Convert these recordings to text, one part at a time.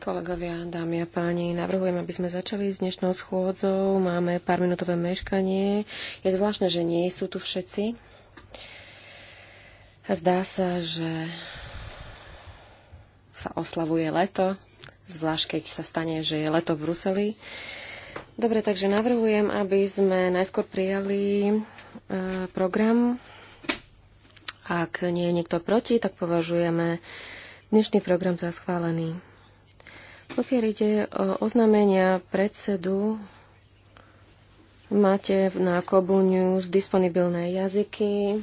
Kolegovia, dámy a páni, navrhujem, aby sme začali s dnešnou schôdzou. Máme pár minútové meškanie. Je zvláštne, že nie sú tu všetci. A zdá sa, že sa oslavuje leto, zvlášť keď sa stane, že je leto v Bruseli. Uh, Dobre, takže navrhujem, aby sme najskôr prijali e, program. Ak nie je nikto proti, tak považujeme dnešný program za schválený. Pokiaľ ide o oznámenia predsedu, máte na Kobu News disponibilné jazyky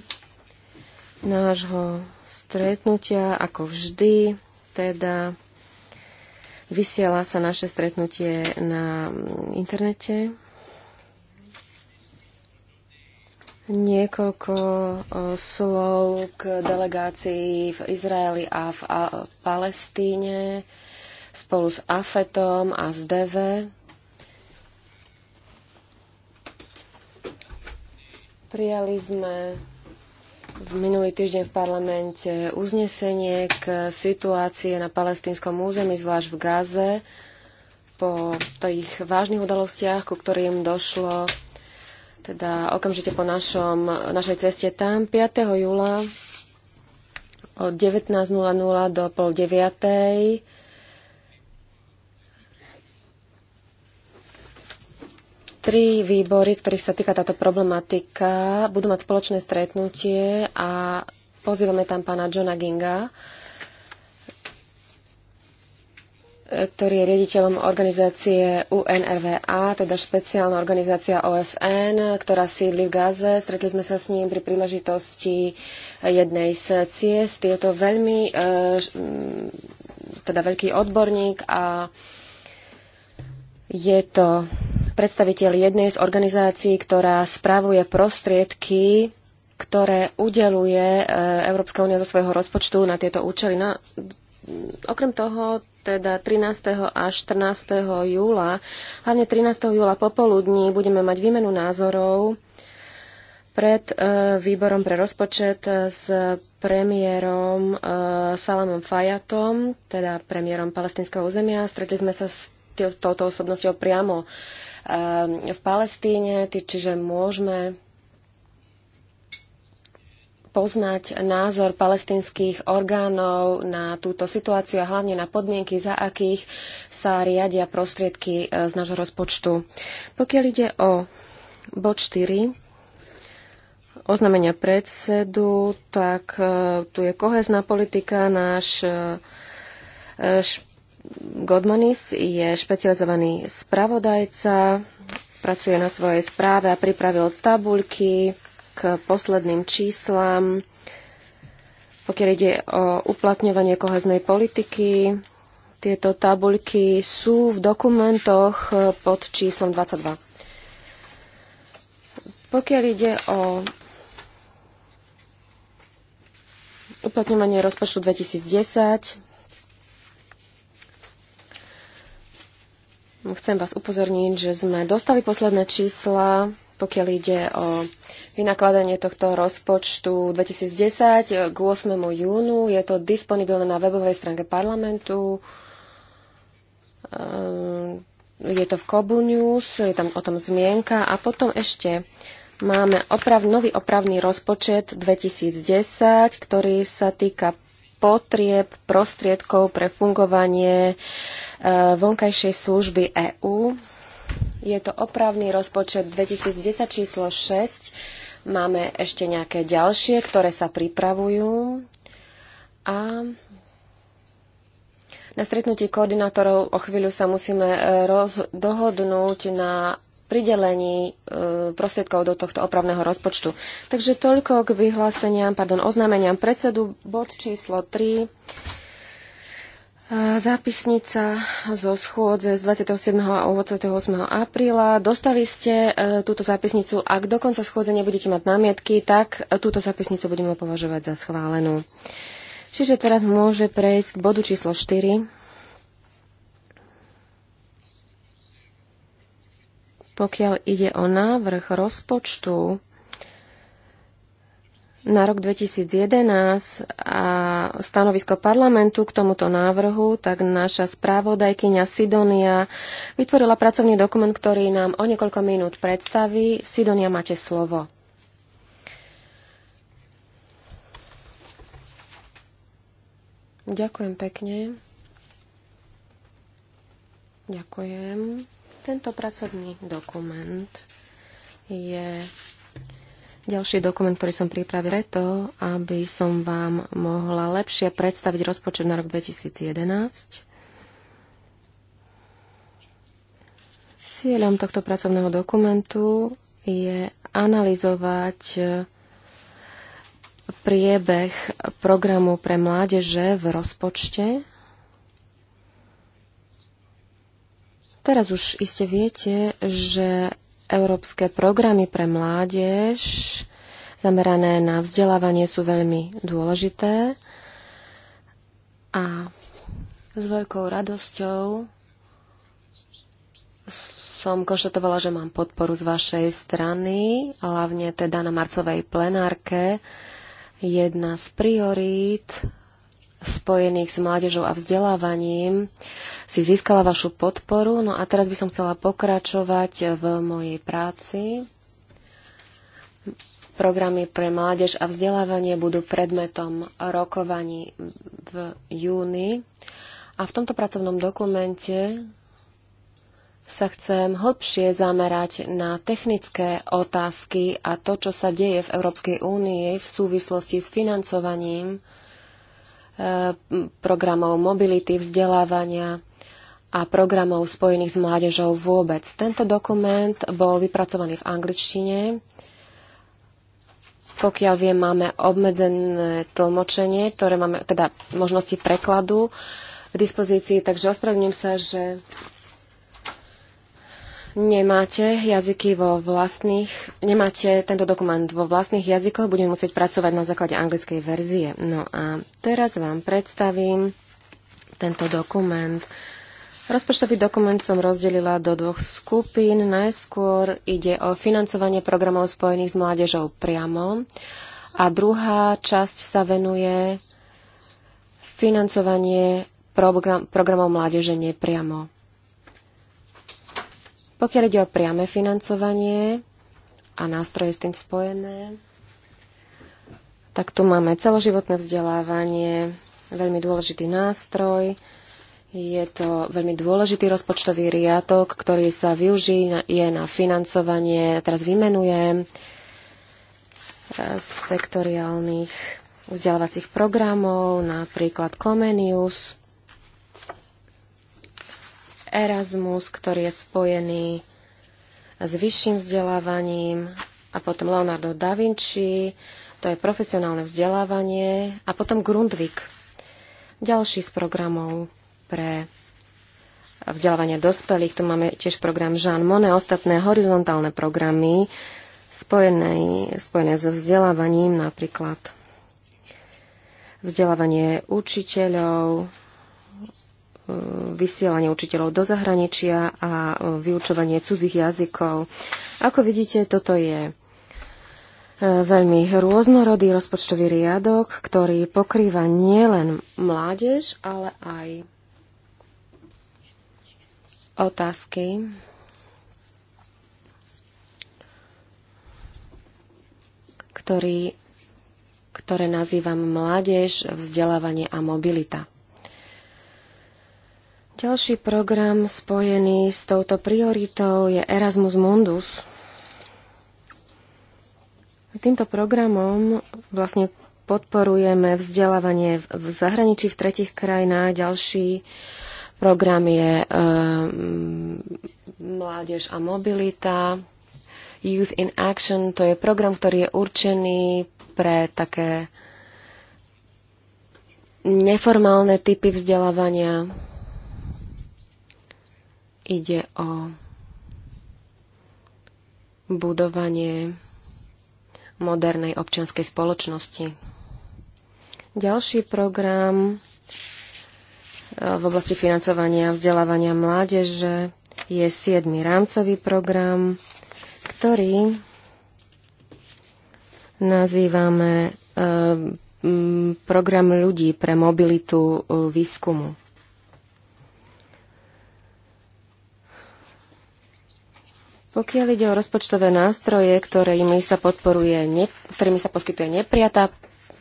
nášho stretnutia, ako vždy, teda Vysiela sa naše stretnutie na internete. Niekoľko slov k delegácii v Izraeli a v Palestíne spolu s AFETom a s DV. Prijali sme minulý týždeň v parlamente uznesenie k situácie na palestínskom území, zvlášť v Gaze, po tých vážnych udalostiach, ku ktorým došlo teda okamžite po našom, našej ceste tam 5. júla od 19.00 do pol 9. Tri výbory, ktorých sa týka táto problematika, budú mať spoločné stretnutie a pozývame tam pána Johna Ginga, ktorý je riaditeľom organizácie UNRVA, teda špeciálna organizácia OSN, ktorá sídli v Gaze. Stretli sme sa s ním pri príležitosti jednej z ciest. Je to veľmi eh, teda veľký odborník a je to predstaviteľ jednej z organizácií, ktorá spravuje prostriedky, ktoré udeluje e, Európska únia zo svojho rozpočtu na tieto účely. No, okrem toho, teda 13. a 14. júla, hlavne 13. júla popoludní, budeme mať výmenu názorov pred e, výborom pre rozpočet e, s premiérom Salamom Fajatom, teda premiérom palestinského územia. Stretli sme sa s touto osobnosťou priamo um, v Palestíne, čiže môžeme poznať názor palestinských orgánov na túto situáciu a hlavne na podmienky, za akých sa riadia prostriedky e, z nášho rozpočtu. Pokiaľ ide o bod 4, oznámenia predsedu, tak e, tu je kohezná politika, náš e, Godmanis je špecializovaný spravodajca, pracuje na svojej správe a pripravil tabuľky k posledným číslam, pokiaľ ide o uplatňovanie koheznej politiky. Tieto tabuľky sú v dokumentoch pod číslom 22. Pokiaľ ide o uplatňovanie rozpočtu 2010, Chcem vás upozorniť, že sme dostali posledné čísla, pokiaľ ide o vynakladanie tohto rozpočtu 2010 k 8. júnu. Je to disponibilné na webovej stránke parlamentu. Ehm, je to v Kobu News, je tam o tom zmienka. A potom ešte máme oprav, nový opravný rozpočet 2010, ktorý sa týka potrieb prostriedkov pre fungovanie e, vonkajšej služby EÚ. Je to opravný rozpočet 2010 číslo 6. Máme ešte nejaké ďalšie, ktoré sa pripravujú. A na stretnutí koordinátorov o chvíľu sa musíme e, dohodnúť na pridelení e, prostriedkov do tohto opravného rozpočtu. Takže toľko k vyhláseniam, pardon, oznámeniam predsedu, bod číslo 3. E, zápisnica zo schôdze z 27. a 28. apríla. Dostali ste e, túto zápisnicu. Ak do konca schôdze nebudete mať námietky, tak túto zápisnicu budeme považovať za schválenú. Čiže teraz môže prejsť k bodu číslo 4. Pokiaľ ide o návrh rozpočtu na rok 2011 a stanovisko parlamentu k tomuto návrhu, tak naša správodajkyňa Sidonia vytvorila pracovný dokument, ktorý nám o niekoľko minút predstaví. Sidonia, máte slovo. Ďakujem pekne. Ďakujem. Tento pracovný dokument je ďalší dokument, ktorý som pripravil preto, aby som vám mohla lepšie predstaviť rozpočet na rok 2011. Cieľom tohto pracovného dokumentu je analyzovať eh, priebeh programu pre mládeže v rozpočte Teraz už iste viete, že európske programy pre mládež zamerané na vzdelávanie sú veľmi dôležité a s veľkou radosťou som konštatovala, že mám podporu z vašej strany, hlavne teda na marcovej plenárke. Jedna z priorít spojených s mládežou a vzdelávaním si získala vašu podporu. No a teraz by som chcela pokračovať v mojej práci. Programy pre mládež a vzdelávanie budú predmetom rokovaní v júni. A v tomto pracovnom dokumente sa chcem hlbšie zamerať na technické otázky a to, čo sa deje v Európskej únii v súvislosti s financovaním programov mobility, vzdelávania a programov spojených s mládežou vôbec. Tento dokument bol vypracovaný v angličtine. Pokiaľ viem, máme obmedzené tlmočenie, ktoré máme, teda možnosti prekladu k dispozícii, takže ospravedlňujem sa, že nemáte jazyky vo vlastných, nemáte tento dokument vo vlastných jazykoch, budeme musieť pracovať na základe anglickej verzie. No a teraz vám predstavím tento dokument. Rozpočtový dokument som rozdelila do dvoch skupín. Najskôr ide o financovanie programov spojených s mládežou priamo a druhá časť sa venuje financovanie program, programov mládeže nepriamo. Pokiaľ ide o priame financovanie a nástroje s tým spojené, tak tu máme celoživotné vzdelávanie, veľmi dôležitý nástroj. Je to veľmi dôležitý rozpočtový riadok, ktorý sa využije na financovanie, teraz vymenujem, e, sektoriálnych vzdelávacích programov, napríklad Comenius, Erasmus, ktorý je spojený s vyšším vzdelávaním a potom Leonardo da Vinci, to je profesionálne vzdelávanie a potom Grundvik, ďalší z programov pre vzdelávanie dospelých. Tu máme tiež program Jean Monnet, ostatné horizontálne programy spojené, spojené so vzdelávaním, napríklad vzdelávanie učiteľov, vysielanie učiteľov do zahraničia a e, vyučovanie cudzích jazykov. Ako vidíte, toto je e, veľmi rôznorodý rozpočtový riadok, ktorý pokrýva nielen mládež, ale aj otázky ktorý, ktoré nazývam mládež, vzdelávanie a mobilita. Ďalší program spojený s touto prioritou je Erasmus Mundus. Týmto programom vlastne podporujeme vzdelávanie v zahraničí v tretich krajinách. Ďalší program je um, Mládež a mobilita. Youth in Action, to je program, ktorý je určený pre také neformálne typy vzdelávania Ide o budovanie modernej občianskej spoločnosti. Ďalší program e, v oblasti financovania a vzdelávania mládeže je 7. rámcový program, ktorý nazývame e, program ľudí pre mobilitu e, výskumu. Pokiaľ ide o rozpočtové nástroje, ktorými sa, podporuje, ne, ktorými sa poskytuje nepriatá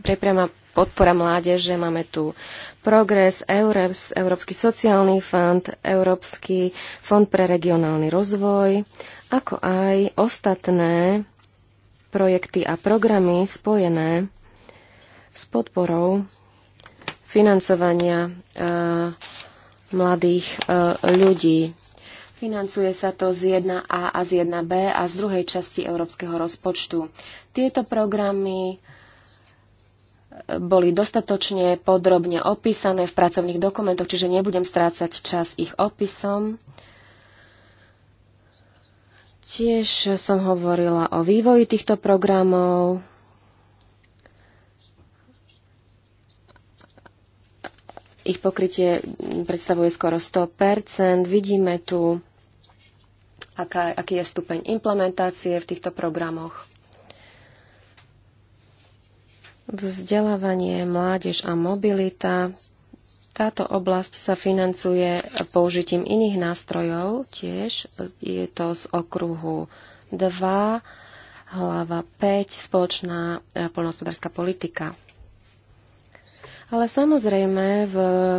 prepriama podpora mládeže, máme tu Progres, Eures, Európsky sociálny fond, Európsky fond pre regionálny rozvoj, ako aj ostatné projekty a programy spojené s podporou financovania e, mladých e, ľudí. Financuje sa to z 1A a z 1B a z druhej časti európskeho rozpočtu. Tieto programy e, boli dostatočne podrobne opísané v pracovných dokumentoch, čiže nebudem strácať čas ich opisom. Tiež som hovorila o vývoji týchto programov. Ich pokrytie predstavuje skoro 100%. Vidíme tu aká, aký je stupeň implementácie v týchto programoch. Vzdelávanie, mládež a mobilita. Táto oblasť sa financuje použitím iných nástrojov, tiež je to z okruhu 2, hlava 5, spoločná e, polnohospodárska politika. Ale samozrejme v,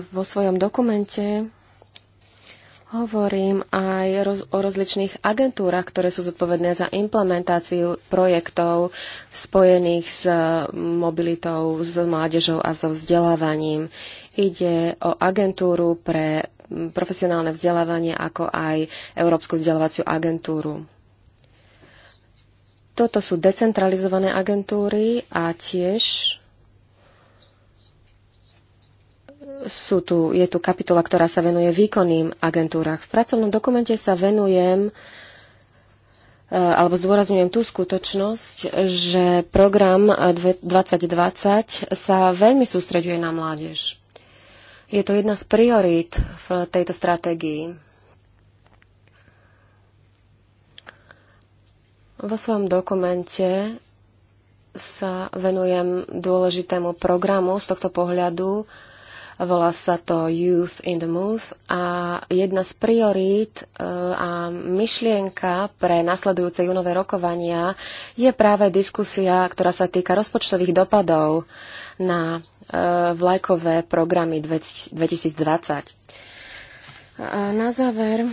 vo svojom dokumente Hovorím aj roz, o rozličných agentúrach, ktoré sú zodpovedné za implementáciu projektov spojených s mobilitou, s mládežou a so vzdelávaním. Ide o agentúru pre profesionálne vzdelávanie, ako aj Európsku vzdelávaciu agentúru. Toto sú decentralizované agentúry a tiež sú tu, je tu kapitola, ktorá sa venuje výkonným agentúrach. V pracovnom dokumente sa venujem e, alebo zdôrazňujem tú skutočnosť, že program 2020 sa veľmi sústreďuje na mládež. Je to jedna z priorít v tejto stratégii. Vo svojom dokumente sa venujem dôležitému programu z tohto pohľadu, volá sa to Youth in the Move a jedna z priorít e, a myšlienka pre nasledujúce junové rokovania je práve diskusia, ktorá sa týka rozpočtových dopadov na e, vlajkové programy 2020. A na záver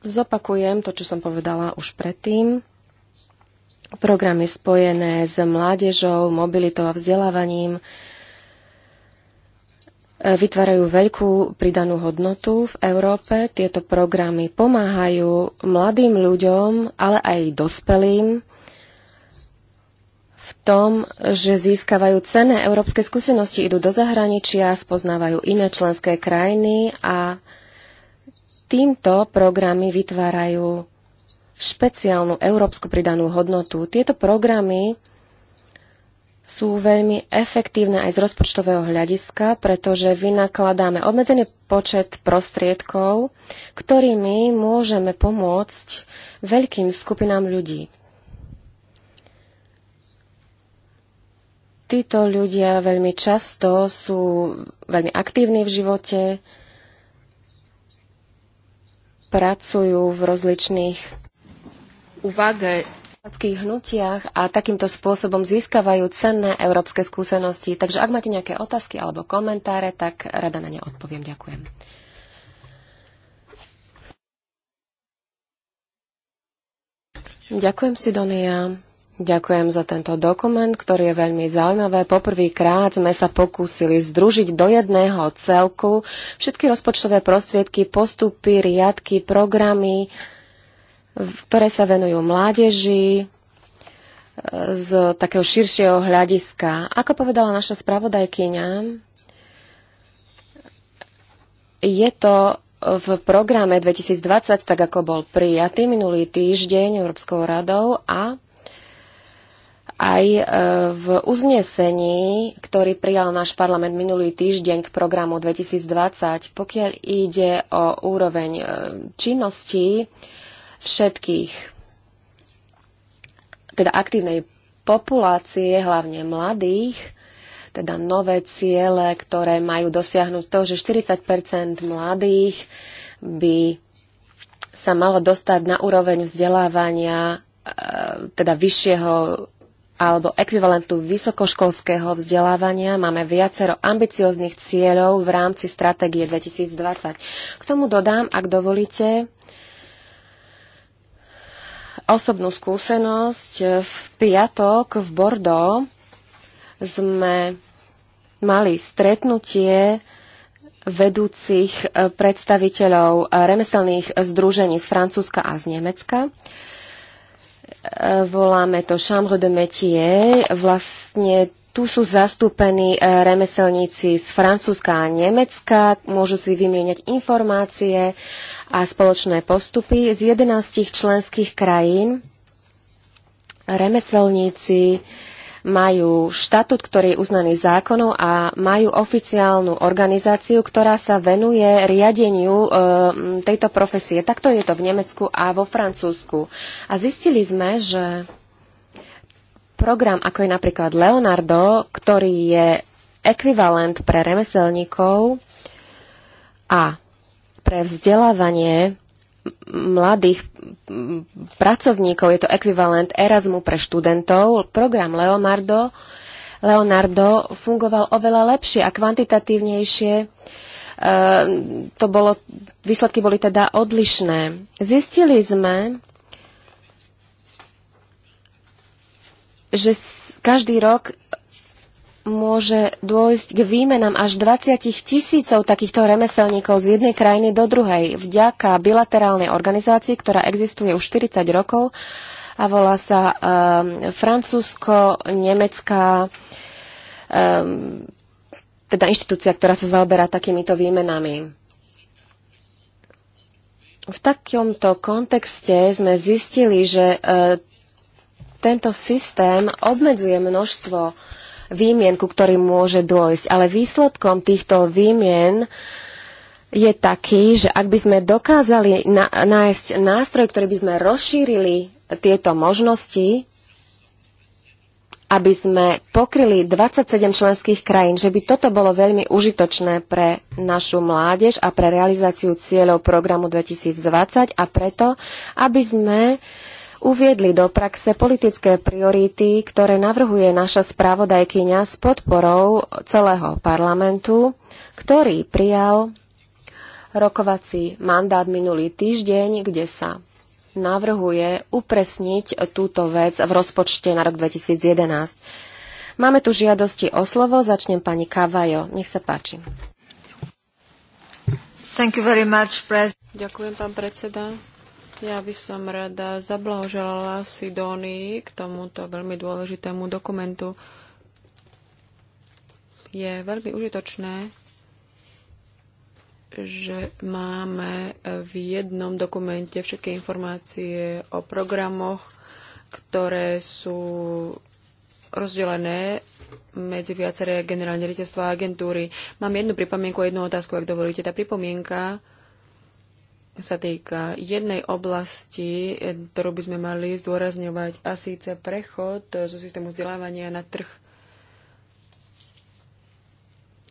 zopakujem to, čo som povedala už predtým programy spojené s mládežou, mobilitou a vzdelávaním e, vytvárajú veľkú pridanú hodnotu v Európe. Tieto programy pomáhajú mladým ľuďom, ale aj dospelým v tom, že získavajú cenné európske skúsenosti, idú do zahraničia, spoznávajú iné členské krajiny a týmto programy vytvárajú špeciálnu európsku pridanú hodnotu. Tieto programy sú veľmi efektívne aj z rozpočtového hľadiska, pretože vynakladáme obmedzený počet prostriedkov, ktorými môžeme pomôcť veľkým skupinám ľudí. Títo ľudia veľmi často sú veľmi aktívni v živote, pracujú v rozličných uvage hnutiach a takýmto spôsobom získavajú cenné európske skúsenosti. Takže ak máte nejaké otázky alebo komentáre, tak rada na ne odpoviem. Ďakujem. Ďakujem si, Donia. Ďakujem za tento dokument, ktorý je veľmi zaujímavé. Poprvýkrát sme sa pokúsili združiť do jedného celku všetky rozpočtové prostriedky, postupy, riadky, programy, ktoré sa venujú mládeži e, z takého širšieho hľadiska. Ako povedala naša spravodajkyňa, je to v programe 2020, tak ako bol prijatý minulý týždeň Európskou radou a aj e, v uznesení, ktorý prijal náš parlament minulý týždeň k programu 2020, pokiaľ ide o úroveň e, činnosti, všetkých, teda aktívnej populácie, hlavne mladých, teda nové ciele, ktoré majú dosiahnuť to, že 40 mladých by sa malo dostať na úroveň vzdelávania, e, teda vyššieho alebo ekvivalentu vysokoškolského vzdelávania máme viacero ambicióznych cieľov v rámci stratégie 2020. K tomu dodám, ak dovolíte, osobnú skúsenosť. V piatok v Bordeaux sme mali stretnutie vedúcich e, predstaviteľov e, remeselných združení z Francúzska a z Nemecka. E, voláme to Chambre de métier. Vlastne tu sú zastúpení e, remeselníci z Francúzska a Nemecka, môžu si vymieňať informácie a spoločné postupy z 11 členských krajín. Remeselníci majú štatút, ktorý je uznaný zákonom a majú oficiálnu organizáciu, ktorá sa venuje riadeniu e, tejto profesie. Takto je to v Nemecku a vo Francúzsku. A zistili sme, že program, ako je napríklad Leonardo, ktorý je ekvivalent pre remeselníkov a pre vzdelávanie mladých pracovníkov, je to ekvivalent Erasmu pre študentov, program Leonardo, Leonardo fungoval oveľa lepšie a kvantitatívnejšie e, to bolo, výsledky boli teda odlišné. Zistili sme, že každý rok môže dôjsť k výmenám až 20 tisícov takýchto remeselníkov z jednej krajiny do druhej vďaka bilaterálnej organizácii, ktorá existuje už 40 rokov a volá sa um, ehm, francúzsko-nemecká um, ehm, teda inštitúcia, ktorá sa zaoberá takýmito výmenami. V takomto kontexte sme zistili, že e, tento systém obmedzuje množstvo výmien, ku ktorým môže dôjsť. Ale výsledkom týchto výmien je taký, že ak by sme dokázali nájsť nástroj, ktorý by sme rozšírili tieto možnosti, aby sme pokryli 27 členských krajín, že by toto bolo veľmi užitočné pre našu mládež a pre realizáciu cieľov programu 2020 a preto, aby sme uh, uviedli do praxe politické priority, ktoré navrhuje naša spravodajkyňa s podporou celého parlamentu, ktorý prijal rokovací mandát minulý týždeň, kde sa navrhuje upresniť túto vec v rozpočte na rok 2011. Máme tu žiadosti o slovo, začnem pani Kavajo. Nech sa páči. Thank you very much, Ďakujem, pán predseda. Ja by som rada zablahoželala Sidónii k tomuto veľmi dôležitému dokumentu. Je veľmi užitočné, že máme v jednom dokumente všetky informácie o programoch, ktoré sú rozdelené medzi viaceré generálne riaditeľstva a agentúry. Mám jednu pripomienku a jednu otázku, ak dovolíte. Tá pripomienka sa týka jednej oblasti, ktorú by sme mali zdôrazňovať, a síce prechod zo systému vzdelávania na trh.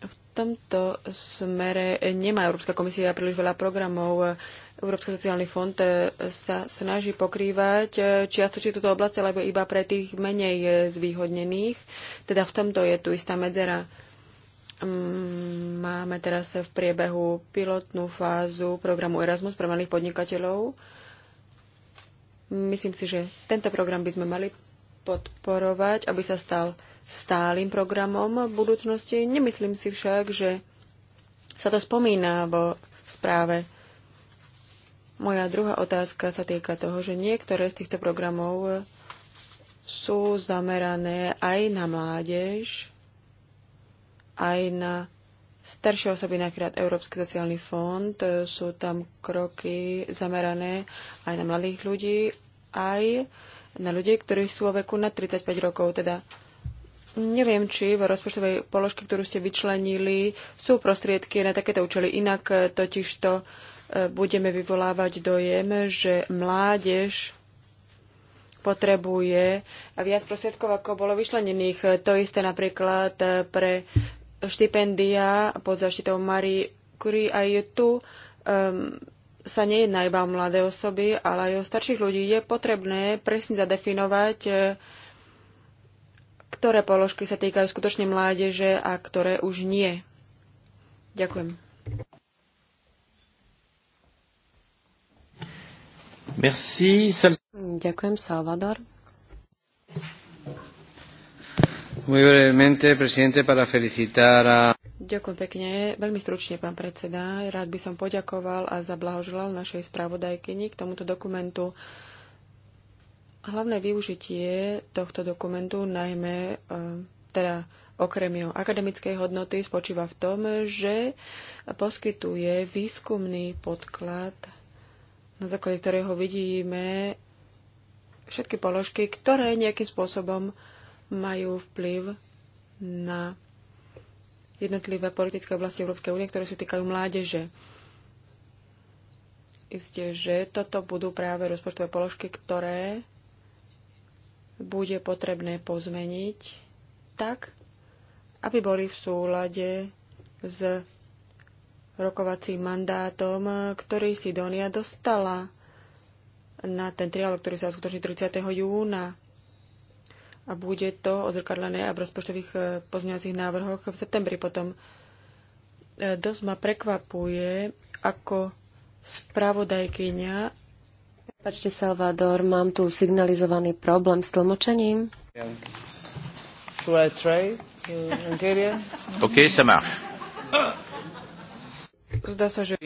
V tomto smere nemá Európska komisia príliš veľa programov. Európsky sociálny fond sa snaží pokrývať čiastočne túto oblasť, alebo iba pre tých menej zvýhodnených. Teda v tomto je tu istá medzera. Mm, máme teraz v priebehu pilotnú fázu programu Erasmus pre malých podnikateľov. Myslím si, že tento program by sme mali podporovať, aby sa stal stálym programom v budúcnosti. Nemyslím si však, že sa to spomína vo správe. Moja druhá otázka sa týka toho, že niektoré z týchto programov sú zamerané aj na mládež aj na staršie osoby, napríklad Európsky sociálny fond. E, sú tam kroky zamerané aj na mladých ľudí, aj na ľudí, ktorí sú vo veku nad 35 rokov. Teda neviem, či v rozpočtovej položke, ktorú ste vyčlenili, sú prostriedky na takéto účely. Inak e, totiž to e, budeme vyvolávať dojem, že mládež potrebuje viac prostriedkov, ako bolo vyšlenených. To isté napríklad pre štipendia pod zaštitou Marie Curie aj tu um, sa nejedná iba o mladé osoby, ale aj o starších ľudí. Je potrebné presne zadefinovať, e, ktoré položky sa týkajú skutočne mládeže a ktoré už nie. Ďakujem. Merci. Ďakujem, Salvador. Muy brevemente, presidente, para felicitar a... Ďakujem pekne. Veľmi stručne, pán predseda. Rád by som poďakoval a zablahoželal našej spravodajkyni k tomuto dokumentu. Hlavné využitie tohto dokumentu, najmä eh, teda okrem jeho akademickej hodnoty, spočíva v tom, že poskytuje výskumný podklad, na základe ktorého vidíme všetky položky, ktoré nejakým spôsobom majú vplyv na jednotlivé politické oblasti Európskej únie, ktoré sa týkajú mládeže. Isté, že toto budú práve rozpočtové položky, ktoré bude potrebné pozmeniť tak, aby boli v súlade s rokovacím mandátom, ktorý Sidonia dostala na ten triál, ktorý sa uskutoční 30. júna a bude to odzrkadlené aj v rozpočtových e, pozňovacích návrhoch v septembri potom. E, dosť ma prekvapuje, ako spravodajkyňa. Prepačte, Salvador, mám tu signalizovaný problém s tlmočením. OK, sa máš. Zdá sa, že,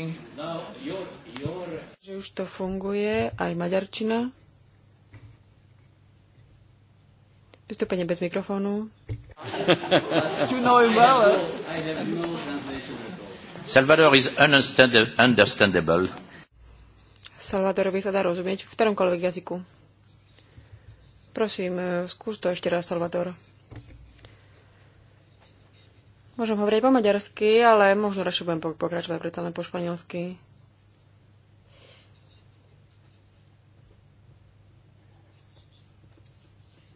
že už to funguje, aj maďarčina. Vystúpenie bez mikrofónu. Eh? Salvador is understandable. Salvadorovi sa dá rozumieť v ktoromkoľvek jazyku. Prosím, eh, skús to ešte raz, Salvador. Môžem hovoriť po maďarsky, ale možno radšej budem pokračovať predsa len po španielsky.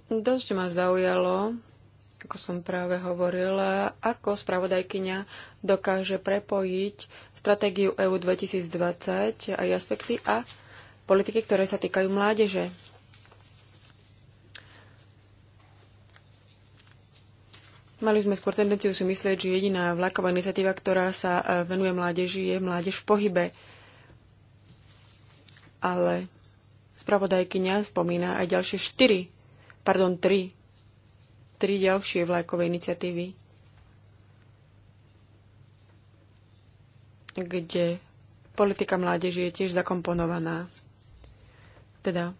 Dosť ma zaujalo, ako som práve hovorila, ako spravodajkyňa dokáže prepojiť stratégiu EU 2020 a aspekty a politiky, ktoré sa týkajú mládeže. Mali sme skôr tendenciu si myslieť, že jediná vlaková iniciatíva, ktorá sa e, venuje mládeži, je mládež v pohybe. Ale spravodajkyňa spomína aj ďalšie štyri pardon, tri, tri ďalšie vlajkové iniciatívy, kde politika mládeže je tiež zakomponovaná. Teda,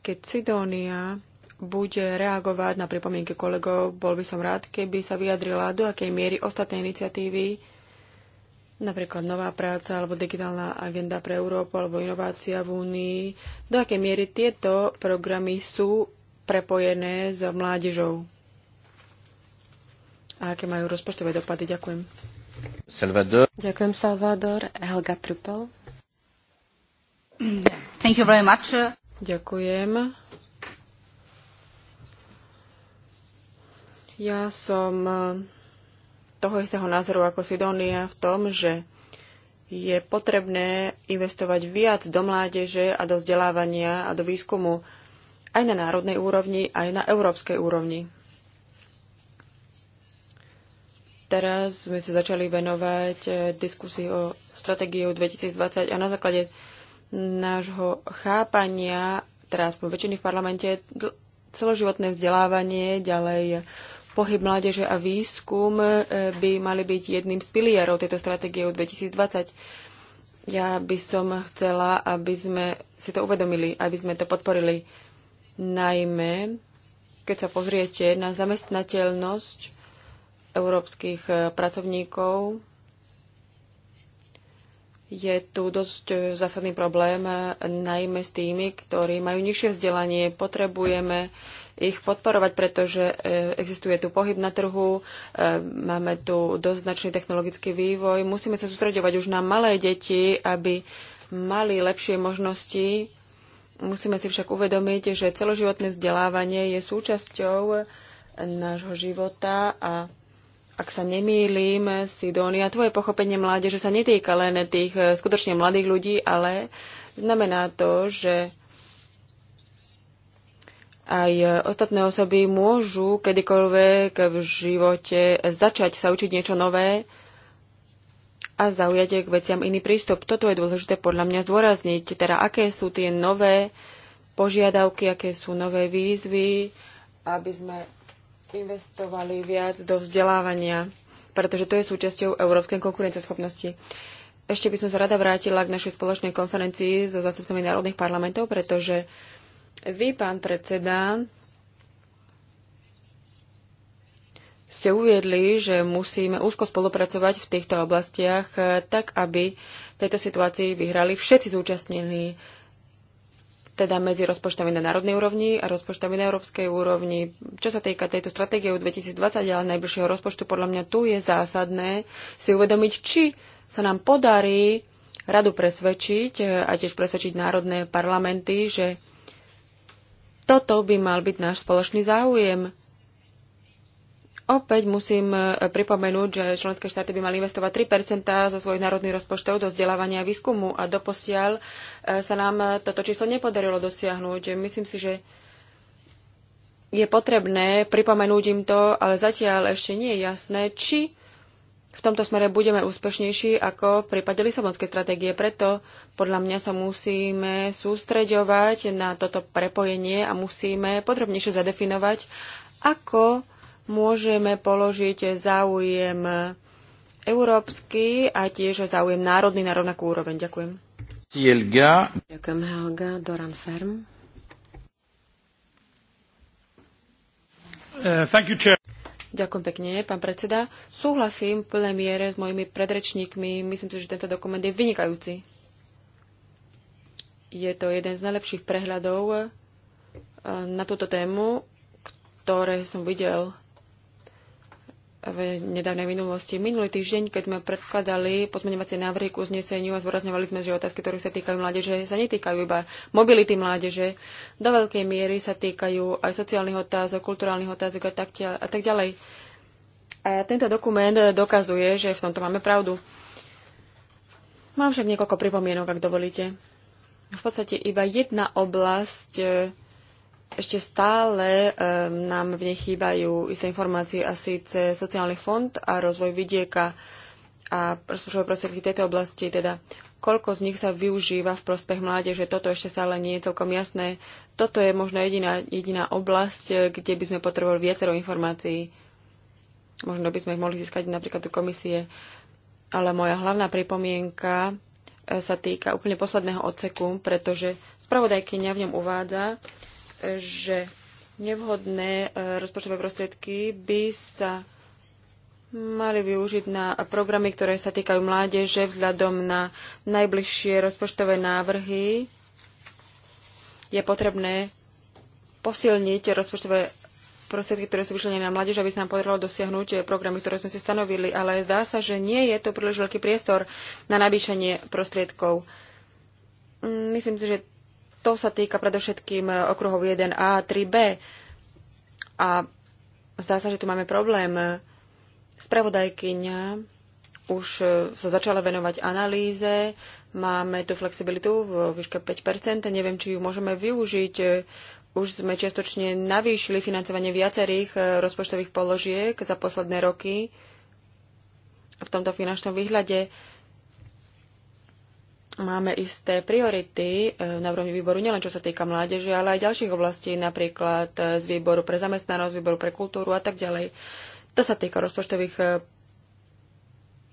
keď Sidónia bude reagovať na pripomienky kolegov, bol by som rád, keby sa vyjadrila, do akej miery ostatné iniciatívy napríklad nová práca alebo digitálna agenda pre Európu alebo inovácia v Únii, do akej miery tieto programy sú prepojené s mládežou a aké majú rozpočtové dopady. Ďakujem. Salvador. Ďakujem, Salvador. Helga Trupel. Thank you very much. Ďakujem. Ja som toho istého názoru ako Sidonia v tom, že je potrebné investovať viac do mládeže a do vzdelávania a do výskumu aj na národnej úrovni, aj na európskej úrovni. Teraz sme sa začali venovať eh, diskusii o stratégii 2020 a na základe nášho chápania, teraz po väčšiny v parlamente, celoživotné vzdelávanie, ďalej pohyb mládeže a výskum e, by mali byť jedným z pilierov tejto stratégie od 2020. Ja by som chcela, aby sme si to uvedomili, aby sme to podporili. Najmä, keď sa pozriete na zamestnateľnosť európskych e, pracovníkov, je tu dosť e, zásadný problém, najmä s tými, ktorí majú nižšie vzdelanie. Potrebujeme ich podporovať, pretože e, existuje tu pohyb na trhu, e, máme tu dosť značný technologický vývoj. Musíme sa sústredovať už na malé deti, aby mali lepšie možnosti. Musíme si však uvedomiť, že celoživotné vzdelávanie je súčasťou nášho života a ak sa nemýlim, Sidónia, tvoje pochopenie mládeže sa netýka len tých e, skutočne mladých ľudí, ale znamená to, že aj e, ostatné osoby môžu kedykoľvek v živote začať sa učiť niečo nové a zaujať k veciam iný prístup. Toto je dôležité podľa mňa zdôrazniť, teda aké sú tie nové požiadavky, aké sú nové výzvy, aby sme investovali viac do vzdelávania, pretože to je súčasťou európskej konkurenceschopnosti. Ešte by som sa rada vrátila k našej spoločnej konferencii so zástupcami národných parlamentov, pretože uh, vy, pán predseda, ste uviedli, že musíme úzko spolupracovať v týchto oblastiach, eh, tak aby v tejto situácii vyhrali všetci zúčastnení, teda medzi rozpočtami na národnej úrovni a rozpočtami na európskej úrovni. Čo sa týka tejto stratégie 2020, ale najbližšieho rozpočtu, podľa mňa tu je zásadné si uvedomiť, či sa nám podarí radu presvedčiť eh, a tiež presvedčiť národné parlamenty, že toto by mal byť náš spoločný záujem. Opäť musím e, pripomenúť, že členské štáty by mali investovať 3 zo svojich národných rozpočtov do vzdelávania a výskumu a doposiaľ e, sa nám toto číslo nepodarilo dosiahnuť. Myslím si, že je potrebné pripomenúť im to, ale zatiaľ ešte nie je jasné, či v tomto smere budeme úspešnejší ako v prípade Lisabonskej stratégie. Preto podľa mňa sa musíme sústreďovať na toto prepojenie a musíme podrobnejšie zadefinovať, ako môžeme položiť záujem európsky a tiež záujem národný na rovnakú úroveň. Ďakujem. Ďakujem, Helga. Doran Ferm. Uh, you, Ďakujem pekne, pán predseda. Súhlasím v plnej miere s mojimi predrečníkmi. Myslím si, že tento dokument je vynikajúci. Je to jeden z najlepších prehľadov eh, na túto tému, ktoré som videl v nedávnej minulosti. Minulý týždeň, keď sme predkladali pozmeňovacie návrhy k uzneseniu a zvorazňovali sme, že otázky, ktoré sa týkajú mládeže, sa netýkajú iba mobility mládeže. Do veľkej miery sa týkajú aj sociálnych otázok, kulturálnych otázok a tak, a tak ďalej. A tento dokument dokazuje, že v tomto máme pravdu. Mám však niekoľko pripomienok, ak dovolíte. V podstate iba jedna oblasť ešte stále um, nám v nej chýbajú isté informácie a síce sociálny fond a rozvoj vidieka a rozpočtové prostriedky tejto oblasti, teda koľko z nich sa využíva v prospech mládeže, toto ešte stále nie je celkom jasné. Toto je možno jediná, jediná oblasť, kde by sme potrebovali viacero informácií. Možno by sme ich mohli získať napríklad do komisie. Ale moja hlavná pripomienka e, sa týka úplne posledného odseku, pretože spravodajkyňa v ňom uvádza, že nevhodné e, rozpočtové prostriedky by sa mali využiť na programy, ktoré sa týkajú mládeže vzhľadom na najbližšie rozpočtové návrhy. Je potrebné posilniť rozpočtové prostriedky, ktoré sú vyšlenené na mládež, aby sa nám podarilo dosiahnuť programy, ktoré sme si stanovili, ale zdá sa, že nie je to príliš veľký priestor na navýšenie prostriedkov. Myslím si, že to sa týka predovšetkým e, okruhov 1A a 3B. A zdá sa, že tu máme problém. Spravodajkyňa už e, sa začala venovať analýze, máme tu flexibilitu v výške 5%, neviem, či ju môžeme využiť. E, už sme čiastočne navýšili financovanie viacerých rozpočtových položiek za posledné roky v tomto finančnom výhľade máme isté priority e, na úrovni výboru, nielen čo sa týka mládeže, ale aj ďalších oblastí, napríklad e, z výboru pre zamestnanosť, výboru pre kultúru a tak ďalej. To sa týka rozpočtových e,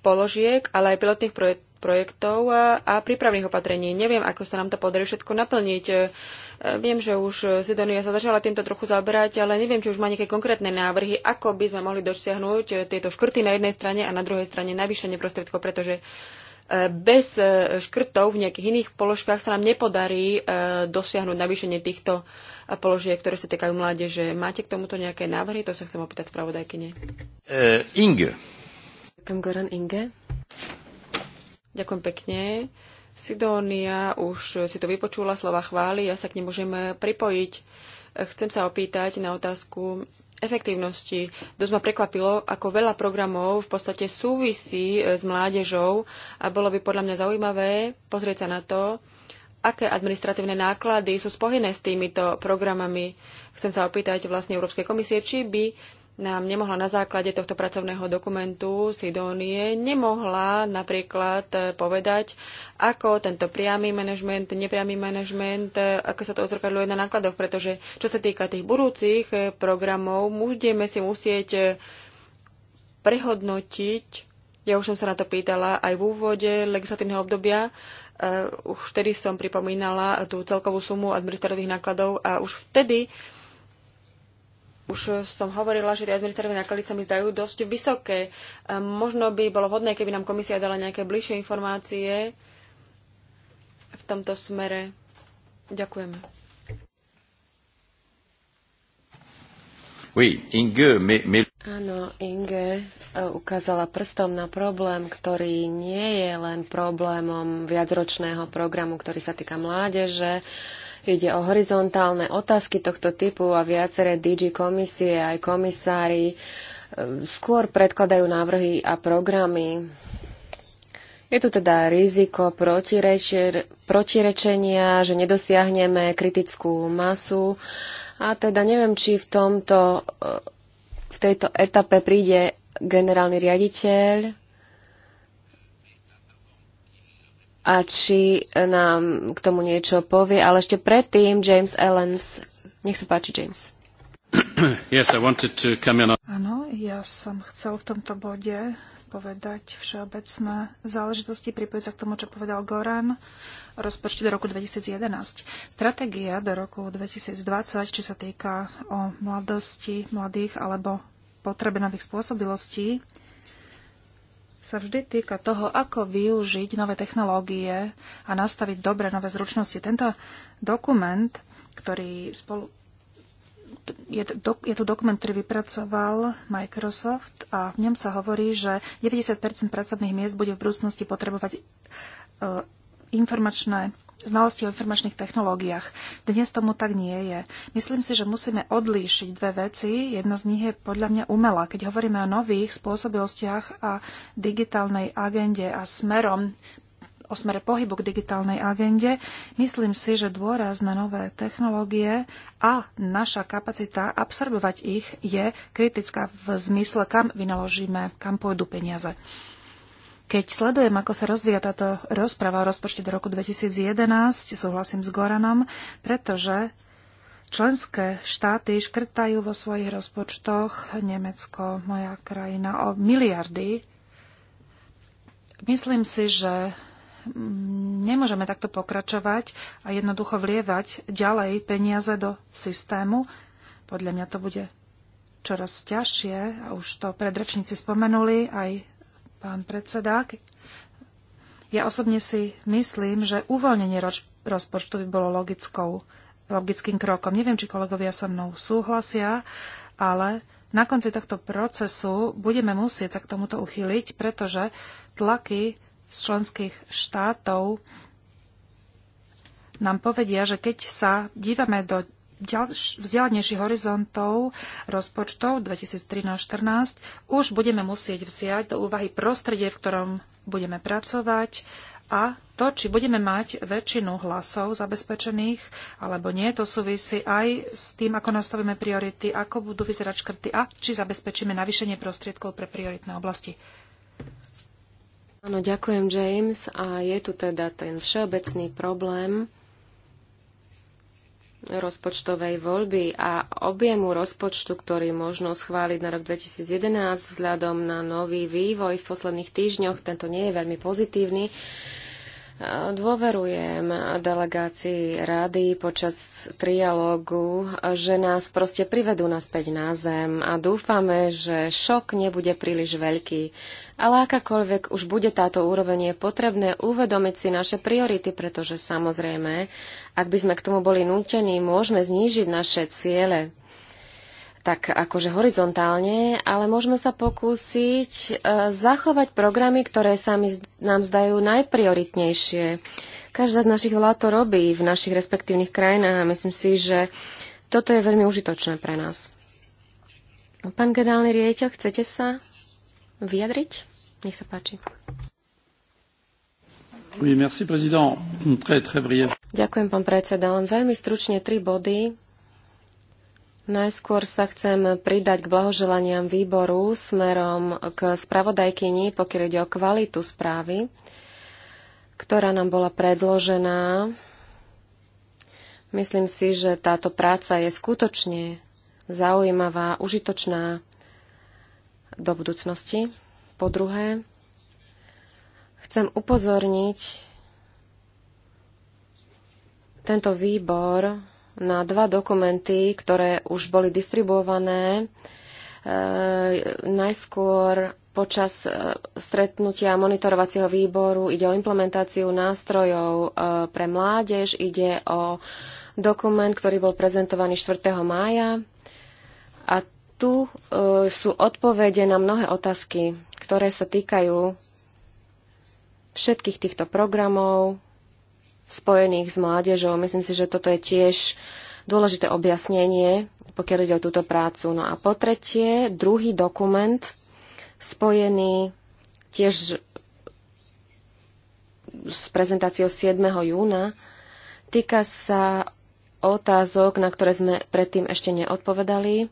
položiek, ale aj pilotných projektov a prípravných opatrení. Neviem, ako sa nám to podarí všetko naplniť. Viem, že už Sidonia sa začala týmto trochu zaoberať, ale neviem, či už má nejaké konkrétne návrhy, ako by sme mohli dosiahnuť tieto škrty na jednej strane a na druhej strane navýšenie prostriedkov, pretože bez e, škrtov v nejakých iných položkách sa nám nepodarí e, dosiahnuť navýšenie týchto e, položiek, ktoré sa týkajú mládeže. Máte k tomuto nejaké návrhy? To sa chcem opýtať spravodajkyne. Uh, Inge. Ďakujem, Goran Inge. Ďakujem pekne. Sidónia už si to vypočula slova chvály, ja sa k nemôžem pripojiť. Chcem sa opýtať na otázku efektívnosti. Dosť ma prekvapilo, ako veľa programov v podstate súvisí e, s mládežou a bolo by podľa mňa zaujímavé pozrieť sa na to, aké administratívne náklady sú spojené s týmito programami. Chcem sa opýtať vlastne Európskej komisie, či by nám nemohla na základe tohto pracovného dokumentu Sidónie nemohla napríklad eh, povedať, ako tento priamy manažment, nepriamy manažment, eh, ako sa to odzrkadľuje na nákladoch, pretože čo sa týka tých budúcich eh, programov, budeme si musieť prehodnotiť, ja už som sa na to pýtala aj v úvode legislatívneho obdobia, už vtedy som pripomínala tú celkovú sumu administratívnych nákladov a už vtedy už eh, som hovorila, že tie administratívne náklady sa mi zdajú dosť vysoké. Eh, možno by bolo vhodné, keby nám komisia dala nejaké bližšie informácie v tomto smere. Ďakujem. Oui, Inge, mais, mais... Áno, Inge eh, ukázala prstom na problém, ktorý nie je len problémom viacročného programu, ktorý sa týka mládeže, Ide o horizontálne otázky tohto typu a viaceré DG komisie aj komisári e, skôr predkladajú návrhy a programy. Je tu teda riziko protirečenia, že nedosiahneme kritickú masu a teda neviem, či v tomto e, v tejto etape príde generálny riaditeľ a či e, nám k tomu niečo povie. Ale ešte predtým James Ellens. Nech sa páči, James. Yes, I wanted to come in on... Áno, ja som chcel v tomto bode povedať všeobecné záležitosti, pripojiť sa k tomu, čo povedal Goran o rozpočte do roku 2011. Stratégia do roku 2020, či sa týka o mladosti, mladých alebo potrebe nových spôsobilostí, sa vždy týka toho, ako využiť nové technológie a nastaviť dobre nové zručnosti. Tento dokument, ktorý spolu je, do, je to dokument, ktorý vypracoval Microsoft a v ňom sa hovorí, že 90 pracovných miest bude v budúcnosti potrebovať uh, informačné znalosti o informačných technológiách. Dnes tomu tak nie je. Myslím si, že musíme odlíšiť dve veci. Jedna z nich je podľa mňa umelá. Keď hovoríme o nových spôsobilostiach a digitálnej agende a smerom o smere pohybu k digitálnej agende, myslím si, že dôraz na nové technológie a naša kapacita absorbovať ich je kritická v zmysle, kam vynaložíme, kam pôjdu peniaze. Keď sledujem, ako sa rozvíja táto rozpráva o rozpočte do roku 2011, súhlasím s Goranom, pretože členské štáty škrtajú vo svojich rozpočtoch Nemecko, moja krajina, o miliardy. Myslím si, že nemôžeme takto pokračovať a jednoducho vlievať ďalej peniaze do systému. Podľa mňa to bude čoraz ťažšie a už to predrečníci spomenuli aj pán predseda. Ja osobne si myslím, že uvoľnenie rozpočtu by bolo logickou, logickým krokom. Neviem, či kolegovia so mnou súhlasia, ale na konci tohto procesu budeme musieť sa k tomuto uchyliť, pretože tlaky z členských štátov nám povedia, že keď sa dívame do vzdialenejších horizontov rozpočtov 2013-2014 už budeme musieť vziať do úvahy prostredie, v ktorom budeme pracovať a to, či budeme mať väčšinu hlasov zabezpečených alebo nie, to súvisí aj s tým, ako nastavíme priority, ako budú vyzerať škrty a či zabezpečíme navýšenie prostriedkov pre prioritné oblasti. Áno, ďakujem, James. A je tu teda ten všeobecný problém, rozpočtovej voľby a objemu rozpočtu, ktorý možno schváliť na rok 2011 vzhľadom na nový vývoj v posledných týždňoch, tento nie je veľmi pozitívny. Dôverujem delegácii rady počas trialógu, že nás proste privedú naspäť na zem a dúfame, že šok nebude príliš veľký ale akákoľvek už bude táto úroveň, je potrebné uvedomiť si naše priority, pretože samozrejme, ak by sme k tomu boli nútení, môžeme znížiť naše ciele tak akože horizontálne, ale môžeme sa pokúsiť e, zachovať programy, ktoré sa mi, nám zdajú najprioritnejšie. Každá z našich vlád to robí v našich respektívnych krajinách a myslím si, že toto je veľmi užitočné pre nás. Pán generálny rieťa, chcete sa vyjadriť? Nech sa páči. Oui, merci, président. Très, très brief. Ďakujem, pán predseda. Len veľmi stručne tri body. Najskôr sa chcem pridať k blahoželaniam výboru smerom k spravodajkyni, pokiaľ ide o kvalitu správy, ktorá nám bola predložená. Myslím si, že táto práca je skutočne zaujímavá, užitočná do budúcnosti. Po druhé, chcem upozorniť tento výbor na dva dokumenty, ktoré už boli distribuované. E, najskôr počas e, stretnutia monitorovacieho výboru ide o implementáciu nástrojov e, pre mládež, ide o dokument, ktorý bol prezentovaný 4. mája tu uh, sú odpovede na mnohé otázky, ktoré sa týkajú všetkých týchto programov spojených s mládežou. Myslím si, že toto je tiež dôležité objasnenie, pokiaľ ide o túto prácu. No a po tretie, druhý dokument spojený tiež s prezentáciou 7. júna týka sa otázok, na ktoré sme predtým ešte neodpovedali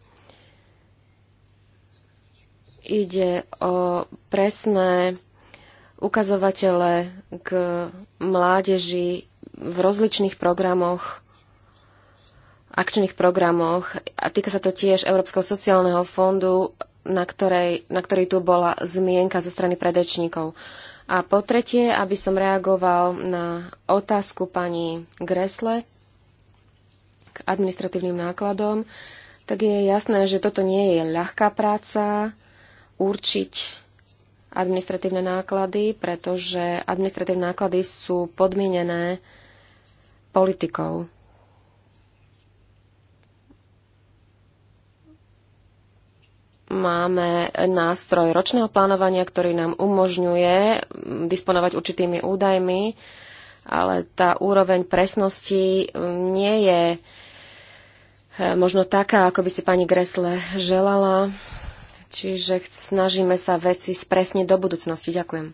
Ide o presné ukazovatele k mládeži v rozličných programoch, akčných programoch a týka sa to tiež Európskeho sociálneho fondu, na, ktorej, na ktorej tu bola zmienka zo strany predečníkov. A po tretie, aby som reagoval na otázku pani Gresle k administratívnym nákladom, tak je jasné, že toto nie je ľahká práca, určiť administratívne náklady, pretože administratívne náklady sú podmienené politikou. Máme nástroj ročného plánovania, ktorý nám umožňuje disponovať určitými údajmi, ale tá úroveň presnosti mm, nie je eh, možno taká, ako by si pani Gresle želala. Čiže snažíme sa veci spresniť do budúcnosti. Ďakujem.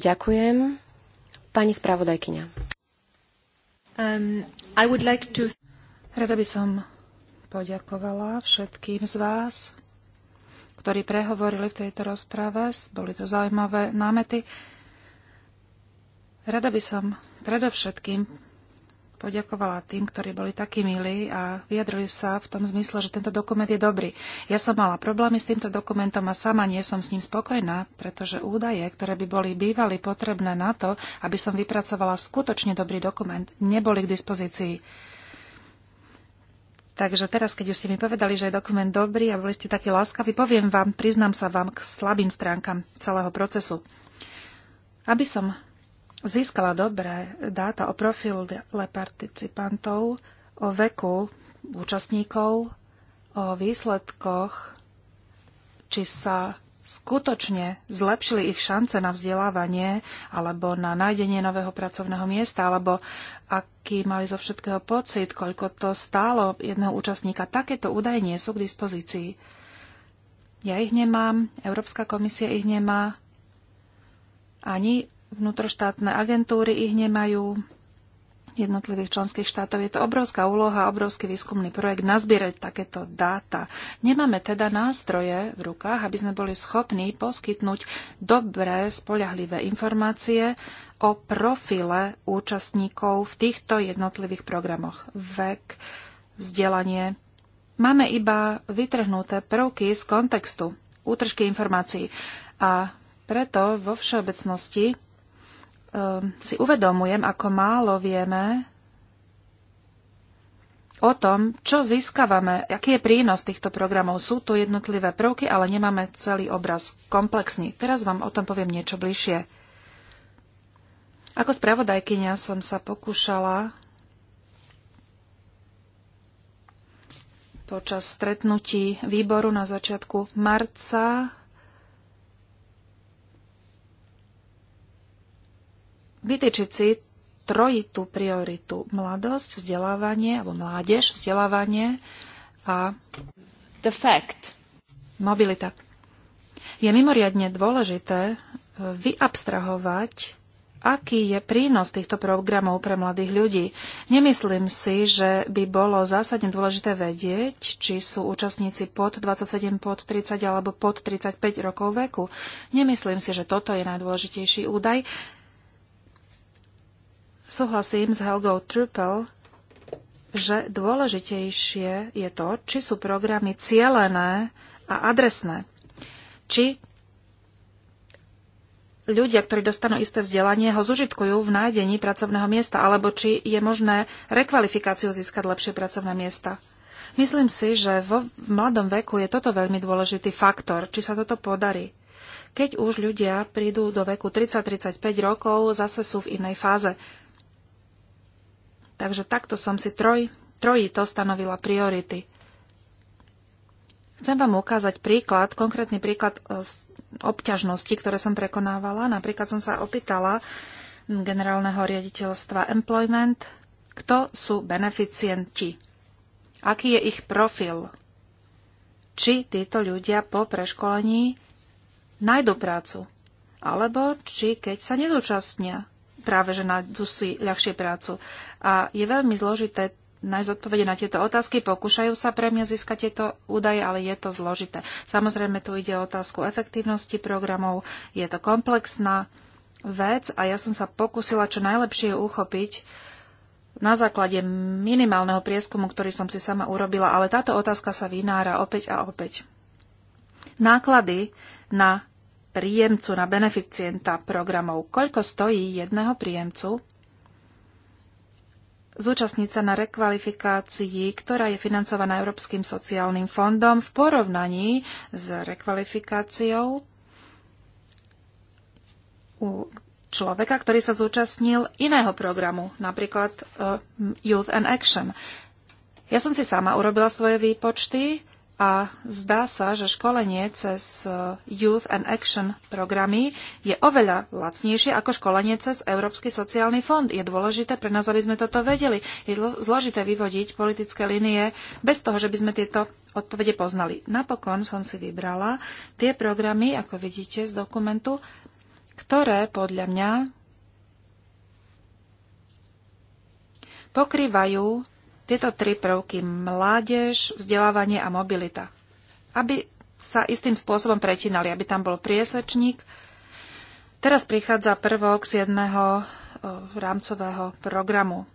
Ďakujem. Pani spravodajkyňa. Um, I would like to... Rada by som poďakovala všetkým z vás, ktorí prehovorili v tejto rozprave. Boli to zaujímavé námety. Rada by som predovšetkým poďakovala tým, ktorí boli takí milí a vyjadrili sa v tom zmysle, že tento dokument je dobrý. Ja som mala problémy s týmto dokumentom a sama nie som s ním spokojná, pretože údaje, ktoré by boli bývali potrebné na to, aby som vypracovala skutočne dobrý dokument, neboli k dispozícii. Takže teraz, keď už ste mi povedali, že je dokument dobrý a boli ste takí láskaví, poviem vám, priznám sa vám k slabým stránkam celého procesu. Aby som získala dobré dáta o profile participantov, o veku účastníkov, o výsledkoch, či sa skutočne zlepšili ich šance na vzdelávanie alebo na nájdenie nového pracovného miesta, alebo aký mali zo všetkého pocit, koľko to stálo jedného účastníka. Takéto údaje nie sú k dispozícii. Ja ich nemám, Európska komisia ich nemá, ani vnútroštátne agentúry ich nemajú jednotlivých členských štátov. Je to obrovská úloha, obrovský výskumný projekt nazbierať takéto dáta. Nemáme teda nástroje v rukách, aby sme boli schopní poskytnúť dobré, spoľahlivé informácie o profile účastníkov v týchto jednotlivých programoch. Vek, vzdelanie. Máme iba vytrhnuté prvky z kontextu, útržky informácií. A preto vo všeobecnosti Ehm, si uvedomujem, ako málo vieme o tom, čo získavame, aký je prínos týchto programov. Sú tu jednotlivé prvky, ale nemáme celý obraz komplexný. Teraz vám o tom poviem niečo bližšie. Ako spravodajkynia som sa pokúšala počas stretnutí výboru na začiatku marca vytýčiť si trojitú prioritu. Mladosť, vzdelávanie, alebo mládež, vzdelávanie a... The fact. Mobilita. Je mimoriadne dôležité eh, vyabstrahovať aký je prínos týchto programov pre mladých ľudí. Nemyslím si, že by bolo zásadne dôležité vedieť, či sú účastníci pod 27, pod 30 alebo pod 35 rokov veku. Nemyslím si, že toto je najdôležitejší údaj. Súhlasím s Helgou Truppel, že dôležitejšie je to, či sú programy cielené a adresné. Či ľudia, ktorí dostanú isté vzdelanie, ho zužitkujú v nájdení pracovného miesta, alebo či je možné rekvalifikáciu získať lepšie pracovné miesta. Myslím si, že vo v mladom veku je toto veľmi dôležitý faktor, či sa toto podarí. Keď už ľudia prídu do veku 30-35 rokov, zase sú v inej fáze Takže takto som si troj, to stanovila priority. Chcem vám ukázať príklad, konkrétny príklad e, obťažnosti, ktoré som prekonávala. Napríklad som sa opýtala generálneho riaditeľstva Employment, kto sú beneficienti, aký je ich profil, či títo ľudia po preškolení nájdu prácu, alebo či keď sa nezúčastnia práve že na si ľahšie prácu. A je veľmi zložité nájsť odpovede na tieto otázky. Pokúšajú sa pre mňa získať tieto údaje, ale je to zložité. Samozrejme, tu ide o otázku efektívnosti programov. Je to komplexná vec a ja som sa pokúsila čo najlepšie uchopiť na základe minimálneho prieskumu, ktorý som si sama urobila, ale táto otázka sa vynára opäť a opäť. Náklady na príjemcu, na beneficienta programov. Koľko stojí jedného príjemcu zúčastniť sa na rekvalifikácii, ktorá je financovaná Európskym sociálnym fondom v porovnaní s rekvalifikáciou u človeka, ktorý sa zúčastnil iného programu, napríklad uh, Youth and Action. Ja som si sama urobila svoje výpočty a zdá sa, že školenie cez e, Youth and Action programy je oveľa lacnejšie ako školenie cez Európsky sociálny fond. Je dôležité pre nás, aby sme toto vedeli. Je zložité vyvodiť politické linie bez toho, že by sme tieto odpovede poznali. Napokon som si vybrala tie programy, ako vidíte z dokumentu, ktoré podľa mňa pokrývajú tieto tri prvky mládež, vzdelávanie a mobilita. Aby sa istým spôsobom pretinali, aby tam bol priesečník. Teraz prichádza prvok 7. E, rámcového programu.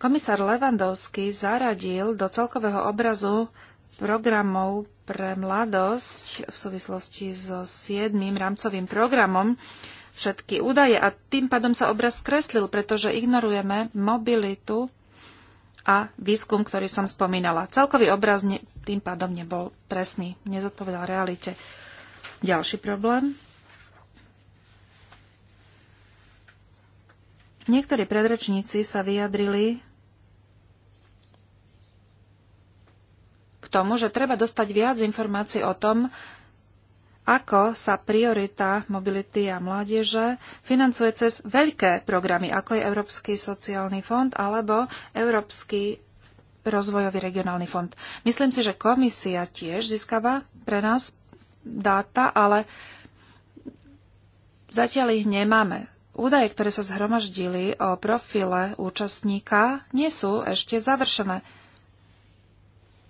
Komisár Levandovský zaradil do celkového obrazu programov pre mladosť v súvislosti so 7. rámcovým programom všetky údaje a tým pádom sa obraz skreslil, pretože ignorujeme mobilitu a výskum, ktorý som spomínala. Celkový obraz ne, tým pádom nebol presný, nezodpovedal realite. Ďalší problém. Niektorí predrečníci sa vyjadrili k tomu, že treba dostať viac informácií o tom, ako sa priorita mobility a mládeže financuje cez veľké programy, ako je Európsky sociálny fond alebo Európsky rozvojový regionálny fond. Myslím si, že komisia tiež získava pre nás dáta, ale zatiaľ ich nemáme. Údaje, ktoré sa zhromaždili o profile účastníka, nie sú ešte završené.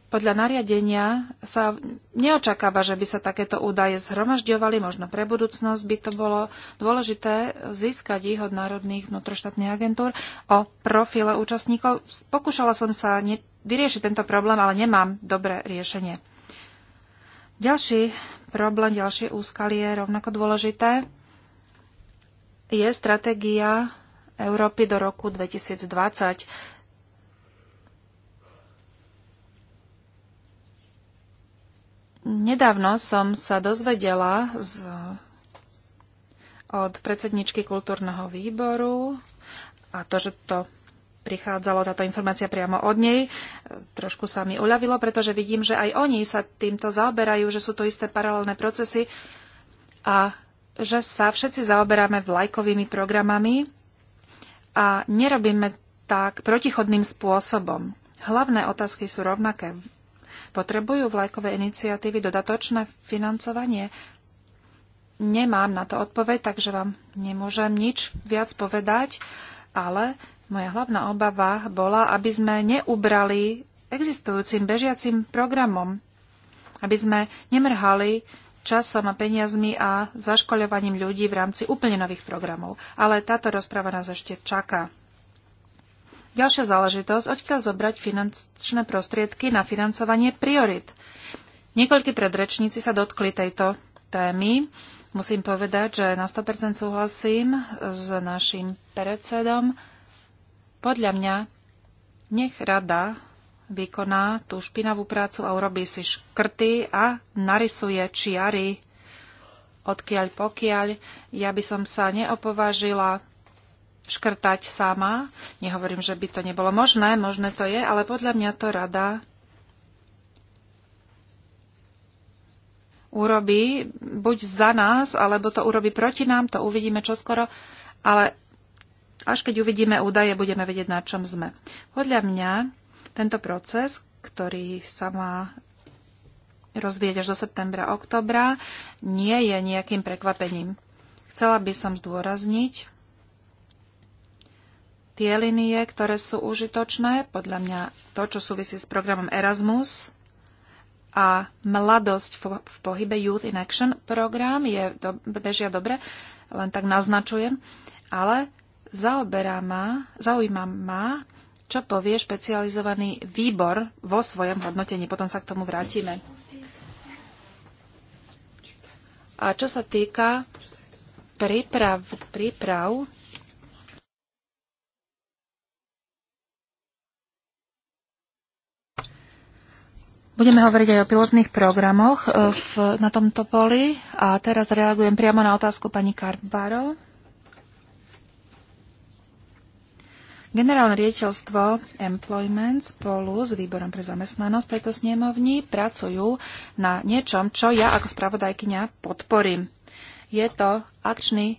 Podľa nariadenia sa neočakáva, že by sa takéto údaje zhromažďovali, možno pre budúcnosť by to bolo dôležité získať ich od národných vnútroštátnych agentúr o profile účastníkov. Pokúšala som sa vyriešiť tento problém, ale nemám dobré riešenie. Ďalší problém, ďalšie úskalie, rovnako dôležité, je stratégia Európy do roku 2020. Nedávno som sa dozvedela z, od predsedničky kultúrneho výboru a to, že to prichádzalo táto informácia priamo od nej. Trošku sa mi uľavilo, pretože vidím, že aj oni sa týmto zaoberajú, že sú to isté paralelné procesy a že sa všetci zaoberáme vlajkovými programami a nerobíme tak protichodným spôsobom. Hlavné otázky sú rovnaké. Potrebujú vlajkové iniciatívy dodatočné financovanie? Nemám na to odpoveď, takže vám nemôžem nič viac povedať, ale moja hlavná obava bola, aby sme neubrali existujúcim bežiacim programom, aby sme nemrhali časom a peniazmi a zaškoľovaním ľudí v rámci úplne nových programov. Ale táto rozpráva nás ešte čaká. Ďalšia záležitosť, odkiaľ zobrať finančné prostriedky na financovanie priorit. Niekoľkí predrečníci sa dotkli tejto témy. Musím povedať, že na 100% súhlasím s našim predsedom. Podľa mňa nech rada vykoná tú špinavú prácu a urobí si škrty a narysuje čiary, odkiaľ pokiaľ. Ja by som sa neopovážila škrtať sama. Nehovorím, že by to nebolo možné, možné to je, ale podľa mňa to rada urobí buď za nás, alebo to urobí proti nám, to uvidíme čoskoro, ale až keď uvidíme údaje, budeme vedieť, na čom sme. Podľa mňa tento proces, ktorý sa má rozvieť až do septembra, oktobra, nie je nejakým prekvapením. Chcela by som zdôrazniť, tie linie, ktoré sú užitočné, podľa mňa to, čo súvisí s programom Erasmus a Mladosť v, v pohybe Youth in Action program je do, bežia dobre, len tak naznačujem, ale zaoberá ma, zaujíma ma, čo povie špecializovaný výbor vo svojom hodnotení. Potom sa k tomu vrátime. A čo sa týka príprav, príprav Budeme hovoriť aj o pilotných programoch e, v, na tomto poli a teraz reagujem priamo na otázku pani Karbaro. Generálne riaditeľstvo Employment spolu s výborom pre zamestnanosť tejto snemovni pracujú na niečom, čo ja ako spravodajkyňa podporím. Je to akčný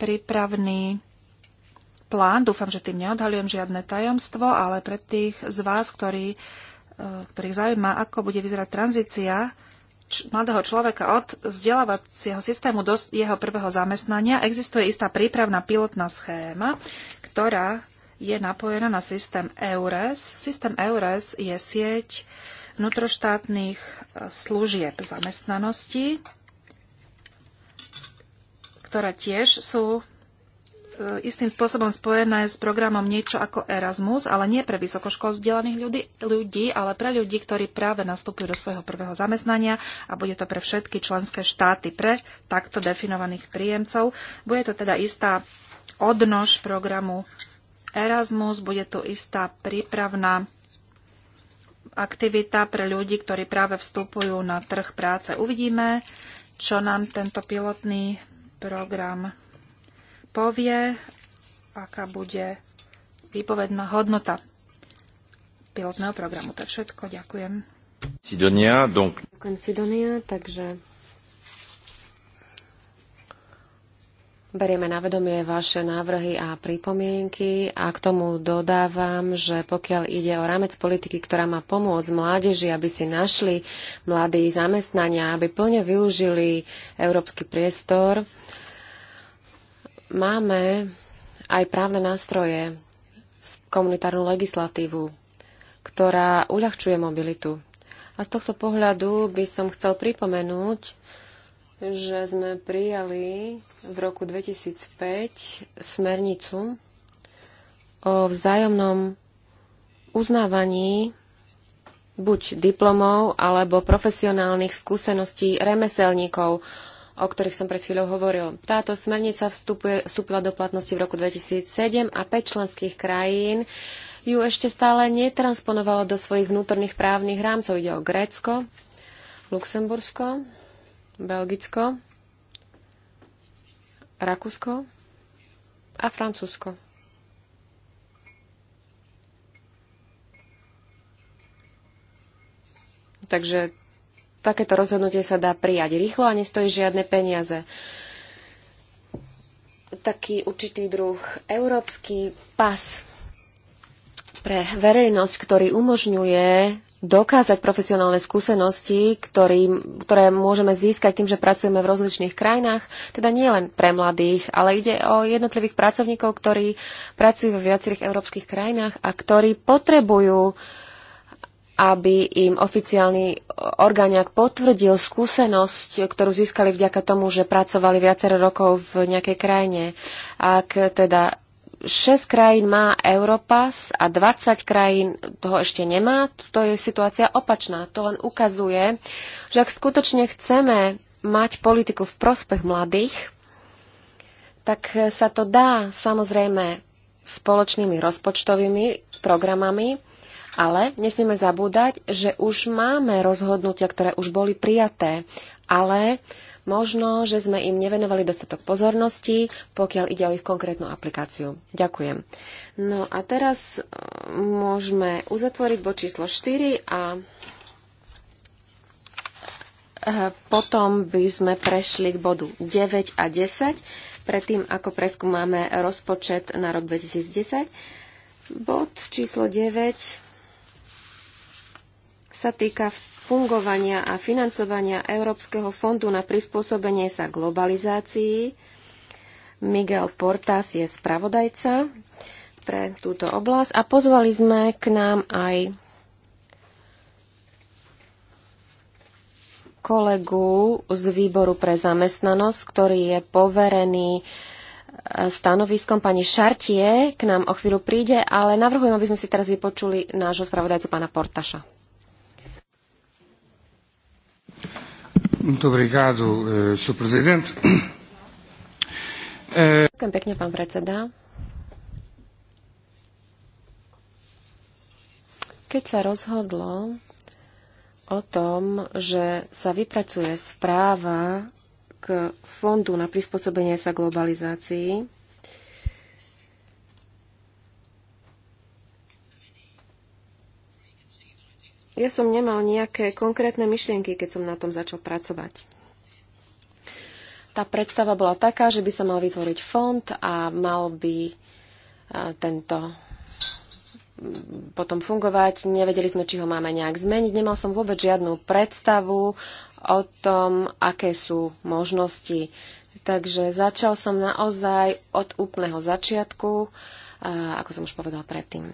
prípravný plán. Dúfam, že tým neodhalujem žiadne tajomstvo, ale pre tých z vás, ktorí Eh, ktorých zaujíma, ako bude vyzerať tranzícia mladého človeka od vzdelávacieho systému do jeho prvého zamestnania, existuje istá prípravná pilotná schéma, ktorá je napojená na systém EURES. Systém EURES je sieť vnútroštátnych eh, služieb zamestnanosti, ktoré tiež sú E, istým spôsobom spojené s programom niečo ako Erasmus, ale nie pre vysokoškol vzdelaných ľudí, ľudí, ale pre ľudí, ktorí práve nastúpili do svojho prvého zamestnania a bude to pre všetky členské štáty, pre takto definovaných príjemcov. Bude to teda istá odnož programu Erasmus, bude to istá prípravná aktivita pre ľudí, ktorí práve vstupujú na trh práce. Uvidíme, čo nám tento pilotný program povie, aká bude výpovedná hodnota pilotného programu. To je všetko. Ďakujem. Sidonia, donc... Ďakujem Sidonia, takže Berieme na vedomie vaše návrhy a pripomienky a k tomu dodávam, že pokiaľ ide o rámec politiky, ktorá má pomôcť mládeži, aby si našli mladí zamestnania, aby plne využili európsky priestor, Máme aj právne nástroje, komunitárnu legislatívu, ktorá uľahčuje mobilitu. A z tohto pohľadu by som chcel pripomenúť, že sme prijali v roku 2005 smernicu o vzájomnom uznávaní buď diplomov alebo profesionálnych skúseností remeselníkov o ktorých som pred chvíľou hovoril. Táto smernica vstupuje, vstúpila do platnosti v roku 2007 a 5 členských krajín ju ešte stále netransponovalo do svojich vnútorných právnych rámcov. Ide o Grécko, Luxembursko, Belgicko, Rakúsko a Francúzsko. Takže takéto rozhodnutie sa dá prijať rýchlo a nestojí žiadne peniaze. Taký určitý druh európsky pas pre verejnosť, ktorý umožňuje dokázať profesionálne skúsenosti, ktorý, ktoré môžeme získať tým, že pracujeme v rozličných krajinách, teda nie len pre mladých, ale ide o jednotlivých pracovníkov, ktorí pracujú vo viacerých európskych krajinách a ktorí potrebujú uh, aby im oficiálny orgáňak potvrdil skúsenosť, ktorú získali vďaka tomu, že pracovali viacero rokov v nejakej krajine. Ak teda 6 krajín má Europass a 20 krajín toho ešte nemá, to je situácia opačná. To len ukazuje, že ak skutočne chceme mať politiku v prospech mladých, tak sa to dá samozrejme spoločnými rozpočtovými programami, ale nesmieme zabúdať, že už máme rozhodnutia, ktoré už boli prijaté, ale možno, že sme im nevenovali dostatok pozornosti, pokiaľ ide o ich konkrétnu aplikáciu. Ďakujem. No a teraz e, môžeme uzatvoriť bod číslo 4 a e, potom by sme prešli k bodu 9 a 10, predtým ako preskúmame rozpočet na rok 2010. Bod číslo 9 sa týka fungovania a financovania Európskeho fondu na prispôsobenie sa globalizácii. Miguel Portas je spravodajca pre túto oblasť a pozvali sme k nám aj kolegu z výboru pre zamestnanosť, ktorý je poverený e, stanoviskom pani Šartie, k nám o chvíľu príde, ale navrhujem, aby sme si teraz vypočuli nášho spravodajcu pána Portaša. Muito obrigado, eh, Sr. Presidente. Eh, Ďakujem pekne, pán predseda. Keď sa rozhodlo o tom, že sa vypracuje správa k Fondu na prispôsobenie sa globalizácii, ja som nemal nejaké konkrétne myšlienky, keď som na tom začal pracovať. Tá predstava bola taká, že by sa mal vytvoriť fond a mal by e, tento potom fungovať. Nevedeli sme, či ho máme nejak zmeniť. Nemal som vôbec žiadnu predstavu o tom, aké sú možnosti. Takže začal som naozaj od úplného začiatku, ako som už povedal predtým.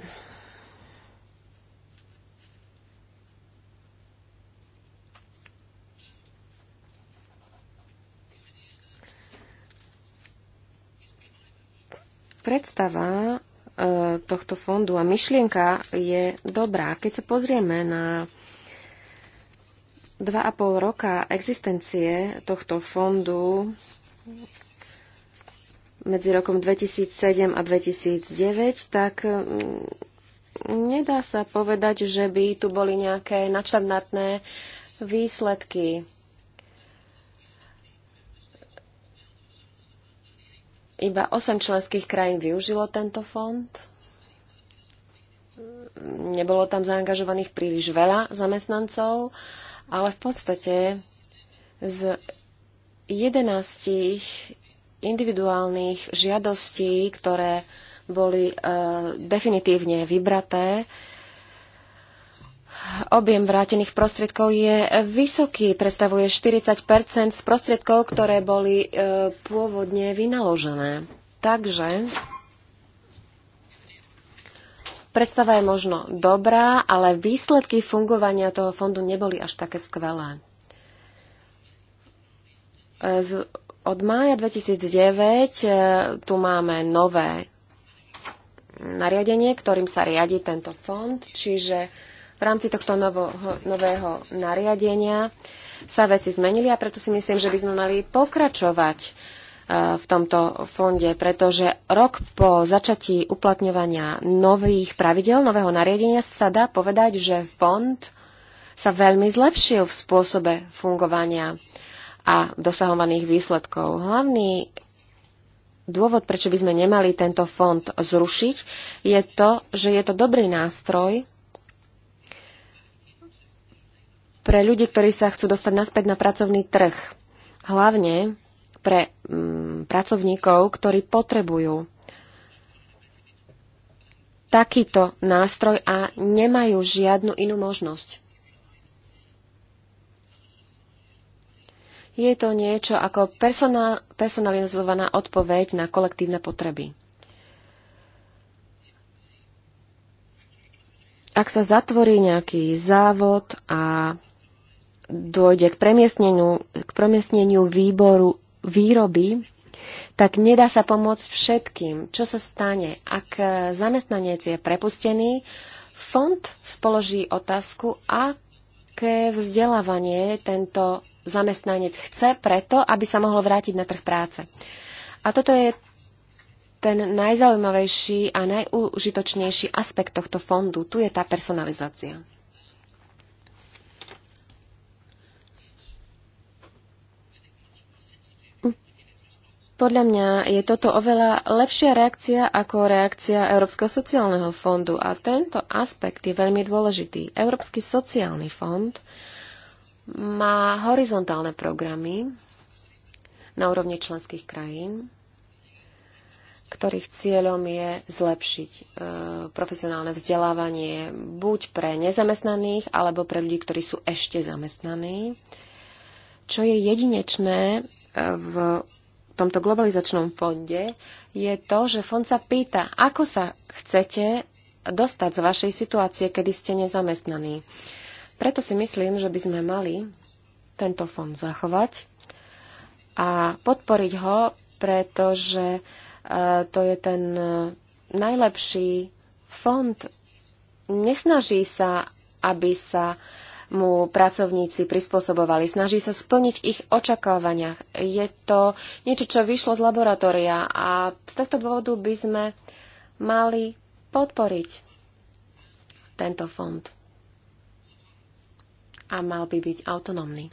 Predstava e, tohto fondu a myšlienka je dobrá. Keď sa pozrieme na 2,5 roka existencie tohto fondu medzi rokom 2007 a 2009, tak mm, nedá sa povedať, že by tu boli nejaké nadštandardné výsledky. Iba 8 členských krajín využilo tento fond. Nebolo tam zaangažovaných príliš veľa zamestnancov, ale v podstate z 11 individuálnych žiadostí, ktoré boli e, definitívne vybraté, Objem vrátených prostriedkov je vysoký, predstavuje 40 z prostriedkov, ktoré boli e, pôvodne vynaložené. Takže predstava je možno dobrá, ale výsledky fungovania toho fondu neboli až také skvelé. E, z, od mája 2009 e, tu máme nové nariadenie, ktorým sa riadi tento fond, čiže v rámci tohto novoho, nového nariadenia sa veci zmenili a preto si myslím, že by sme mali pokračovať e, v tomto fonde, pretože rok po začatí uplatňovania nových pravidel, nového nariadenia sa dá povedať, že fond sa veľmi zlepšil v spôsobe fungovania a dosahovaných výsledkov. Hlavný dôvod, prečo by sme nemali tento fond zrušiť, je to, že je to dobrý nástroj, pre ľudí, ktorí sa chcú dostať naspäť na pracovný trh. Hlavne pre mm, pracovníkov, ktorí potrebujú takýto nástroj a nemajú žiadnu inú možnosť. Je to niečo ako personál, personalizovaná odpoveď na kolektívne potreby. Ak sa zatvorí nejaký závod a dôjde k premiestneniu, k premiestneniu výboru výroby, tak nedá sa pomôcť všetkým. Čo sa stane, ak zamestnanec je prepustený? Fond spoloží otázku, aké vzdelávanie tento zamestnanec chce preto, aby sa mohol vrátiť na trh práce. A toto je ten najzaujímavejší a najúžitočnejší aspekt tohto fondu. Tu je tá personalizácia. Podľa mňa je toto oveľa lepšia reakcia ako reakcia Európskeho sociálneho fondu a tento aspekt je veľmi dôležitý. Európsky sociálny fond má horizontálne programy na úrovni členských krajín, ktorých cieľom je zlepšiť e, profesionálne vzdelávanie buď pre nezamestnaných alebo pre ľudí, ktorí sú ešte zamestnaní, čo je jedinečné e, v tomto globalizačnom fonde, je to, že fond sa pýta, ako sa chcete dostať z vašej situácie, kedy ste nezamestnaní. Preto si myslím, že by sme mali tento fond zachovať a podporiť ho, pretože e, to je ten e, najlepší fond. Nesnaží sa, aby sa mu pracovníci prispôsobovali. Snaží sa splniť ich očakávaniach. Je to niečo, čo vyšlo z laboratória a z tohto dôvodu by sme mali podporiť tento fond. A mal by byť autonómny.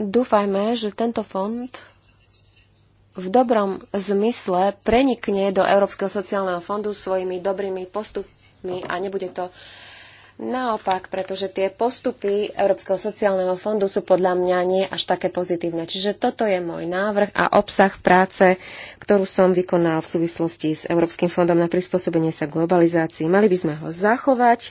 Dúfajme, že tento fond v dobrom zmysle prenikne do Európskeho sociálneho fondu svojimi dobrými postupmi a nebude to naopak, pretože tie postupy Európskeho sociálneho fondu sú podľa mňa nie až také pozitívne. Čiže toto je môj návrh a obsah práce, ktorú som vykonal v súvislosti s Európskym fondom na prispôsobenie sa globalizácii. Mali by sme ho zachovať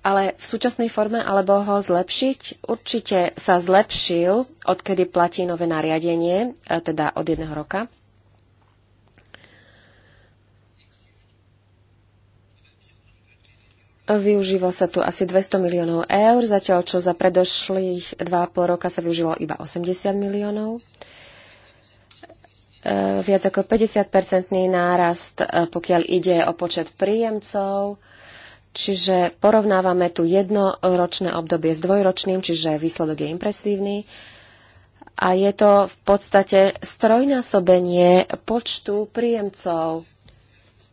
ale v súčasnej forme alebo ho zlepšiť? Určite sa zlepšil, odkedy platí nové nariadenie, e, teda od jedného roka. Využilo sa tu asi 200 miliónov eur, zatiaľ čo za predošlých 2,5 roka sa využilo iba 80 miliónov e, viac ako 50-percentný nárast, e, pokiaľ ide o počet príjemcov. Čiže porovnávame tu jednoročné obdobie s dvojročným, čiže výsledok je impresívny. A je to v podstate strojnásobenie počtu príjemcov.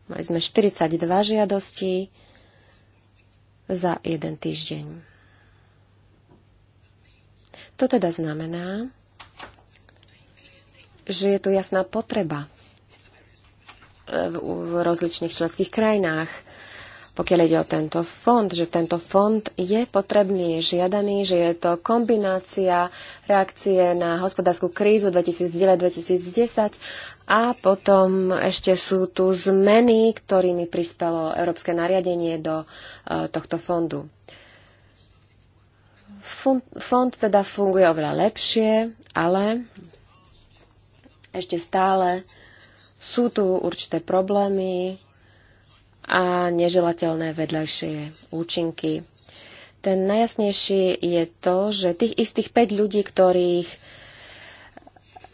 Mali sme 42 žiadosti. za jeden týždeň. To teda znamená, že je tu jasná potreba v rozličných členských krajinách pokiaľ ide o tento fond, že tento fond je potrebný, je žiadaný, že je to kombinácia reakcie na hospodárskú krízu 2009-2010 a potom ešte sú tu zmeny, ktorými prispelo Európske nariadenie do e, tohto fondu. Fond, fond teda funguje oveľa lepšie, ale ešte stále sú tu určité problémy, a neželateľné vedľajšie účinky. Ten najjasnejší je to, že tých istých 5 ľudí, ktorých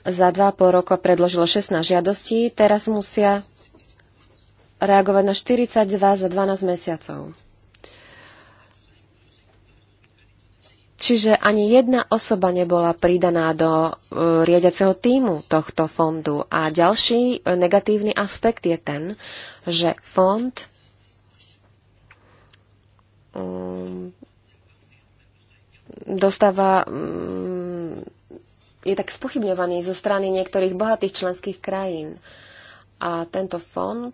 za 2,5 roka predložilo 16 žiadostí, teraz musia reagovať na 42 za 12 mesiacov. Čiže ani jedna osoba nebola pridaná do e, riadiaceho týmu tohto fondu. A ďalší e, negatívny aspekt je ten, že fond um, dostáva um, je tak spochybňovaný zo strany niektorých bohatých členských krajín. A tento fond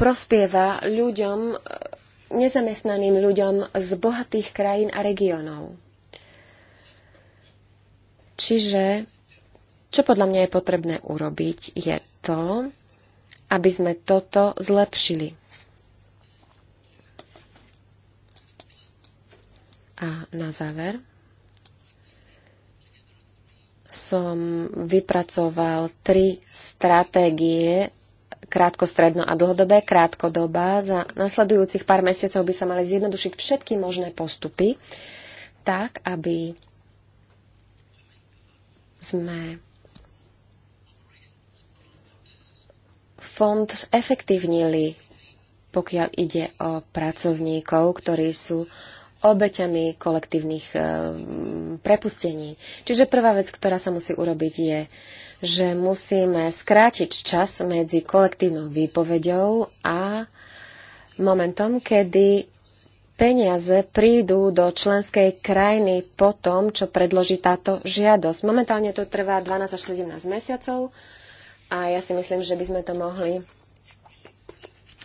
prospieva ľuďom, e, nezamestnaným ľuďom z bohatých krajín a regiónov. Čiže, čo podľa mňa je potrebné urobiť, je to, aby sme toto zlepšili. A na záver som vypracoval tri stratégie krátkostredno a dlhodobé. Krátkodoba za nasledujúcich pár mesiacov by sa mali zjednodušiť všetky možné postupy, tak aby sme fond zefektívnili, pokiaľ ide o pracovníkov, ktorí sú obeťami kolektívnych eh, prepustení. Čiže prvá vec, ktorá sa musí urobiť, je, že musíme skrátiť čas medzi kolektívnou výpovedou a momentom, kedy peniaze prídu do členskej krajiny po tom, čo predloží táto žiadosť. Momentálne to trvá 12 až 17 mesiacov a ja si myslím, že by sme to mohli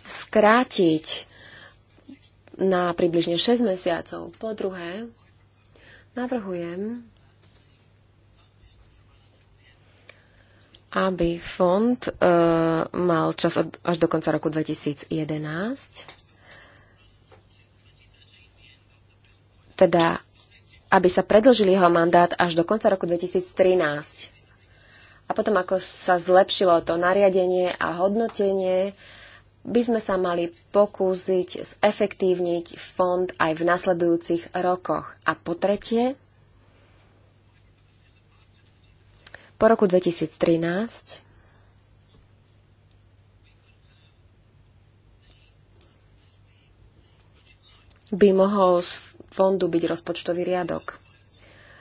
skrátiť na približne 6 mesiacov. Po druhé, navrhujem, aby fond uh, mal čas od, až do konca roku 2011. Teda, aby sa predlžil jeho mandát až do konca roku 2013. A potom, ako sa zlepšilo to nariadenie a hodnotenie, by sme sa mali pokúsiť zefektívniť fond aj v nasledujúcich rokoch. A po tretie, po roku 2013 by mohol z fondu byť rozpočtový riadok,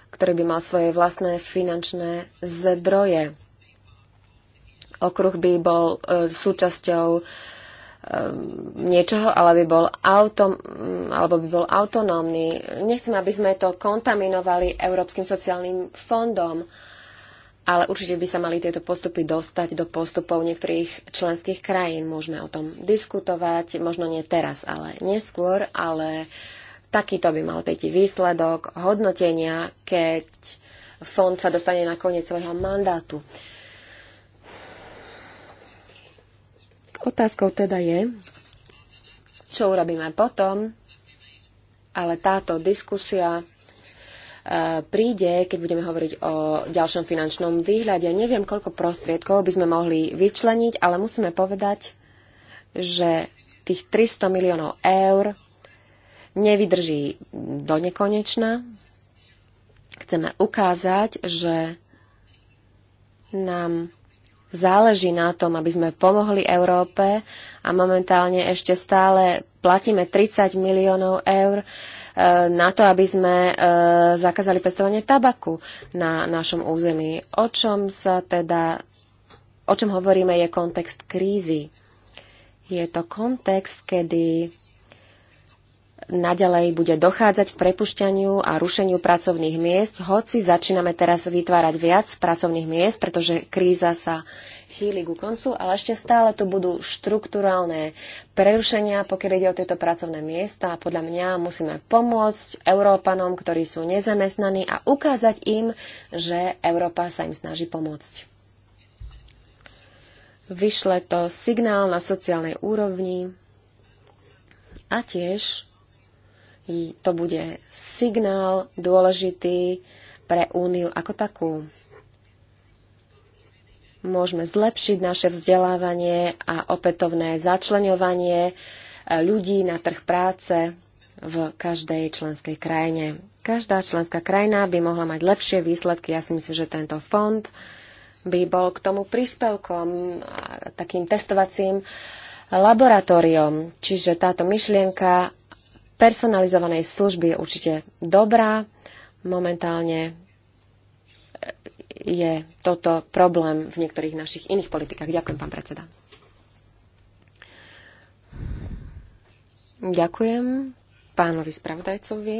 ktorý by mal svoje vlastné finančné zdroje. Okruh by bol e, súčasťou Ehm, niečoho, ale by bol autom, mm, alebo by bol autonómny. Nechcem, aby sme to kontaminovali Európskym sociálnym fondom, ale určite by sa mali tieto postupy dostať do postupov niektorých členských krajín. Môžeme o tom diskutovať, možno nie teraz, ale neskôr, ale takýto by mal byť výsledok hodnotenia, keď fond sa dostane na koniec svojho mandátu. Uh, Otázkou teda je, čo urobíme potom, ale táto diskusia e, príde, keď budeme hovoriť o ďalšom finančnom výhľade. Neviem, koľko prostriedkov by sme mohli vyčleniť, ale musíme povedať, že tých 300 miliónov eur nevydrží do nekonečna. Chceme ukázať, že nám záleží na tom, aby sme pomohli Európe a momentálne ešte stále platíme 30 miliónov eur e, na to, aby sme e, zakázali pestovanie tabaku na našom území. O čom sa teda, o čom hovoríme, je kontext krízy. Je to kontext, kedy naďalej bude dochádzať k prepušťaniu a rušeniu pracovných miest, hoci začíname teraz vytvárať viac pracovných miest, pretože kríza sa chýli ku koncu, ale ešte stále tu budú štruktúrálne prerušenia, pokiaľ ide o tieto pracovné miesta. Podľa mňa musíme pomôcť Európanom, ktorí sú nezamestnaní a ukázať im, že Európa sa im snaží pomôcť. Vyšle to signál na sociálnej úrovni a tiež to bude signál dôležitý pre Úniu ako takú. Môžeme zlepšiť naše vzdelávanie a opätovné začlenovanie e, ľudí na trh práce v každej členskej krajine. Každá členská krajina by mohla mať lepšie výsledky. Ja si myslím, že tento fond by bol k tomu príspevkom, takým testovacím laboratóriom. Čiže táto myšlienka personalizovanej služby je určite dobrá. Momentálne je toto problém v niektorých našich iných politikách. Ďakujem, pán predseda. Ďakujem pánovi spravodajcovi.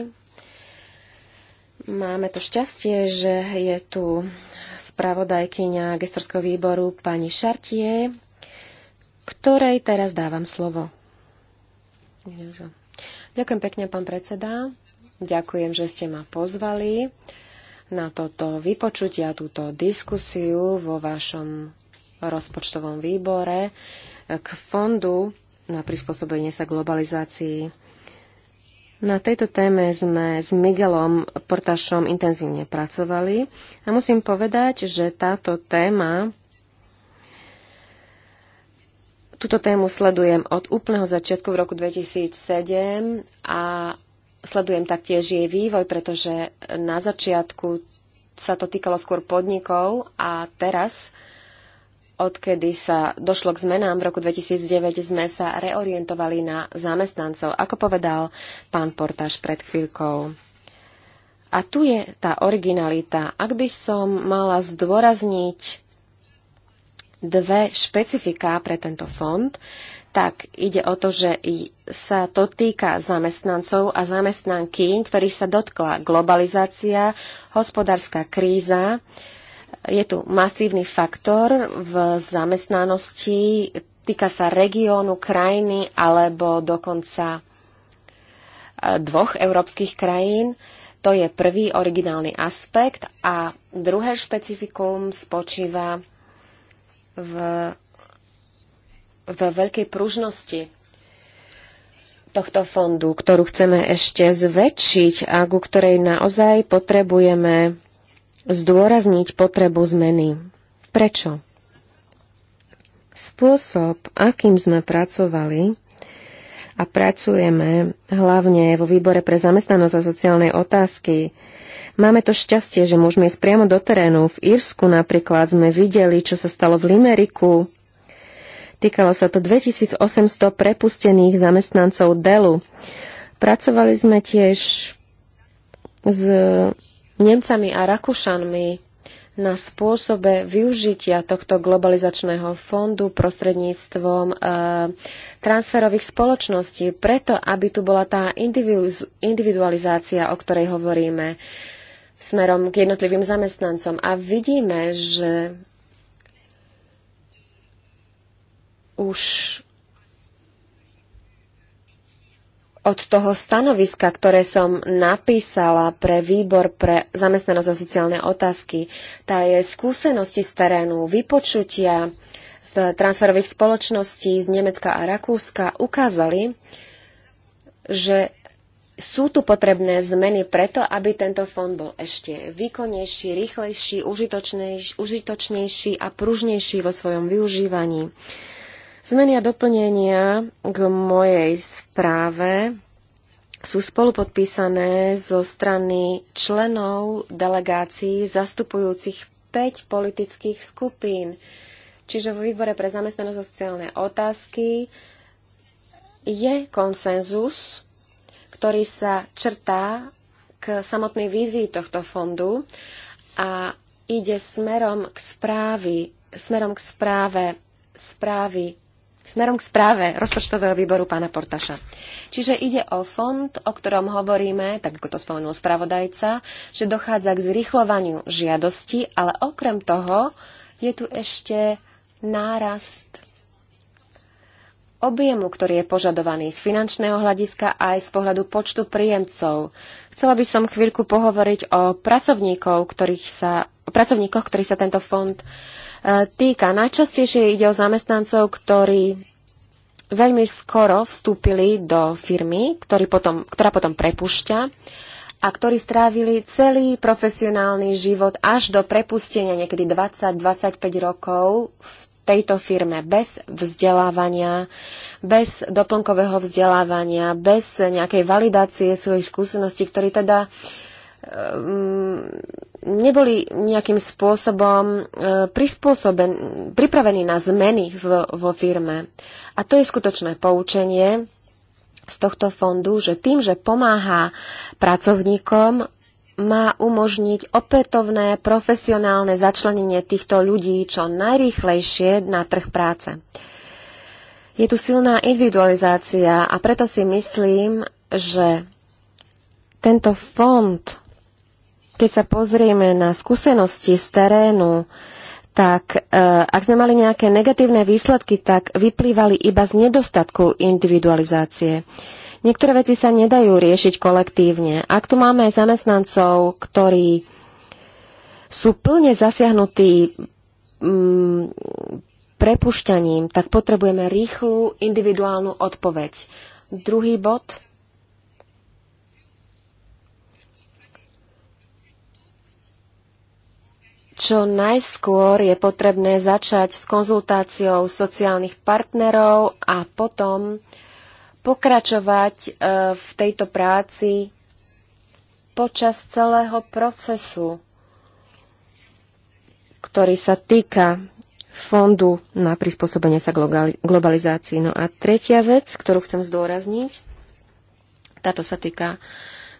Máme to šťastie, že je tu spravodajkyňa gestorského výboru pani Šartie, ktorej teraz dávam slovo. Ježiš. Ďakujem pekne, pán predseda. Ďakujem, že ste ma pozvali na toto vypočutie a túto diskusiu vo vašom rozpočtovom výbore k fondu na prispôsobenie sa globalizácii. Na tejto téme sme s Miguelom Portašom intenzívne pracovali a musím povedať, že táto téma Tuto tému sledujem od úplného začiatku v roku 2007 a sledujem taktiež jej vývoj, pretože na začiatku sa to týkalo skôr podnikov a teraz, odkedy sa došlo k zmenám v roku 2009, sme sa reorientovali na zamestnancov, ako povedal pán Portáš pred chvíľkou. A tu je tá originalita. Ak by som mala zdôrazniť dve špecifiká pre tento fond, tak ide o to, že sa to týka zamestnancov a zamestnanky, ktorých sa dotkla globalizácia, hospodárska kríza. Je tu masívny faktor v zamestnanosti, týka sa regiónu, krajiny alebo dokonca e, dvoch európskych krajín. To je prvý originálny aspekt a druhé špecifikum spočíva v, v veľkej pružnosti tohto fondu, ktorú chceme ešte zväčšiť a ku ktorej naozaj potrebujeme zdôrazniť potrebu zmeny. Prečo? Spôsob, akým sme pracovali, a pracujeme hlavne vo výbore pre zamestnanosť a sociálnej otázky. Máme to šťastie, že môžeme ísť priamo do terénu. V Írsku napríklad sme videli, čo sa stalo v Limeriku. Týkalo sa to 2800 prepustených zamestnancov Delu. Pracovali sme tiež s Nemcami a Rakúšanmi na spôsobe využitia tohto globalizačného fondu prostredníctvom e, transferových spoločností, preto aby tu bola tá individualizácia, o ktorej hovoríme, smerom k jednotlivým zamestnancom. A vidíme, že už od toho stanoviska, ktoré som napísala pre výbor pre zamestnanosť a sociálne otázky. Tá je skúsenosti z terénu, vypočutia z transferových spoločností z Nemecka a Rakúska ukázali, že sú tu potrebné zmeny preto, aby tento fond bol ešte výkonnejší, rýchlejší, užitočnejší a pružnejší vo svojom využívaní. Zmeny a doplnenia k mojej správe sú spolupodpísané zo strany členov delegácií zastupujúcich 5 politických skupín. Čiže vo výbore pre zamestnanosť a sociálne otázky je konsenzus, ktorý sa črtá k samotnej vízii tohto fondu a ide smerom k, správy, smerom k správe správy smerom k správe rozpočtového výboru pána Portaša. Čiže ide o fond, o ktorom hovoríme, tak ako to spomenul spravodajca, že dochádza k zrychlovaniu žiadosti, ale okrem toho je tu ešte nárast objemu, ktorý je požadovaný z finančného hľadiska aj z pohľadu počtu príjemcov. Chcela by som chvíľku pohovoriť o pracovníkov, ktorých sa pracovníkoch, ktorí sa tento fond e, týka. Najčastejšie ide o zamestnancov, ktorí veľmi skoro vstúpili do firmy, ktorý potom, ktorá potom prepušťa a ktorí strávili celý profesionálny život až do prepustenia niekedy 20-25 rokov v tejto firme bez vzdelávania, bez doplnkového vzdelávania, bez nejakej validácie svojich skúseností, ktorí teda um, neboli nejakým spôsobom e, pripravení na zmeny v, vo firme. A to je skutočné poučenie z tohto fondu, že tým, že pomáha pracovníkom, má umožniť opätovné profesionálne začlenenie týchto ľudí čo najrýchlejšie na trh práce. Je tu silná individualizácia a preto si myslím, že tento fond keď sa pozrieme na skúsenosti z terénu, tak e, ak sme mali nejaké negatívne výsledky, tak vyplývali iba z nedostatku individualizácie. Niektoré veci sa nedajú riešiť kolektívne. Ak tu máme aj zamestnancov, ktorí sú plne zasiahnutí mm, prepušťaním, tak potrebujeme rýchlu individuálnu odpoveď. Druhý bod čo najskôr je potrebné začať s konzultáciou sociálnych partnerov a potom pokračovať e, v tejto práci počas celého procesu, ktorý sa týka fondu na prispôsobenie sa globalizácii. No a tretia vec, ktorú chcem zdôrazniť, táto sa týka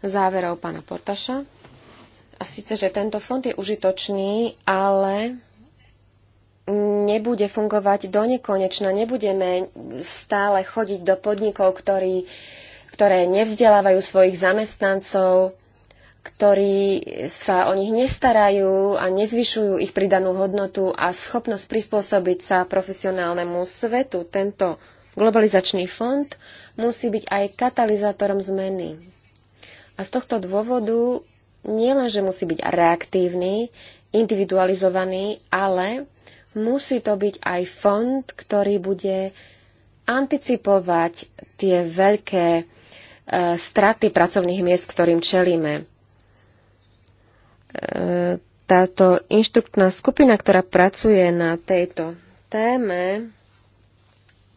záverov pána Portaša. A síce, že tento fond je užitočný, ale nebude fungovať do nekonečna. Nebudeme stále chodiť do podnikov, ktorí, ktoré nevzdelávajú svojich zamestnancov, ktorí sa o nich nestarajú a nezvyšujú ich pridanú hodnotu a schopnosť prispôsobiť sa profesionálnemu svetu. Tento globalizačný fond musí byť aj katalizátorom zmeny. A z tohto dôvodu nielen, že musí byť reaktívny, individualizovaný, ale musí to byť aj fond, ktorý bude anticipovať tie veľké e, straty pracovných miest, ktorým čelíme. E, táto inštruktná skupina, ktorá pracuje na tejto téme,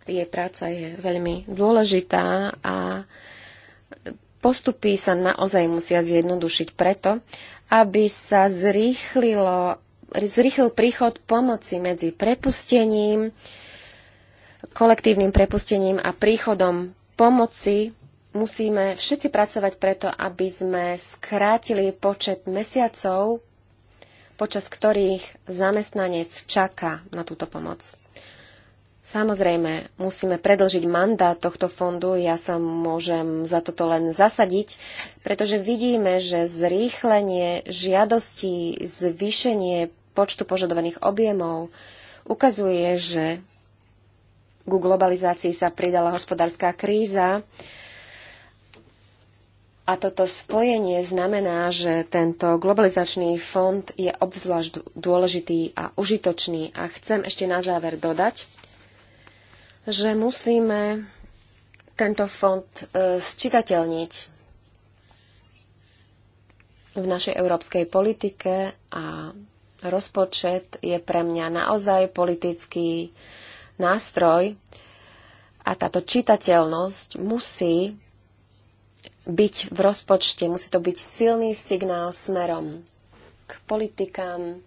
jej práca je veľmi dôležitá a e, postupy sa naozaj musia zjednodušiť preto, aby sa zrýchlilo, zrýchlil príchod pomoci medzi prepustením, kolektívnym prepustením a príchodom pomoci musíme všetci pracovať preto, aby sme skrátili počet mesiacov, počas ktorých zamestnanec čaká na túto pomoc. Samozrejme, musíme predlžiť mandát tohto fondu. Ja sa môžem za toto len zasadiť, pretože vidíme, že zrýchlenie žiadostí, zvýšenie počtu požadovaných objemov ukazuje, že ku globalizácii sa pridala hospodárska kríza. A toto spojenie znamená, že tento globalizačný fond je obzvlášť dôležitý a užitočný. A chcem ešte na záver dodať, že musíme tento fond e, sčitateľniť v našej európskej politike a rozpočet je pre mňa naozaj politický nástroj a táto čitateľnosť musí byť v rozpočte, musí to byť silný signál smerom k politikám,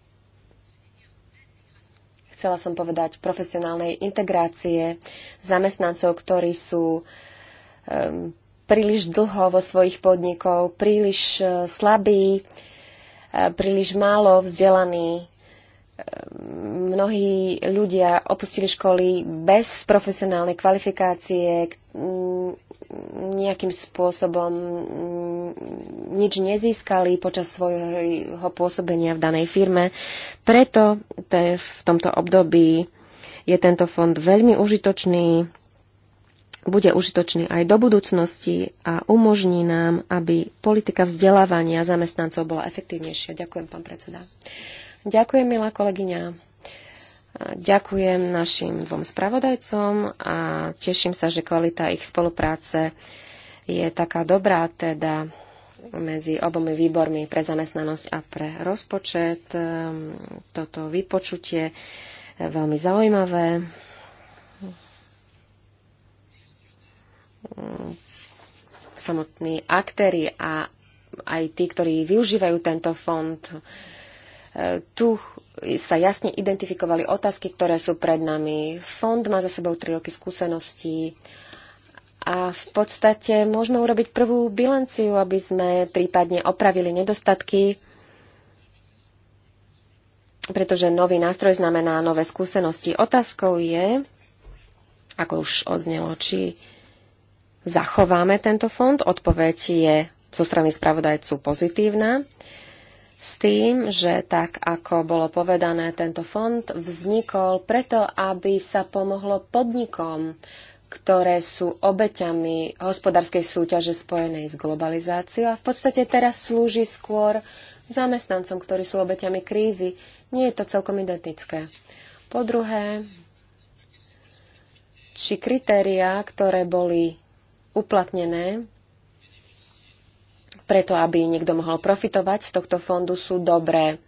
chcela som povedať, profesionálnej integrácie zamestnancov, ktorí sú um, príliš dlho vo svojich podnikov, príliš uh, slabí, uh, príliš málo vzdelaní mnohí ľudia opustili školy bez profesionálnej kvalifikácie, nejakým spôsobom mm, nič nezískali počas svojho pôsobenia v danej firme. Preto v tomto období je tento fond veľmi užitočný, bude užitočný aj do budúcnosti a umožní nám, aby politika vzdelávania zamestnancov bola efektívnejšia. Ďakujem, pán predseda. Ďakujem, milá kolegyňa. Ďakujem našim dvom spravodajcom a teším sa, že kvalita ich spolupráce je taká dobrá, teda medzi obomi výbormi pre zamestnanosť a pre rozpočet. Ehm, toto vypočutie je veľmi zaujímavé. Samotní aktéry a aj tí, ktorí využívajú tento fond, tu sa jasne identifikovali otázky, ktoré sú pred nami. Fond má za sebou 3 roky skúseností a v podstate môžeme urobiť prvú bilanciu, aby sme prípadne opravili nedostatky, pretože nový nástroj znamená nové skúsenosti. Otázkou je, ako už odznelo, či zachováme tento fond. Odpoveď je zo strany spravodajcu pozitívna s tým, že tak ako bolo povedané, tento fond vznikol preto, aby sa pomohlo podnikom, ktoré sú obeťami hospodárskej súťaže spojenej s globalizáciou a v podstate teraz slúži skôr zamestnancom, ktorí sú obeťami krízy. Nie je to celkom identické. Po druhé, či kritériá, ktoré boli uplatnené, preto, aby niekto mohol profitovať z tohto fondu, sú dobré.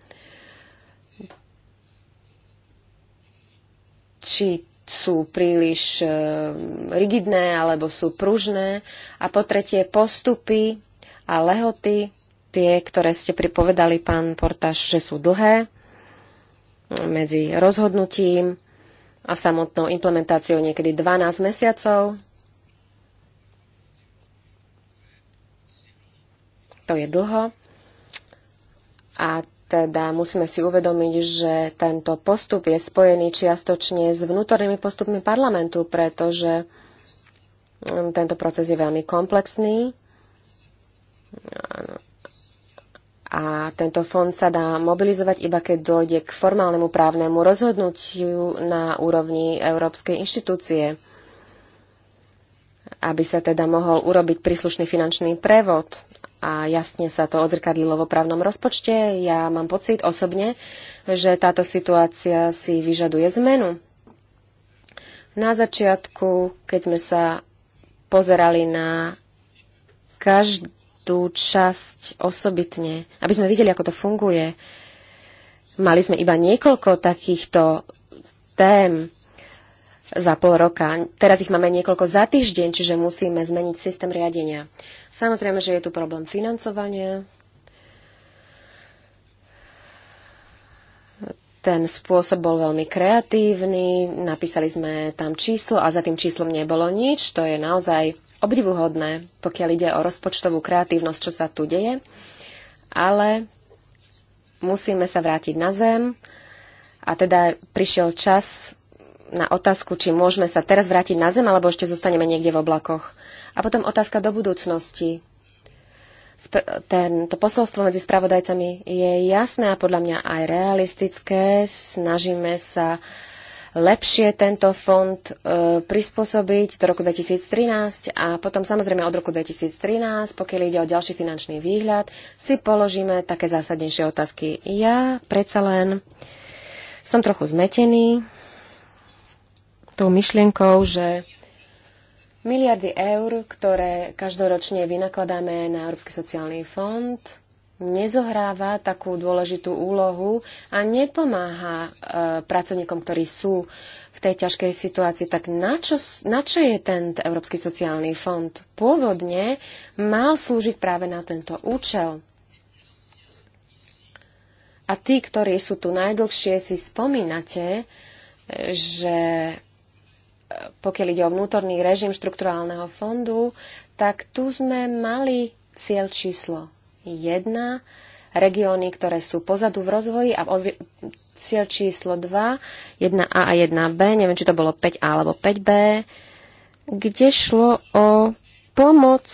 Či sú príliš e, rigidné alebo sú pružné. A po tretie, postupy a lehoty, tie, ktoré ste pripovedali, pán portáš, že sú dlhé medzi rozhodnutím a samotnou implementáciou niekedy 12 mesiacov. To je dlho. A teda musíme si uvedomiť, že tento postup je spojený čiastočne s vnútornými postupmi parlamentu, pretože mm, tento proces je veľmi komplexný a tento fond sa dá mobilizovať iba keď dojde k formálnemu právnemu rozhodnutiu na úrovni Európskej inštitúcie, aby sa teda mohol urobiť príslušný finančný prevod a jasne sa to odzrkadlilo v právnom rozpočte. Ja mám pocit osobne, že táto situácia si vyžaduje zmenu. Na začiatku, keď sme sa pozerali na každú časť osobitne, aby sme videli, ako to funguje, mali sme iba niekoľko takýchto tém, za pol roka. Teraz ich máme niekoľko za týždeň, čiže musíme zmeniť systém riadenia. Samozrejme, že je tu problém financovania. Ten spôsob bol veľmi kreatívny, napísali sme tam číslo a za tým číslom nebolo nič. To je naozaj obdivuhodné, pokiaľ ide o rozpočtovú kreatívnosť, čo sa tu deje. Ale musíme sa vrátiť na zem a teda prišiel čas na otázku, či môžeme sa teraz vrátiť na Zem, alebo ešte zostaneme niekde v oblakoch. A potom otázka do budúcnosti. Sp- tento posolstvo medzi spravodajcami je jasné a podľa mňa aj realistické. Snažíme sa lepšie tento fond e, prispôsobiť do roku 2013 a potom samozrejme od roku 2013, pokiaľ ide o ďalší finančný výhľad, si položíme také zásadnejšie otázky. Ja predsa len som trochu zmetený tou myšlienkou, že miliardy eur, ktoré každoročne vynakladáme na Európsky sociálny fond, nezohráva takú dôležitú úlohu a nepomáha e, pracovníkom, ktorí sú v tej ťažkej situácii. Tak na čo, na čo je ten Európsky sociálny fond? Pôvodne mal slúžiť práve na tento účel. A tí, ktorí sú tu najdlhšie, si spomínate, e, že pokiaľ ide o vnútorný režim štrukturálneho fondu, tak tu sme mali cieľ číslo 1, regióny, ktoré sú pozadu v rozvoji a cieľ číslo 2, 1A a 1B, neviem, či to bolo 5A alebo 5B, kde šlo o pomoc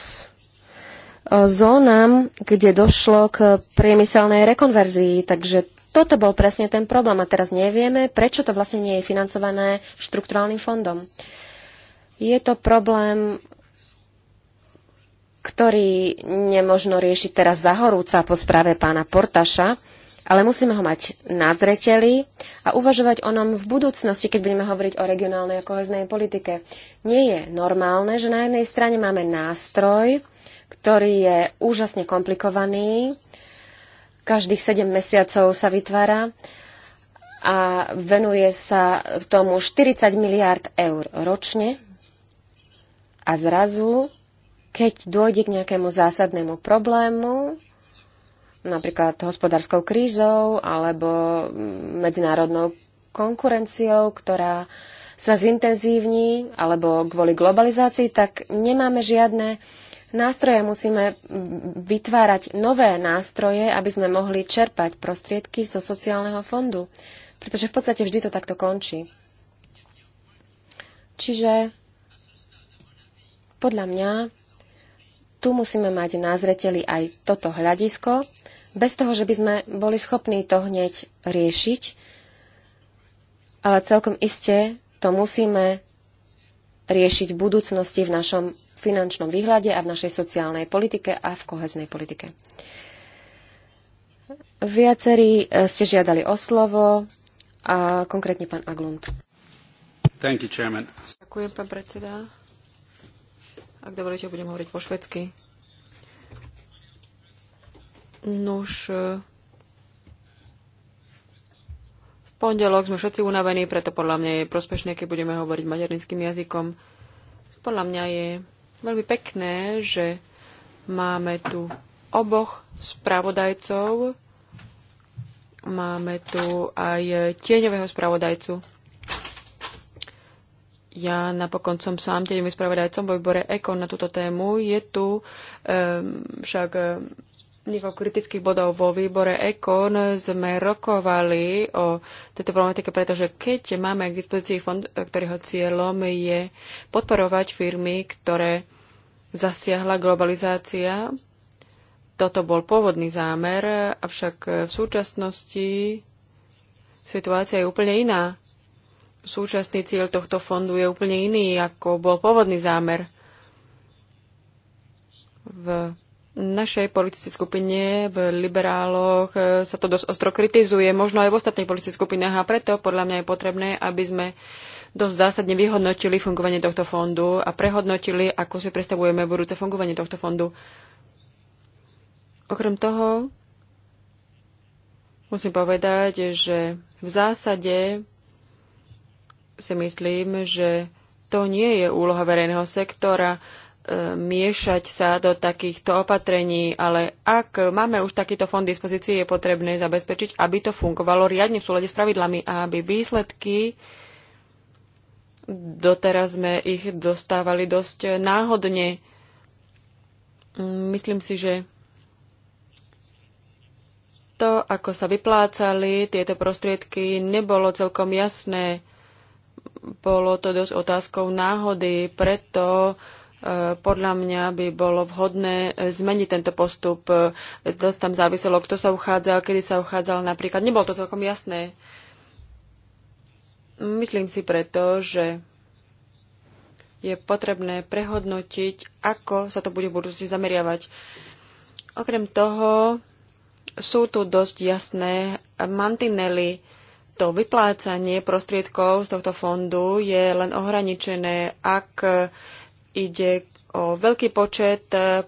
zónam, kde došlo k priemyselnej rekonverzii. Takže toto bol presne ten problém a teraz nevieme, prečo to vlastne nie je financované štrukturálnym fondom. Je to problém, ktorý nemožno riešiť teraz zahorúca po správe pána Portaša, ale musíme ho mať na zreteli a uvažovať o nom v budúcnosti, keď budeme hovoriť o regionálnej a koheznej politike. Nie je normálne, že na jednej strane máme nástroj, ktorý je úžasne komplikovaný, Každých 7 mesiacov sa vytvára a venuje sa tomu 40 miliárd eur ročne a zrazu, keď dôjde k nejakému zásadnému problému, napríklad hospodárskou krízou alebo medzinárodnou konkurenciou, ktorá sa zintenzívni alebo kvôli globalizácii, tak nemáme žiadne nástroje, musíme vytvárať nové nástroje, aby sme mohli čerpať prostriedky zo sociálneho fondu. Pretože v podstate vždy to takto končí. Čiže podľa mňa tu musíme mať na zreteli aj toto hľadisko, bez toho, že by sme boli schopní to hneď riešiť, ale celkom iste to musíme riešiť v budúcnosti v našom finančnom výhľade a v našej sociálnej politike a v koheznej politike. Viacerí e, ste žiadali o slovo a konkrétne pán Aglund. Thank you, chairman. Ďakujem, pán predseda. Ak dovolíte, budem hovoriť po švedsky. Nuž, e, v pondelok sme všetci unavení, preto podľa mňa je prospešné, keď budeme hovoriť maďarinským jazykom. Podľa mňa je veľmi pekné, že máme tu oboch spravodajcov, máme tu aj tieňového spravodajcu. Ja napokon som sám tieňovým spravodajcom vo výbore EKON na túto tému. Je tu um, však um, niekoľko kritických bodov vo výbore EKON sme rokovali o tejto problematike, pretože keď máme k dispozícii fond, ktorého cieľom je podporovať firmy, ktoré zasiahla globalizácia, toto bol pôvodný zámer, avšak v súčasnosti situácia je úplne iná. Súčasný cieľ tohto fondu je úplne iný, ako bol pôvodný zámer. V našej politickej skupine v liberáloch e, sa to dosť ostro kritizuje, možno aj v ostatných politických skupinách a preto podľa mňa je potrebné, aby sme dosť zásadne vyhodnotili fungovanie tohto fondu a prehodnotili, ako si predstavujeme budúce fungovanie tohto fondu. Okrem toho musím povedať, že v zásade si myslím, že to nie je úloha verejného sektora E, miešať sa do takýchto opatrení, ale ak máme už takýto fond dispozície, je potrebné zabezpečiť, aby to fungovalo riadne v súlade s pravidlami a aby výsledky doteraz sme ich dostávali dosť náhodne. Myslím si, že to, ako sa vyplácali tieto prostriedky, nebolo celkom jasné. Bolo to dosť otázkou náhody, preto uh, Eh, podľa mňa by bolo vhodné eh, zmeniť tento postup. Eh, dosť tam záviselo, kto sa uchádzal, kedy sa uchádzal napríklad. Nebolo to celkom jasné. Myslím si preto, že je potrebné prehodnotiť, ako sa to bude v budúcnosti zameriavať. Okrem toho sú tu dosť jasné mantinely. To vyplácanie prostriedkov z tohto fondu je len ohraničené, ak ide o veľký počet e,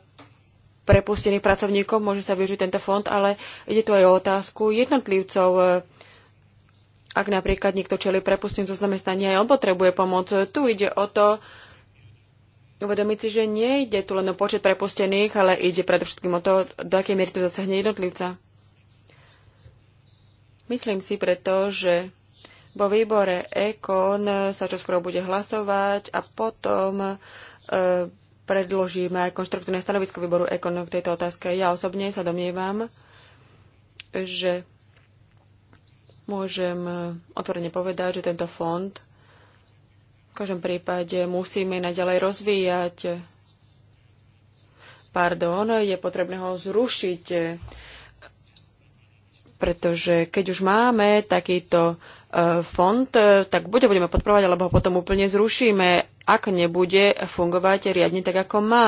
prepustených pracovníkov, môže sa využiť tento fond, ale ide tu aj o otázku jednotlivcov. E, ak napríklad niekto čeli prepustenie zo zamestnania aj on potrebuje pomoc, tu ide o to, uvedomiť si, že nie ide tu len o počet prepustených, ale ide predovšetkým o to, do akej miery to zasahne jednotlivca. Myslím si preto, že vo výbore EKON sa čoskoro bude hlasovať a potom E, predložíme konštruktívne stanovisko výboru EKON k tejto otázke. Ja osobne sa domnievam, že môžem otvorene povedať, že tento fond v každom prípade musíme naďalej rozvíjať. Pardon, je potrebné ho zrušiť pretože keď už máme takýto e, fond, e, tak bude budeme podporovať, alebo ho potom úplne zrušíme, ak nebude fungovať riadne tak, ako má.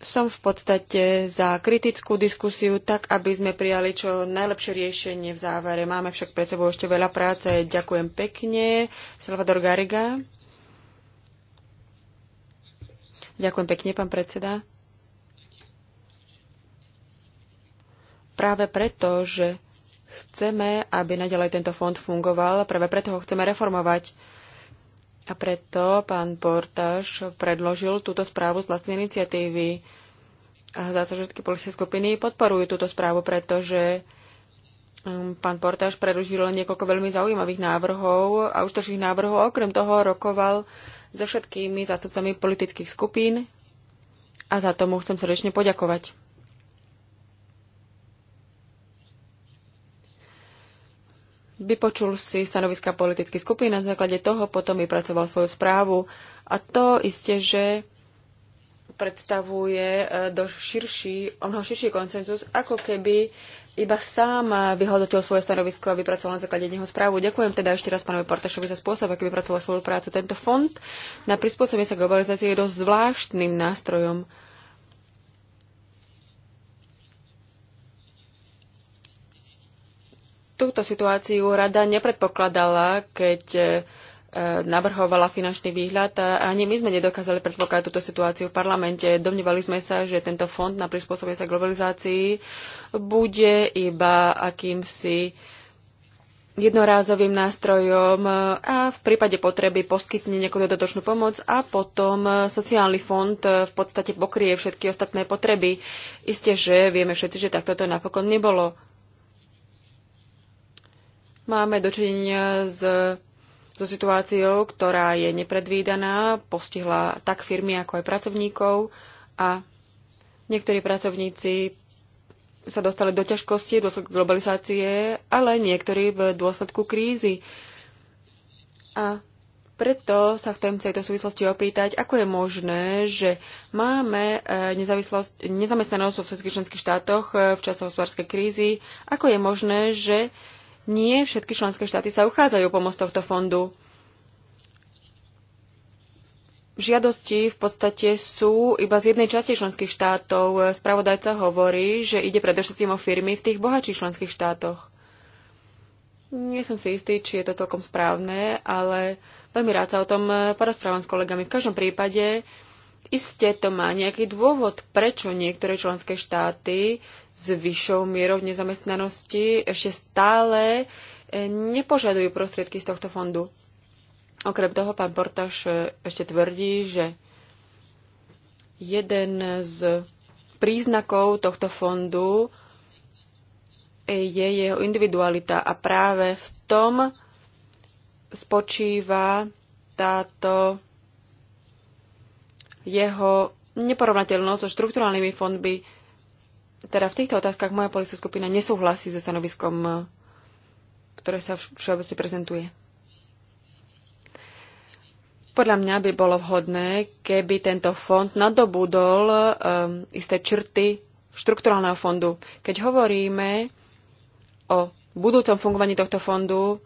Som v podstate za kritickú diskusiu, tak aby sme prijali čo najlepšie riešenie v závere. Máme však pred sebou ešte veľa práce. Ďakujem pekne. Salvador Gariga. Ďakujem pekne, pán predseda. Práve preto, že chceme, aby naďalej tento fond fungoval, práve preto ho chceme reformovať. A preto pán Portáš predložil túto správu z vlastnej iniciatívy. A zdá sa, že všetky politické skupiny podporujú túto správu, pretože um, pán Portáš predložil niekoľko veľmi zaujímavých návrhov a už toších návrhov. Okrem toho rokoval so všetkými zástupcami politických skupín a za tomu chcem srdečne poďakovať. Vypočul si stanoviska politických skupín na základe toho, potom vypracoval svoju správu a to isté, že predstavuje e, do širší, o mnoho širší koncenzus, ako keby iba sám vyhodnotil svoje stanovisko a vypracoval na základe neho správu. Ďakujem teda ešte raz pánovi Portašovi za spôsob, aký vypracoval svoju prácu. Tento fond na prispôsobenie sa globalizácie je dosť zvláštnym nástrojom. Túto situáciu rada nepredpokladala, keď e, navrhovala finančný výhľad a ani my sme nedokázali predpokladať túto situáciu v parlamente. Domnívali sme sa, že tento fond na prispôsobenie sa globalizácii bude iba akýmsi jednorázovým nástrojom a v prípade potreby poskytne nejakú dodatočnú pomoc a potom sociálny fond v podstate pokrie všetky ostatné potreby. Isté, že vieme všetci, že takto to napokon nebolo. Máme dočinenia s, so situáciou, ktorá je nepredvídaná, postihla tak firmy, ako aj pracovníkov a niektorí pracovníci sa dostali do ťažkosti v dôsledku globalizácie, ale niektorí v dôsledku krízy. A preto sa chcem v tejto súvislosti opýtať, ako je možné, že máme e, nezamestnanosť v všetkých členských štátoch e, v čase hospodárskej krízy, ako je možné, že nie všetky členské štáty sa uchádzajú pomoc tohto fondu. Žiadosti v podstate sú iba z jednej časti členských štátov. Spravodajca hovorí, že ide predovšetkým o firmy v tých bohatších členských štátoch. Nie som si istý, či je to celkom správne, ale veľmi rád sa o tom porozprávam s kolegami. V každom prípade Isté to má nejaký dôvod, prečo niektoré členské štáty s vyššou mierou nezamestnanosti ešte stále eh, nepožadujú prostriedky z tohto fondu. Okrem toho, pán Portaš eh, ešte tvrdí, že jeden z príznakov tohto fondu eh, je jeho individualita a práve v tom spočíva táto jeho neporovnateľnosť so štruktúralnými fondmi teda v týchto otázkach moja politická skupina nesúhlasí so stanoviskom, eh, ktoré sa všeobecne prezentuje. Podľa mňa by bolo vhodné, keby tento fond nadobudol um, isté črty štrukturálneho fondu. Keď hovoríme o budúcom fungovaní tohto fondu,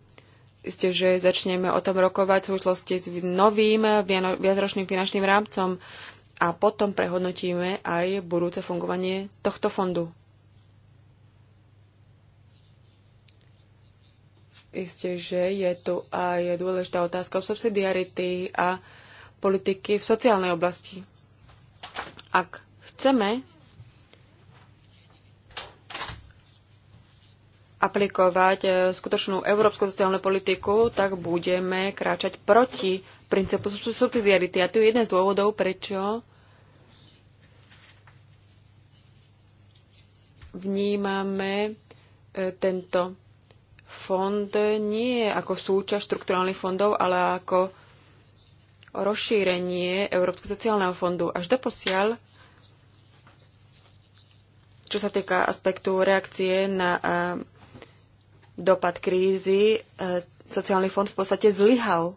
isté, že začneme o tom rokovať v súvislosti s novým eh, viacročným finančným rámcom a potom prehodnotíme aj budúce fungovanie tohto fondu. Isté, že je tu aj dôležitá otázka o subsidiarity a politiky v sociálnej oblasti. Ak chceme aplikovať eh, skutočnú európsku sociálnu politiku, tak budeme kráčať proti princípu subsidiarity. A to je jeden z dôvodov, prečo vnímame e, tento fond nie ako súčasť štrukturálnych fondov, ale ako rozšírenie Európskeho sociálneho fondu. Až doposiaľ, čo sa týka aspektu reakcie na e, dopad krízy, e, sociálny fond v podstate zlyhal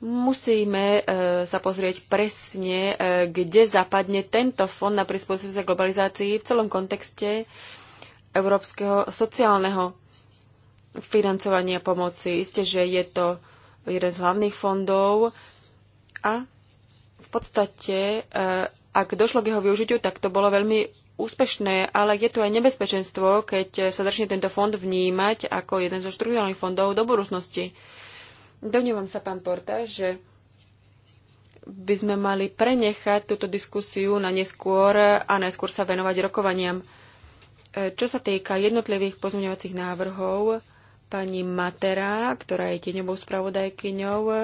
Musíme e, sa pozrieť presne, e, kde zapadne tento fond na prispôsobenie sa globalizácii v celom kontexte európskeho sociálneho financovania pomoci. Isté, že je to jeden z hlavných fondov a v podstate, e, ak došlo k jeho využitiu, tak to bolo veľmi úspešné, ale je tu aj nebezpečenstvo, keď sa začne tento fond vnímať ako jeden zo štruktúrnych fondov do budúcnosti. Domnievam sa, pán Porta, že by sme mali prenechať túto diskusiu na neskôr a neskôr sa venovať rokovaniam. E, čo sa týka jednotlivých pozmeňovacích návrhov, pani Matera, ktorá je tieňovou spravodajkyňou, e,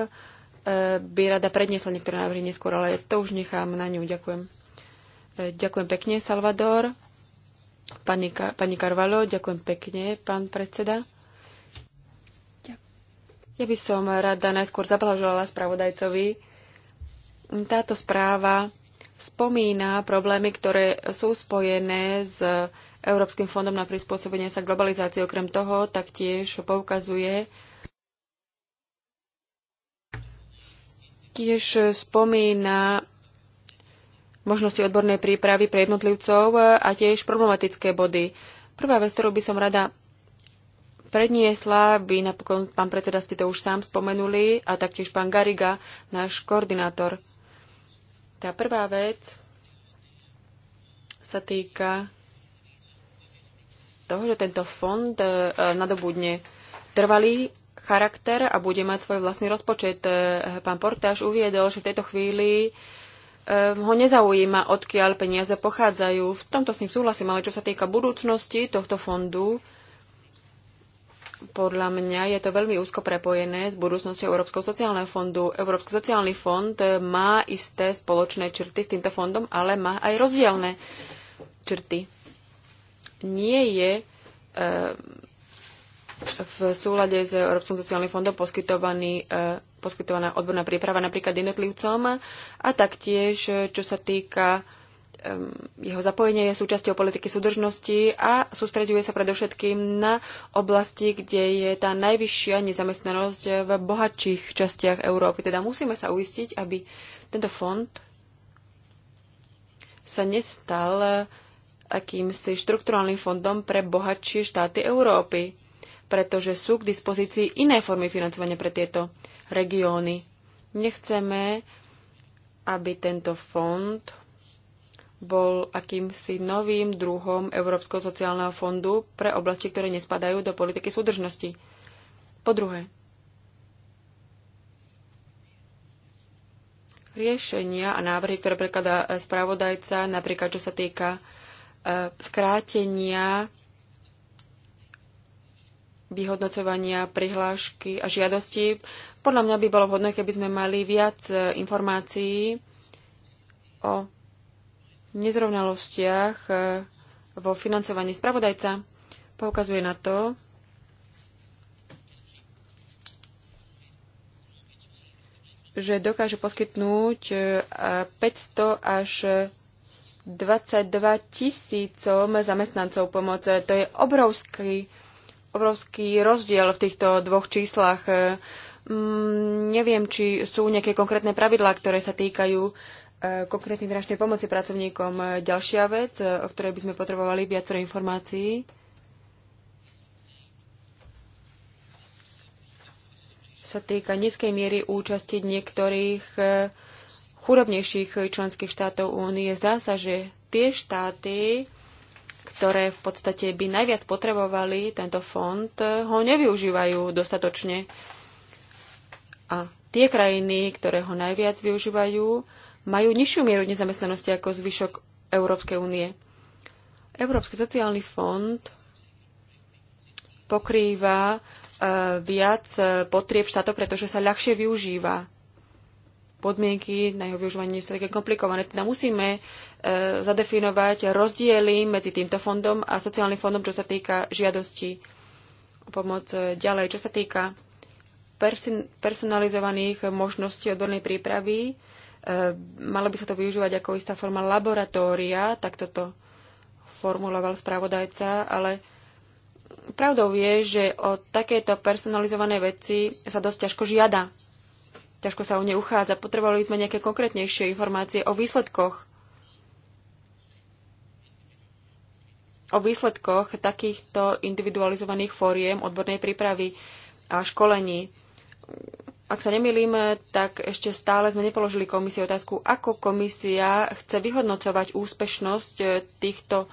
by rada predniesla niektoré návrhy neskôr, ale to už nechám na ňu. Ďakujem. E, ďakujem pekne, Salvador. Pani, pani Karvalo, ďakujem pekne, pán predseda. Ja by som rada najskôr zablažovala spravodajcovi. Táto správa spomína problémy, ktoré sú spojené s Európskym fondom na prispôsobenie sa globalizácii. Okrem toho taktiež poukazuje tiež spomína možnosti odbornej prípravy pre jednotlivcov a tiež problematické body. Prvá vec, ktorú by som rada predniesla, by napokon pán predseda ste to už sám spomenuli a taktiež pán Gariga, náš koordinátor. Tá prvá vec sa týka toho, že tento fond e, nadobudne trvalý charakter a bude mať svoj vlastný rozpočet. E, pán Portáš uviedol, že v tejto chvíli e, ho nezaujíma, odkiaľ peniaze pochádzajú. V tomto s ním súhlasím, ale čo sa týka budúcnosti tohto fondu, podľa mňa je to veľmi úzko prepojené s budúcnosťou Európskeho sociálneho fondu. Európsky sociálny fond eh, má isté spoločné črty s týmto fondom, ale má aj rozdielne črty. Nie je e, v súlade s Európskym sociálnym fondom poskytovaný, e, poskytovaná odborná príprava napríklad jednotlivcom a taktiež, čo sa týka jeho zapojenie je súčasťou politiky súdržnosti a sústreďuje sa predovšetkým na oblasti, kde je tá najvyššia nezamestnanosť v bohatších častiach Európy. Teda musíme sa uistiť, aby tento fond sa nestal akýmsi štrukturálnym fondom pre bohatšie štáty Európy, pretože sú k dispozícii iné formy financovania pre tieto regióny. Nechceme, aby tento fond bol akýmsi novým druhom Európskeho sociálneho fondu pre oblasti, ktoré nespadajú do politiky súdržnosti. Po druhé, riešenia a návrhy, ktoré prekladá e, spravodajca, napríklad čo sa týka e, skrátenia vyhodnocovania prihlášky a žiadosti. Podľa mňa by bolo vhodné, keby sme mali viac e, informácií o nezrovnalostiach e, vo financovaní. Spravodajca poukazuje na to, že dokáže poskytnúť 500 e, až 22 tisícom zamestnancov pomoc. To je obrovský, obrovský rozdiel v týchto dvoch číslach. Mm, neviem, či sú nejaké konkrétne pravidlá, ktoré sa týkajú konkrétnej finančnej pomoci pracovníkom. Ďalšia vec, e, o ktorej by sme potrebovali viacero informácií, sa týka nízkej miery účasti niektorých e, chudobnejších členských štátov únie. Zdá sa, že tie štáty, ktoré v podstate by najviac potrebovali tento fond, e, ho nevyužívajú dostatočne. A tie krajiny, ktoré ho najviac využívajú, majú nižšiu mieru nezamestnanosti ako zvyšok Európskej únie. Európsky sociálny fond pokrýva e, viac e, potrieb štátov, pretože sa ľahšie využíva. Podmienky na jeho využívanie sú také komplikované. Teda musíme e, zadefinovať rozdiely medzi týmto fondom a sociálnym fondom, čo sa týka žiadosti o pomoc ďalej. Čo sa týka personalizovaných možností odbornej prípravy, Eh, malo by sa to využívať ako istá forma laboratória, tak toto formuloval spravodajca, ale pravdou je, že o takéto personalizované veci sa dosť ťažko žiada. Ťažko sa o ne uchádza. Potrebovali sme nejaké konkrétnejšie informácie o výsledkoch. O výsledkoch takýchto individualizovaných fóriem odbornej prípravy a školení ak sa nemýlim, tak ešte stále sme nepoložili komisii otázku, ako komisia chce vyhodnocovať úspešnosť eh, týchto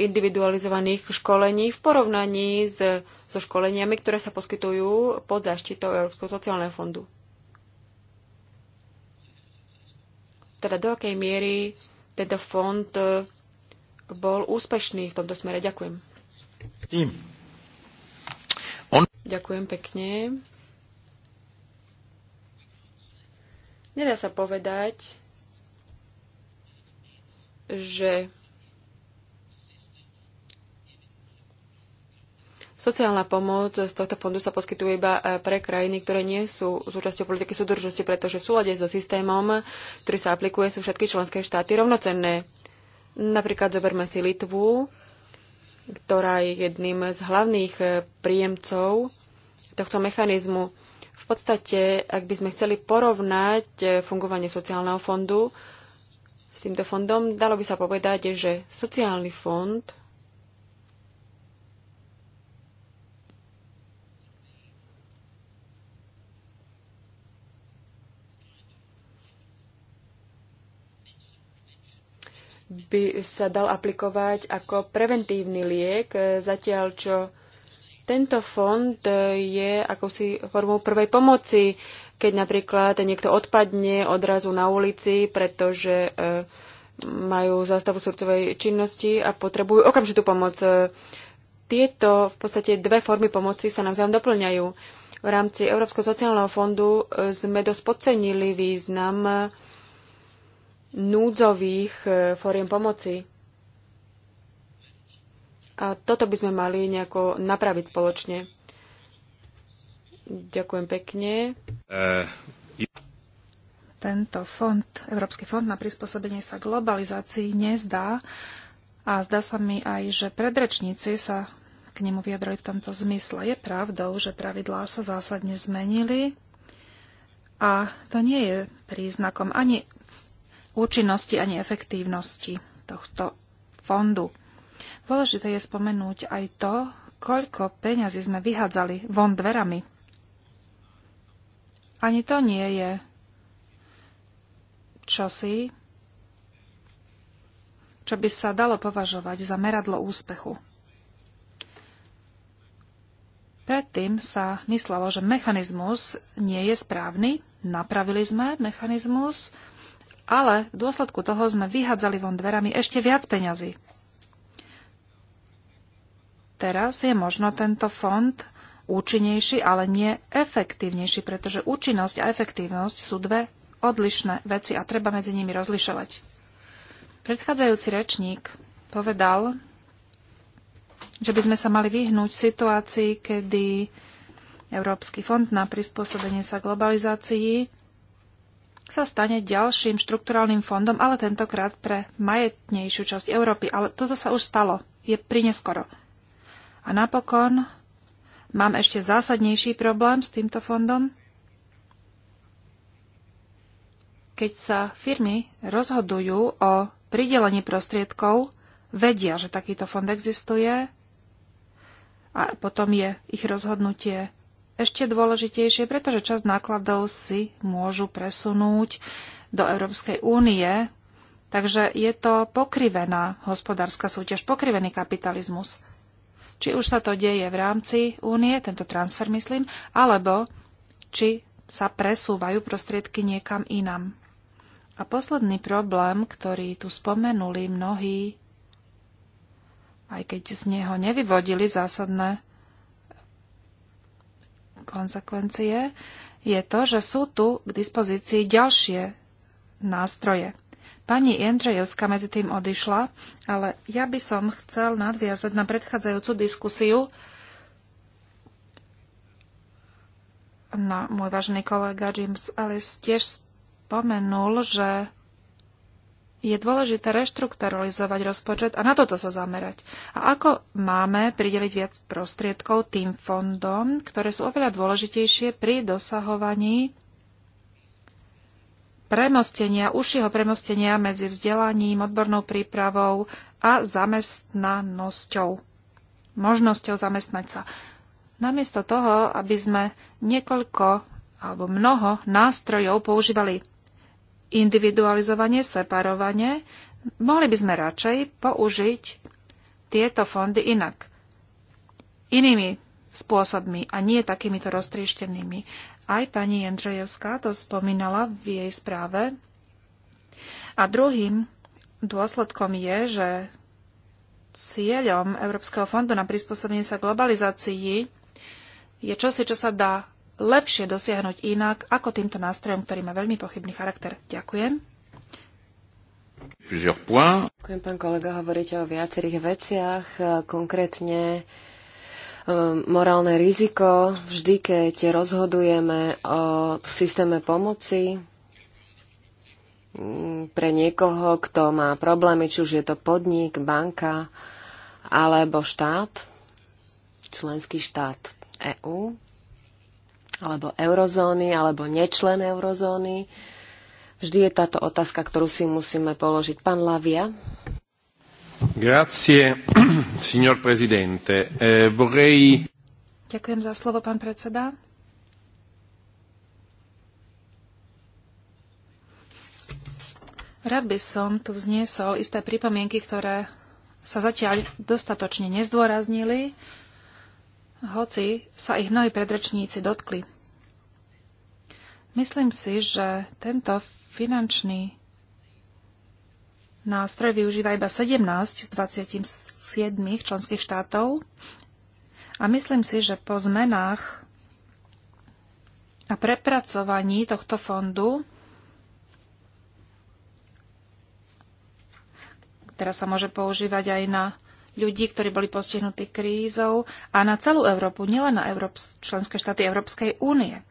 individualizovaných školení v porovnaní s, so školeniami, ktoré sa poskytujú pod záštitou Európskeho sociálneho fondu. Teda do akej miery tento fond eh, bol úspešný v tomto smere. Ďakujem. Tým. On... Ďakujem pekne. Nedá sa povedať, že Sociálna pomoc z tohto fondu sa poskytuje iba e, pre krajiny, ktoré nie sú súčasťou politiky súdržnosti, pretože v súlade so systémom, ktorý sa aplikuje, sú všetky členské štáty rovnocenné. Napríklad zoberme si Litvu, ktorá je jedným z hlavných e, príjemcov tohto mechanizmu. V podstate, ak by sme chceli porovnať eh, fungovanie sociálneho fondu s týmto fondom, dalo by sa povedať, že sociálny fond by sa dal aplikovať ako preventívny liek, eh, zatiaľ čo tento fond e, je akousi formou prvej pomoci, keď napríklad niekto odpadne odrazu na ulici, pretože e, majú zástavu srdcovej činnosti a potrebujú okamžitú pomoc. E, tieto v podstate dve formy pomoci sa navzájom doplňajú. V rámci Európskeho sociálneho fondu sme dosť podcenili význam núdzových fóriem pomoci a toto by sme mali nejako napraviť spoločne. Ďakujem pekne. Eh, Tento fond, Európsky fond na prispôsobenie sa globalizácii nezdá a zdá sa mi aj, že predrečníci sa k nemu vyjadrali v tomto zmysle. Je pravdou, že pravidlá sa zásadne zmenili a to nie je príznakom ani účinnosti, ani efektívnosti tohto fondu. Dôležité je spomenúť aj to, koľko peňazí sme vyhádzali von dverami. Ani to nie je čosi, čo by sa dalo považovať za meradlo úspechu. Predtým sa myslelo, že mechanizmus nie je správny, napravili sme mechanizmus, ale v dôsledku toho sme vyhádzali von dverami ešte viac peňazí. Teraz je možno tento fond účinnejší, ale nie efektívnejší, pretože účinnosť a efektívnosť sú dve odlišné veci a treba medzi nimi rozlišovať. Predchádzajúci rečník povedal, že by sme sa mali vyhnúť situácii, kedy Európsky fond na prispôsobenie sa globalizácii sa stane ďalším štrukturálnym fondom, ale tentokrát pre majetnejšiu časť Európy. Ale toto sa už stalo. Je prineskoro. A napokon mám ešte zásadnejší problém s týmto fondom. Keď sa firmy rozhodujú o pridelení prostriedkov, vedia, že takýto fond existuje a potom je ich rozhodnutie ešte dôležitejšie, pretože časť nákladov si môžu presunúť do Európskej únie, takže je to pokrivená hospodárska súťaž, pokrivený kapitalizmus či už sa to deje v rámci únie, tento transfer myslím, alebo či sa presúvajú prostriedky niekam inam. A posledný problém, ktorý tu spomenuli mnohí, aj keď z neho nevyvodili zásadné konsekvencie, je to, že sú tu k dispozícii ďalšie nástroje. Pani Jendrejovská medzi tým odišla, ale ja by som chcel nadviazať na predchádzajúcu diskusiu. No, môj vážny kolega James Ellis tiež spomenul, že je dôležité reštrukturalizovať rozpočet a na toto sa zamerať. A ako máme prideliť viac prostriedkov tým fondom, ktoré sú oveľa dôležitejšie pri dosahovaní premostenia, užšieho premostenia medzi vzdelaním, odbornou prípravou a zamestnanosťou. Možnosťou zamestnať sa. Namiesto toho, aby sme niekoľko alebo mnoho nástrojov používali individualizovanie, separovanie, mohli by sme radšej použiť tieto fondy inak. Inými spôsobmi a nie takýmito roztrieštenými. Aj pani Jendřejevská to spomínala v jej správe. A druhým dôsledkom je, že cieľom Európskeho fondu na prispôsobenie sa globalizácii je čosi, čo sa dá lepšie dosiahnuť inak ako týmto nástrojom, ktorý má veľmi pochybný charakter. Ďakujem. Ďakujem, pán kolega, hovoríte o viacerých veciach, konkrétne Ehm, morálne riziko vždy, keď rozhodujeme o systéme pomoci mm, pre niekoho, kto má problémy, či už je to podnik, banka alebo štát, členský štát EÚ, alebo eurozóny, alebo nečlen eurozóny. Vždy je táto otázka, ktorú si musíme položiť. Pán Lavia. Grazie, signor presidente. Eh, vorrei... Ďakujem za slovo, pán predseda. Rád by som tu vzniesol isté pripomienky, ktoré sa zatiaľ dostatočne nezdôraznili, hoci sa ich mnohí predrečníci dotkli. Myslím si, že tento finančný nástroj využíva iba 17 z 27 členských štátov a myslím si, že po zmenách a prepracovaní tohto fondu ktorá sa môže používať aj na ľudí, ktorí boli postihnutí krízou a na celú Európu, nielen na Európs- členské štáty Európskej únie.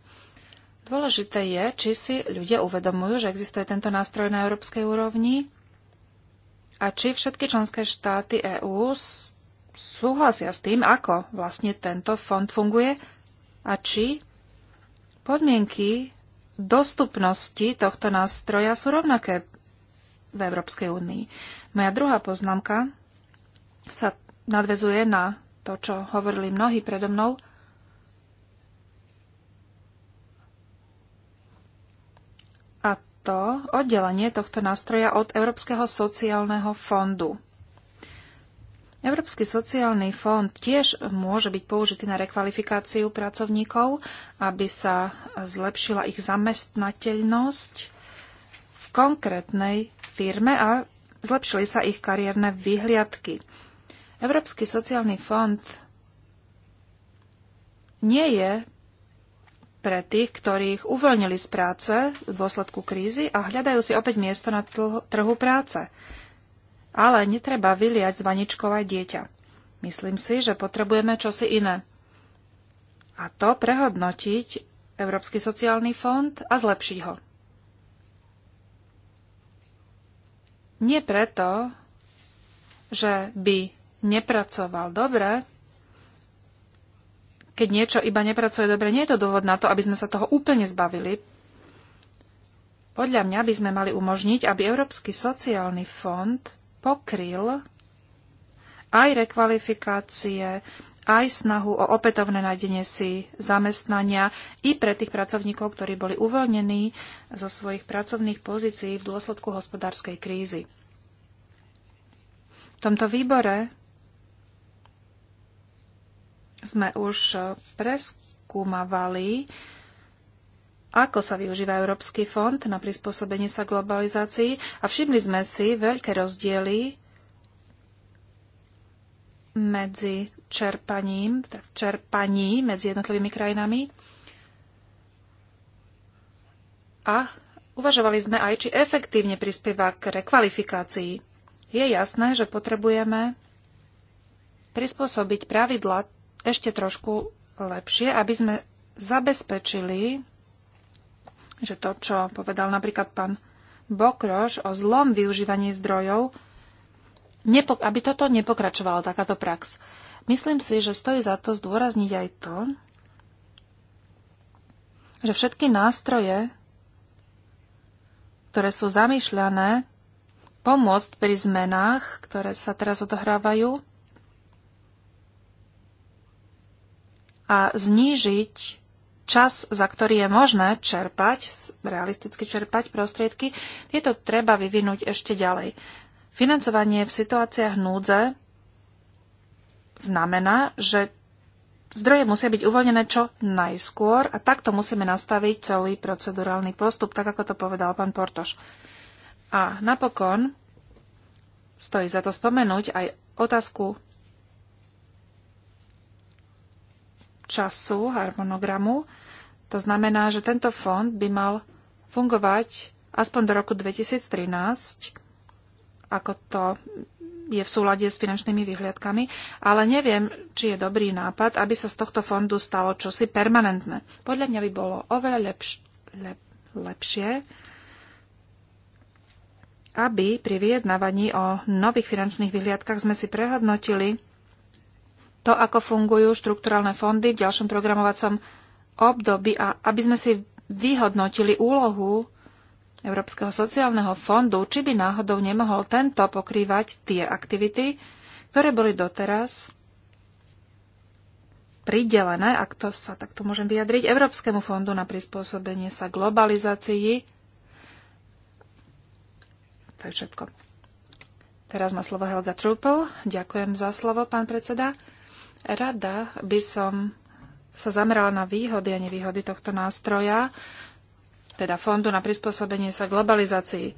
Dôležité je, či si ľudia uvedomujú, že existuje tento nástroj na európskej úrovni a či všetky členské štáty EÚ súhlasia s tým, ako vlastne tento fond funguje a či podmienky dostupnosti tohto nástroja sú rovnaké v Európskej únii. Moja druhá poznámka sa nadvezuje na to, čo hovorili mnohí predo mnou. to oddelenie tohto nástroja od Európskeho sociálneho fondu. Európsky sociálny fond tiež môže byť použitý na rekvalifikáciu pracovníkov, aby sa zlepšila ich zamestnateľnosť v konkrétnej firme a zlepšili sa ich kariérne vyhliadky. Európsky sociálny fond nie je pre tých, ktorých uvoľnili z práce v dôsledku krízy a hľadajú si opäť miesto na trhu práce. Ale netreba vyliať z vaničkov aj dieťa. Myslím si, že potrebujeme čosi iné. A to prehodnotiť Európsky sociálny fond a zlepšiť ho. Nie preto, že by nepracoval dobre, keď niečo iba nepracuje dobre, nie je to dôvod na to, aby sme sa toho úplne zbavili. Podľa mňa by sme mali umožniť, aby Európsky sociálny fond pokryl aj rekvalifikácie, aj snahu o opätovné nájdenie si zamestnania i pre tých pracovníkov, ktorí boli uvoľnení zo svojich pracovných pozícií v dôsledku hospodárskej krízy. V tomto výbore sme už eh, preskúmavali, ako sa využíva Európsky fond na prispôsobenie sa globalizácii a všimli sme si veľké rozdiely medzi čerpaním, teda v čerpaní medzi jednotlivými krajinami. A uvažovali sme aj, či efektívne prispieva k rekvalifikácii. Je jasné, že potrebujeme prispôsobiť pravidla ešte trošku lepšie, aby sme zabezpečili, že to, čo povedal napríklad pán Bokroš o zlom využívaní zdrojov, aby toto nepokračovalo, takáto prax. Myslím si, že stojí za to zdôrazniť aj to, že všetky nástroje, ktoré sú zamýšľané pomôcť pri zmenách, ktoré sa teraz odohrávajú, a znížiť čas, za ktorý je možné čerpať, realisticky čerpať prostriedky, tieto treba vyvinúť ešte ďalej. Financovanie v situáciách núdze znamená, že zdroje musia byť uvoľnené čo najskôr a takto musíme nastaviť celý procedurálny postup, tak ako to povedal pán Portoš. A napokon stojí za to spomenúť aj otázku času, harmonogramu. To znamená, že tento fond by mal fungovať aspoň do roku 2013, ako to je v súlade s finančnými vyhliadkami, ale neviem, či je dobrý nápad, aby sa z tohto fondu stalo čosi permanentné. Podľa mňa by bolo oveľa lepš- lep- lepšie, aby pri vyjednávaní o nových finančných vyhliadkach sme si prehodnotili to, ako fungujú štrukturálne fondy v ďalšom programovacom období a aby sme si vyhodnotili úlohu Európskeho sociálneho fondu, či by náhodou nemohol tento pokrývať tie aktivity, ktoré boli doteraz pridelené, ak to sa takto môžem vyjadriť, Európskemu fondu na prispôsobenie sa globalizácii. To je všetko. Teraz má slovo Helga Trupel. Ďakujem za slovo, pán predseda. Rada by som sa zamerala na výhody a nevýhody tohto nástroja, teda Fondu na prispôsobenie sa globalizácii.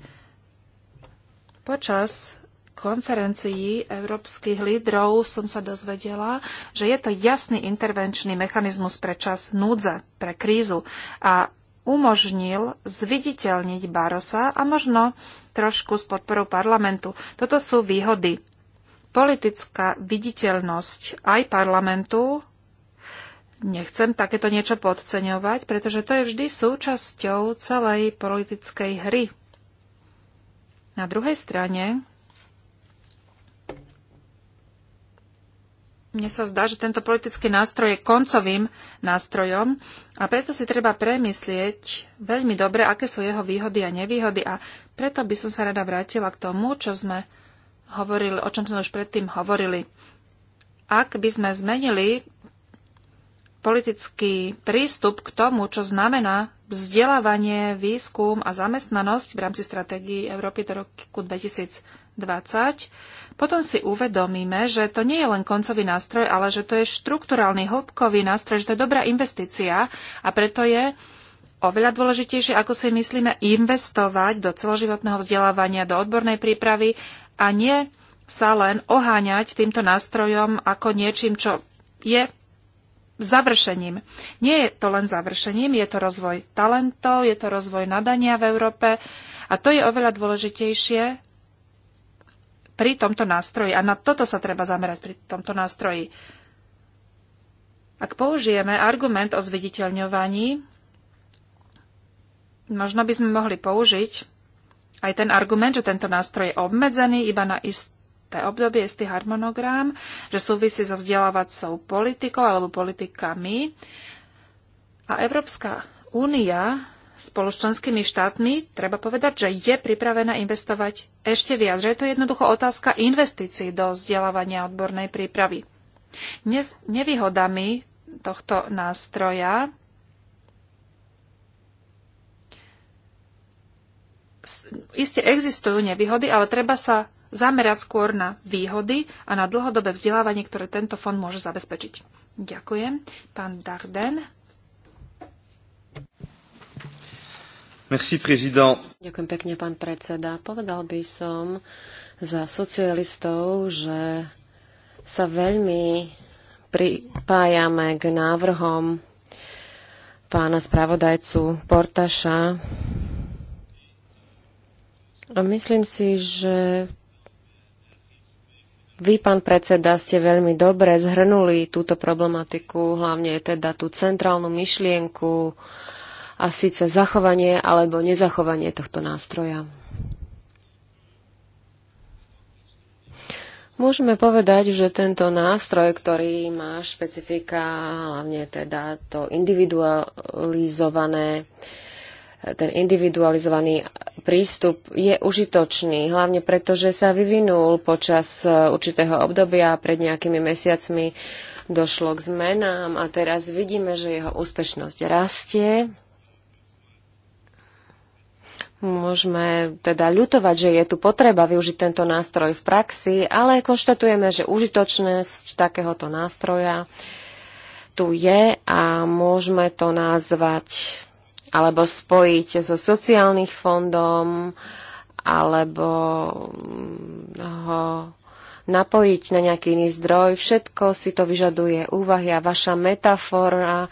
Počas konferencií európskych lídrov som sa dozvedela, že je to jasný intervenčný mechanizmus pre čas núdze, pre krízu a umožnil zviditeľniť Barosa a možno trošku s podporou parlamentu. Toto sú výhody politická viditeľnosť aj parlamentu, nechcem takéto niečo podceňovať, pretože to je vždy súčasťou celej politickej hry. Na druhej strane, mne sa zdá, že tento politický nástroj je koncovým nástrojom a preto si treba premyslieť veľmi dobre, aké sú jeho výhody a nevýhody a preto by som sa rada vrátila k tomu, čo sme hovorili, o čom sme už predtým hovorili. Ak by sme zmenili politický prístup k tomu, čo znamená vzdelávanie, výskum a zamestnanosť v rámci stratégii Európy do roku 2020, potom si uvedomíme, že to nie je len koncový nástroj, ale že to je štrukturálny, hĺbkový nástroj, že to je dobrá investícia a preto je oveľa dôležitejšie, ako si myslíme, investovať do celoživotného vzdelávania, do odbornej prípravy a nie sa len oháňať týmto nástrojom ako niečím, čo je završením. Nie je to len završením, je to rozvoj talentov, je to rozvoj nadania v Európe a to je oveľa dôležitejšie pri tomto nástroji. A na toto sa treba zamerať pri tomto nástroji. Ak použijeme argument o zviditeľňovaní, možno by sme mohli použiť aj ten argument, že tento nástroj je obmedzený iba na isté obdobie, istý harmonogram, že súvisí so vzdelávacou politikou alebo politikami. A Európska únia spolu s členskými štátmi, treba povedať, že je pripravená investovať ešte viac, že je to jednoducho otázka investícií do vzdelávania odbornej prípravy. nevýhodami tohto nástroja iste existujú nevýhody, ale treba sa zamerať skôr na výhody a na dlhodobé vzdelávanie, ktoré tento fond môže zabezpečiť. Ďakujem. Pán Darden. Merci, prezident. Ďakujem pekne, pán predseda. Povedal by som za socialistov, že sa veľmi pripájame k návrhom pána spravodajcu Portaša a myslím si, že vy, pán predseda, ste veľmi dobre zhrnuli túto problematiku, hlavne teda tú centrálnu myšlienku a síce zachovanie alebo nezachovanie tohto nástroja. Môžeme povedať, že tento nástroj, ktorý má špecifika, hlavne teda to individualizované ten individualizovaný prístup je užitočný, hlavne preto, že sa vyvinul počas e, určitého obdobia pred nejakými mesiacmi došlo k zmenám a teraz vidíme, že jeho úspešnosť rastie. Môžeme teda ľutovať, že je tu potreba využiť tento nástroj v praxi, ale konštatujeme, že užitočnosť takéhoto nástroja tu je a môžeme to nazvať alebo spojiť so sociálnych fondom, alebo mm, ho napojiť na nejaký iný zdroj. Všetko si to vyžaduje úvahy a vaša metafora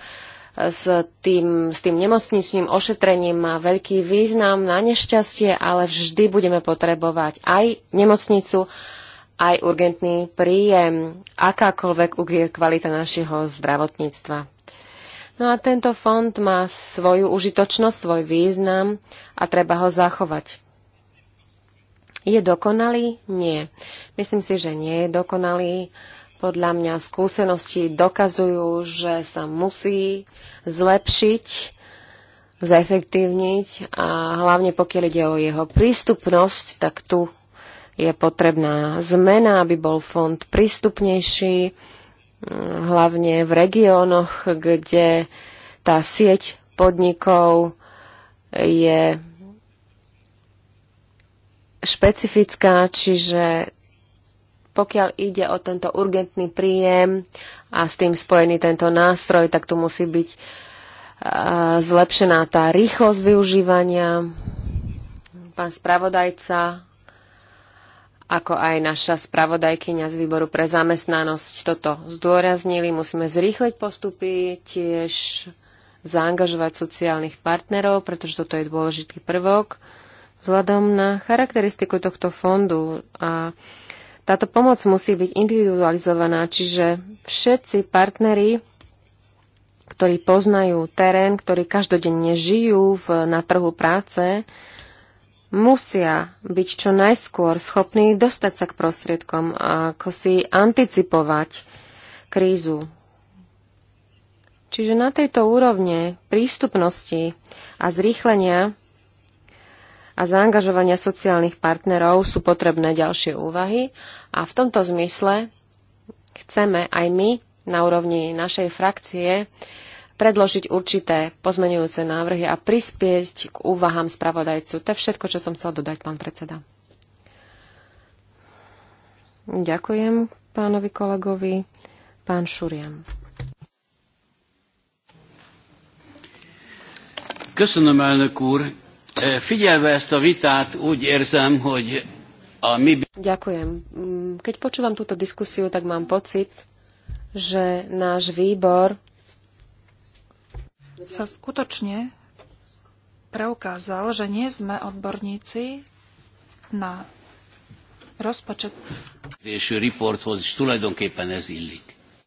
s tým, s tým nemocničným ošetrením má veľký význam na nešťastie, ale vždy budeme potrebovať aj nemocnicu, aj urgentný príjem, akákoľvek je kvalita našeho zdravotníctva. No a tento fond má svoju užitočnosť, svoj význam a treba ho zachovať. Je dokonalý? Nie. Myslím si, že nie je dokonalý. Podľa mňa skúsenosti dokazujú, že sa musí zlepšiť zefektívniť a hlavne pokiaľ ide o jeho prístupnosť, tak tu je potrebná zmena, aby bol fond prístupnejší hlavne v regiónoch, kde tá sieť podnikov je špecifická, čiže pokiaľ ide o tento urgentný príjem a s tým spojený tento nástroj, tak tu musí byť zlepšená tá rýchlosť využívania. Pán spravodajca ako aj naša spravodajkyňa z výboru pre zamestnanosť toto zdôraznili. Musíme zrýchliť postupy, tiež zaangažovať sociálnych partnerov, pretože toto je dôležitý prvok vzhľadom na charakteristiku tohto fondu. A táto pomoc musí byť individualizovaná, čiže všetci partneri, ktorí poznajú terén, ktorí každodenne žijú v, na trhu práce, musia byť čo najskôr schopní dostať sa k prostriedkom a ako si anticipovať krízu. Čiže na tejto úrovne prístupnosti a zrýchlenia a zaangažovania sociálnych partnerov sú potrebné ďalšie úvahy a v tomto zmysle chceme aj my na úrovni našej frakcie predložiť určité pozmenujúce návrhy a prispieť k úvahám spravodajcu. To je všetko, čo som chcel dodať, pán predseda. Ďakujem pánovi kolegovi. Pán Šurian. Köszönöm, elnök úr. E, figyelve ezt a vitát, úgy érzem, hogy a mi... Ďakujem. Mm, keď počúvam túto diskusiu, tak mám pocit, že náš výbor sa skutočne preukázal, že nie sme odborníci na rozpočet.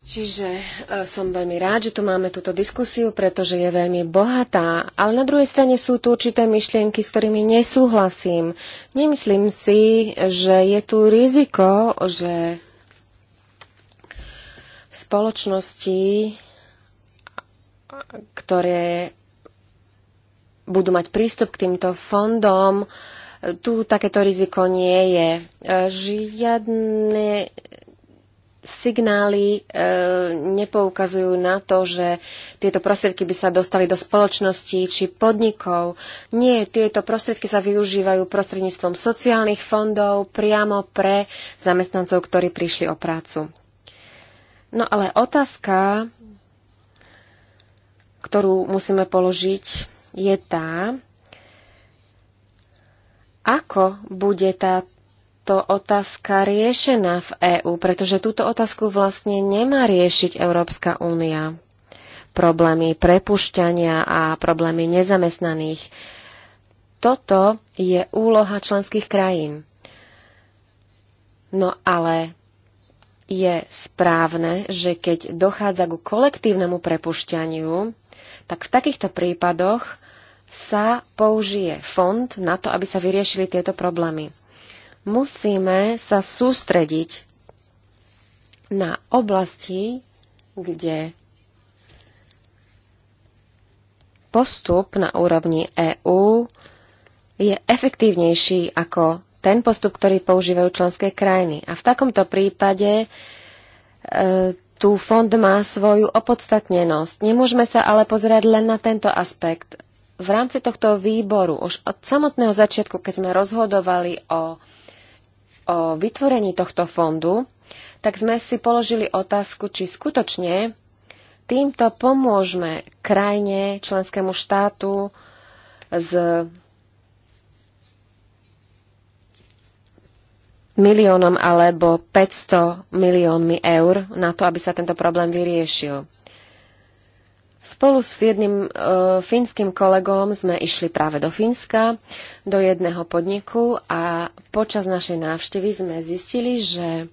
Čiže e, som veľmi rád, že tu máme túto diskusiu, pretože je veľmi bohatá. Ale na druhej strane sú tu určité myšlienky, s ktorými nesúhlasím. Nemyslím si, že je tu riziko, že v spoločnosti ktoré budú mať prístup k týmto fondom, tu takéto riziko nie je. E, žiadne signály e, nepoukazujú na to, že tieto prostriedky by sa dostali do spoločnosti či podnikov. Nie, tieto prostriedky sa využívajú prostredníctvom sociálnych fondov priamo pre zamestnancov, ktorí prišli o prácu. No ale otázka ktorú musíme položiť, je tá, ako bude táto otázka riešená v EÚ, pretože túto otázku vlastne nemá riešiť Európska únia. Problémy prepušťania a problémy nezamestnaných. Toto je úloha členských krajín. No ale je správne, že keď dochádza ku kolektívnemu prepušťaniu, tak v takýchto prípadoch sa použije fond na to, aby sa vyriešili tieto problémy. Musíme sa sústrediť na oblasti, kde postup na úrovni EÚ je efektívnejší ako ten postup, ktorý používajú členské krajiny. A v takomto prípade e, tu fond má svoju opodstatnenosť. Nemôžeme sa ale pozerať len na tento aspekt. V rámci tohto výboru už od samotného začiatku, keď sme rozhodovali o, o vytvorení tohto fondu, tak sme si položili otázku, či skutočne týmto pomôžeme krajine, členskému štátu s miliónom alebo 500 miliónmi eur na to, aby sa tento problém vyriešil. Spolu s jedným e, fínskym kolegom sme išli práve do Fínska, do jedného podniku a počas našej návštevy sme zistili, že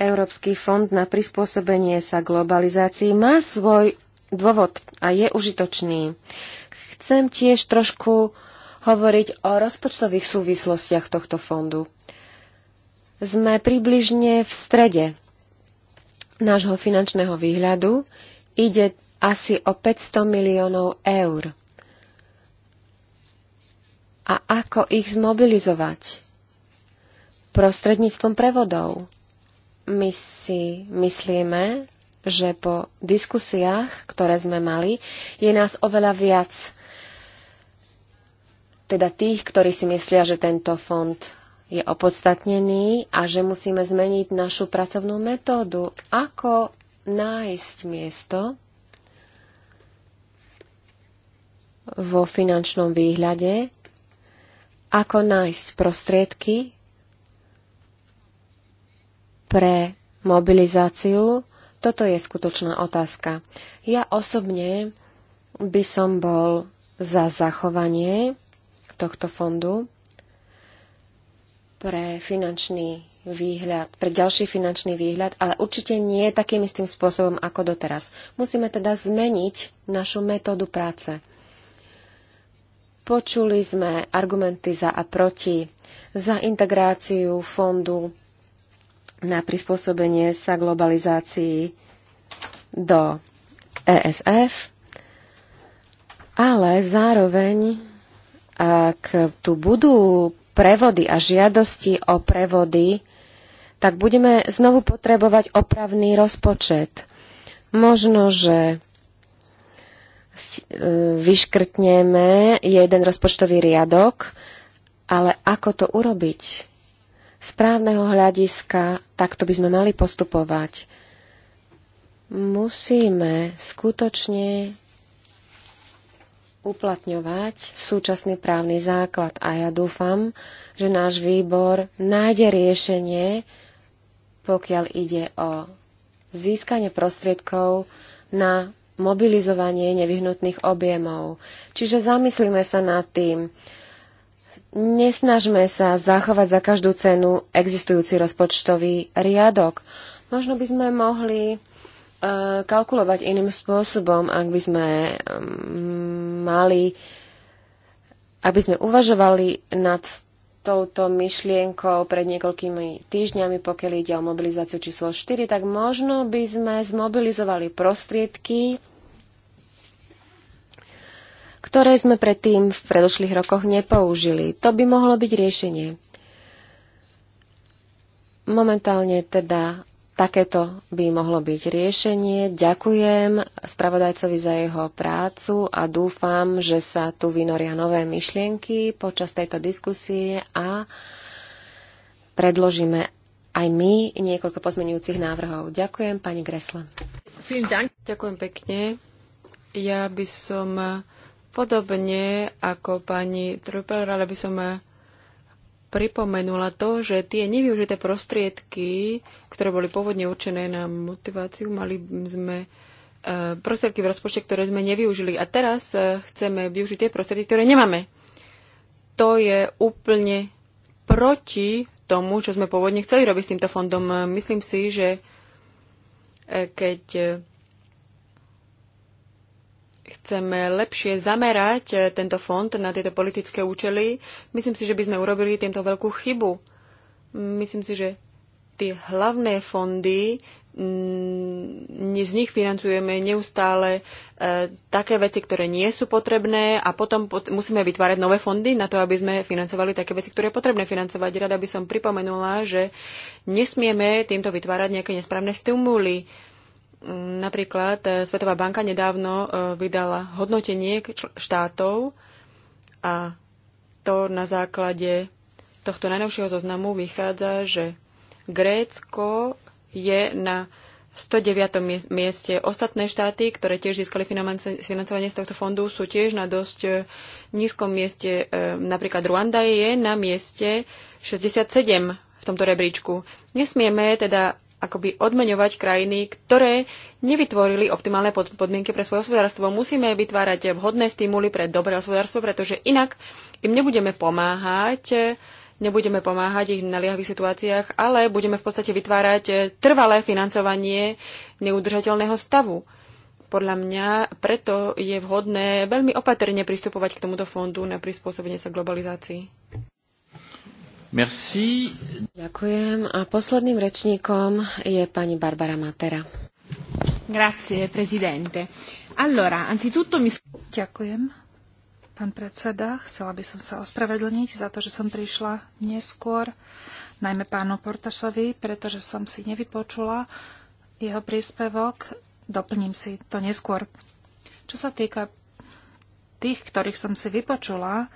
Európsky fond na prispôsobenie sa globalizácii má svoj dôvod a je užitočný. Chcem tiež trošku hovoriť o rozpočtových súvislostiach tohto fondu. Sme približne v strede nášho finančného výhľadu. Ide asi o 500 miliónov eur. A ako ich zmobilizovať? Prostredníctvom prevodov. My si myslíme, že po diskusiách, ktoré sme mali, je nás oveľa viac teda tých, ktorí si myslia, že tento fond je opodstatnený a že musíme zmeniť našu pracovnú metódu. Ako nájsť miesto vo finančnom výhľade? Ako nájsť prostriedky pre mobilizáciu? Toto je skutočná otázka. Ja osobne by som bol za zachovanie tohto fondu pre finančný výhľad, pre ďalší finančný výhľad, ale určite nie takým istým spôsobom ako doteraz. Musíme teda zmeniť našu metódu práce. Počuli sme argumenty za a proti, za integráciu fondu na prispôsobenie sa globalizácii do ESF, ale zároveň ak tu budú prevody a žiadosti o prevody, tak budeme znovu potrebovať opravný rozpočet. Možno, že e, vyškrtneme jeden rozpočtový riadok, ale ako to urobiť? Z právneho hľadiska takto by sme mali postupovať. Musíme skutočne uplatňovať súčasný právny základ. A ja dúfam, že náš výbor nájde riešenie, pokiaľ ide o získanie prostriedkov na mobilizovanie nevyhnutných objemov. Čiže zamyslíme sa nad tým. Nesnažme sa zachovať za každú cenu existujúci rozpočtový riadok. Možno by sme mohli Eh, kalkulovať iným spôsobom, ak by sme mm, mali, aby sme uvažovali nad touto myšlienkou pred niekoľkými týždňami, pokiaľ ide o mobilizáciu číslo 4, tak možno by sme zmobilizovali prostriedky, ktoré sme predtým v predošlých rokoch nepoužili. To by mohlo byť riešenie. Momentálne teda Takéto by mohlo byť riešenie. Ďakujem spravodajcovi za jeho prácu a dúfam, že sa tu vynoria nové myšlienky počas tejto diskusie a predložíme aj my niekoľko pozmenujúcich návrhov. Ďakujem, pani Gresle. Ďakujem pekne. Ja by som podobne ako pani Trupel, ale by som pripomenula to, že tie nevyužité prostriedky, ktoré boli pôvodne určené na motiváciu, mali sme e, prostriedky v rozpočte, ktoré sme nevyužili. A teraz e, chceme využiť tie prostriedky, ktoré nemáme. To je úplne proti tomu, čo sme pôvodne chceli robiť s týmto fondom. Myslím si, že e, keď chceme lepšie zamerať e, tento fond na tieto politické účely, myslím si, že by sme urobili týmto veľkú chybu. Myslím si, že tie hlavné fondy, mm, z nich financujeme neustále e, také veci, ktoré nie sú potrebné a potom musíme vytvárať nové fondy na to, aby sme financovali také veci, ktoré je potrebné financovať. Rada by som pripomenula, že nesmieme týmto vytvárať nejaké nesprávne stimuly Napríklad eh, Svetová banka nedávno eh, vydala hodnotenie štátov a to na základe tohto najnovšieho zoznamu vychádza, že Grécko je na 109. mieste. Ostatné štáty, ktoré tiež získali financovanie z tohto fondu, sú tiež na dosť eh, nízkom mieste. Napríklad Ruanda je na mieste 67 v tomto rebríčku. Nesmieme teda akoby odmeňovať krajiny, ktoré nevytvorili optimálne podmienky pre svoje hospodárstvo. Musíme vytvárať vhodné stimuly pre dobré hospodárstvo, pretože inak im nebudeme pomáhať, nebudeme pomáhať ich v naliehavých situáciách, ale budeme v podstate vytvárať trvalé financovanie neudržateľného stavu. Podľa mňa preto je vhodné veľmi opatrne pristupovať k tomuto fondu na prispôsobenie sa globalizácii. Merci. Ďakujem. A posledným rečníkom je pani Barbara Matera. Grazie, prezidente. Allora, anzitutto mi... Ďakujem. Pán predseda, chcela by som sa ospravedlniť za to, že som prišla neskôr, najmä pánu Portašovi, pretože som si nevypočula jeho príspevok. Doplním si to neskôr. Čo sa týka tých, ktorých som si vypočula,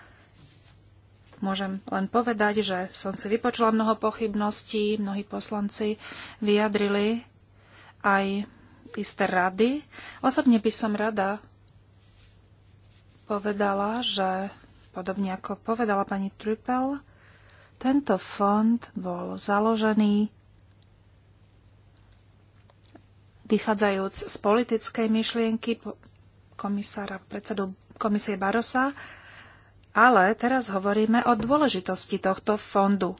Môžem len povedať, že som si vypočula mnoho pochybností, mnohí poslanci vyjadrili aj isté rady. Osobne by som rada povedala, že podobne ako povedala pani Trupel, tento fond bol založený vychádzajúc z politickej myšlienky komisára predsedu komisie Barosa ale teraz hovoríme o dôležitosti tohto fondu.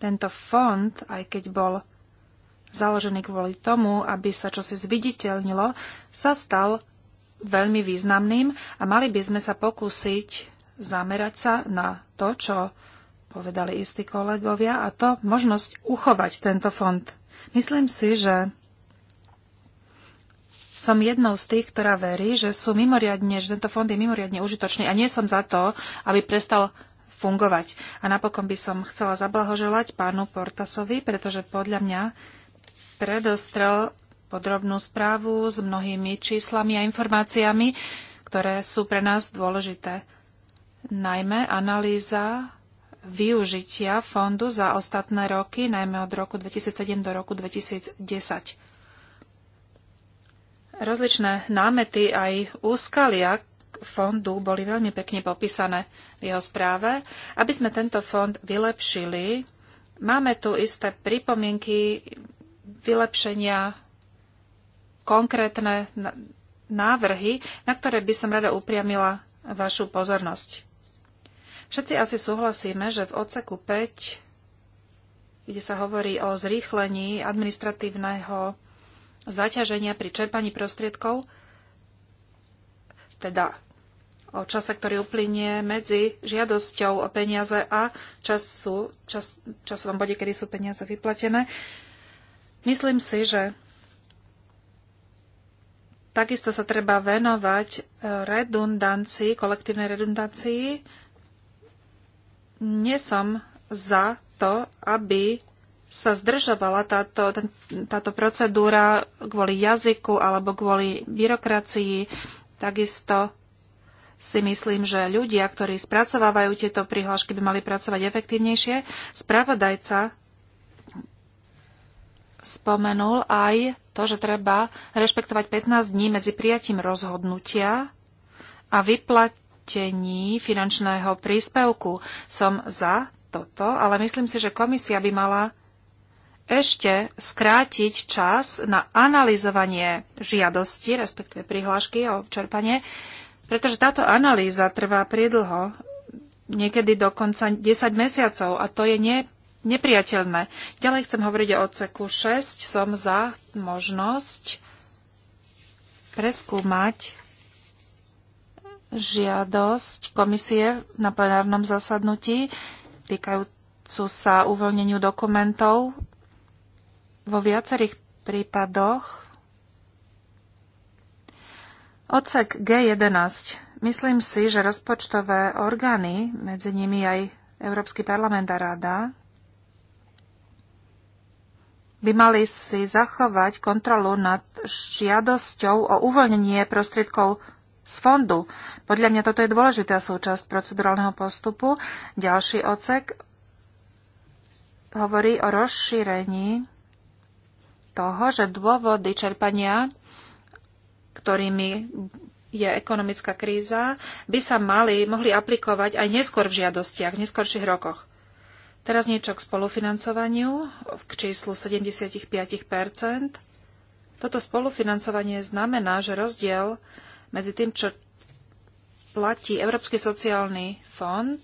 Tento fond, aj keď bol založený kvôli tomu, aby sa čosi zviditeľnilo, sa stal veľmi významným a mali by sme sa pokúsiť zamerať sa na to, čo povedali istí kolegovia, a to možnosť uchovať tento fond. Myslím si, že som jednou z tých, ktorá verí, že sú mimoriadne, že tento fond je mimoriadne užitočný a nie som za to, aby prestal fungovať. A napokon by som chcela zablahoželať pánu Portasovi, pretože podľa mňa predostrel podrobnú správu s mnohými číslami a informáciami, ktoré sú pre nás dôležité. Najmä analýza využitia fondu za ostatné roky, najmä od roku 2007 do roku 2010. Rozličné námety aj úskalia fondu boli veľmi pekne popísané v jeho správe. Aby sme tento fond vylepšili, máme tu isté pripomienky vylepšenia, konkrétne návrhy, na ktoré by som rada upriamila vašu pozornosť. Všetci asi súhlasíme, že v odseku 5, kde sa hovorí o zrýchlení administratívneho zaťaženia pri čerpaní prostriedkov, teda o čase, ktorý uplynie medzi žiadosťou o peniaze a času, čas, časovom bode, kedy sú peniaze vyplatené. Myslím si, že takisto sa treba venovať e, redundancii, kolektívnej redundancii. Nie som za to, aby sa zdržovala táto, táto procedúra kvôli jazyku alebo kvôli byrokracii, takisto si myslím, že ľudia, ktorí spracovávajú tieto prihlášky, by mali pracovať efektívnejšie. Spravodajca spomenul aj to, že treba rešpektovať 15 dní medzi prijatím rozhodnutia a vyplatení finančného príspevku. Som za toto, ale myslím si, že komisia by mala ešte skrátiť čas na analyzovanie žiadosti, respektíve prihlášky o čerpanie, pretože táto analýza trvá priedlho, niekedy dokonca 10 mesiacov a to je nie nepriateľné. Ďalej chcem hovoriť o odseku 6. Som za možnosť preskúmať žiadosť komisie na plenárnom zasadnutí týkajúcu sa uvoľneniu dokumentov vo viacerých prípadoch odsek G11. Myslím si, že rozpočtové orgány, medzi nimi aj Európsky parlament a Rada, by mali si zachovať kontrolu nad žiadosťou o uvoľnenie prostriedkov z fondu. Podľa mňa toto je dôležitá súčasť procedurálneho postupu. Ďalší ocek hovorí o rozšírení toho, že dôvody čerpania, ktorými je ekonomická kríza, by sa mali, mohli aplikovať aj neskôr v žiadostiach, v neskorších rokoch. Teraz niečo k spolufinancovaniu, k číslu 75 Toto spolufinancovanie znamená, že rozdiel medzi tým, čo platí Európsky sociálny fond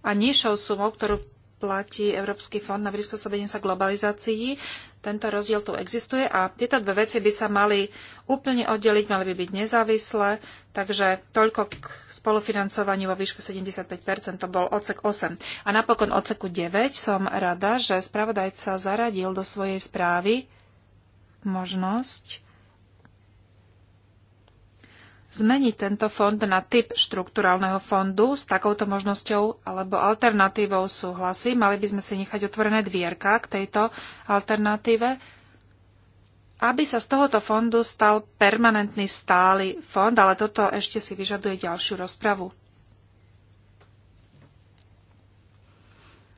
a nižšou sumou, ktorú platí Európsky fond na prispôsobenie sa globalizácii. Tento rozdiel tu existuje a tieto dve veci by sa mali úplne oddeliť, mali by byť nezávislé, takže toľko k spolufinancovaniu vo výške 75%, to bol odsek 8. A napokon odseku 9 som rada, že spravodajca zaradil do svojej správy možnosť zmeniť tento fond na typ štrukturálneho fondu. S takouto možnosťou alebo alternatívou súhlasí. Mali by sme si nechať otvorené dvierka k tejto alternatíve, aby sa z tohoto fondu stal permanentný stály fond, ale toto ešte si vyžaduje ďalšiu rozpravu.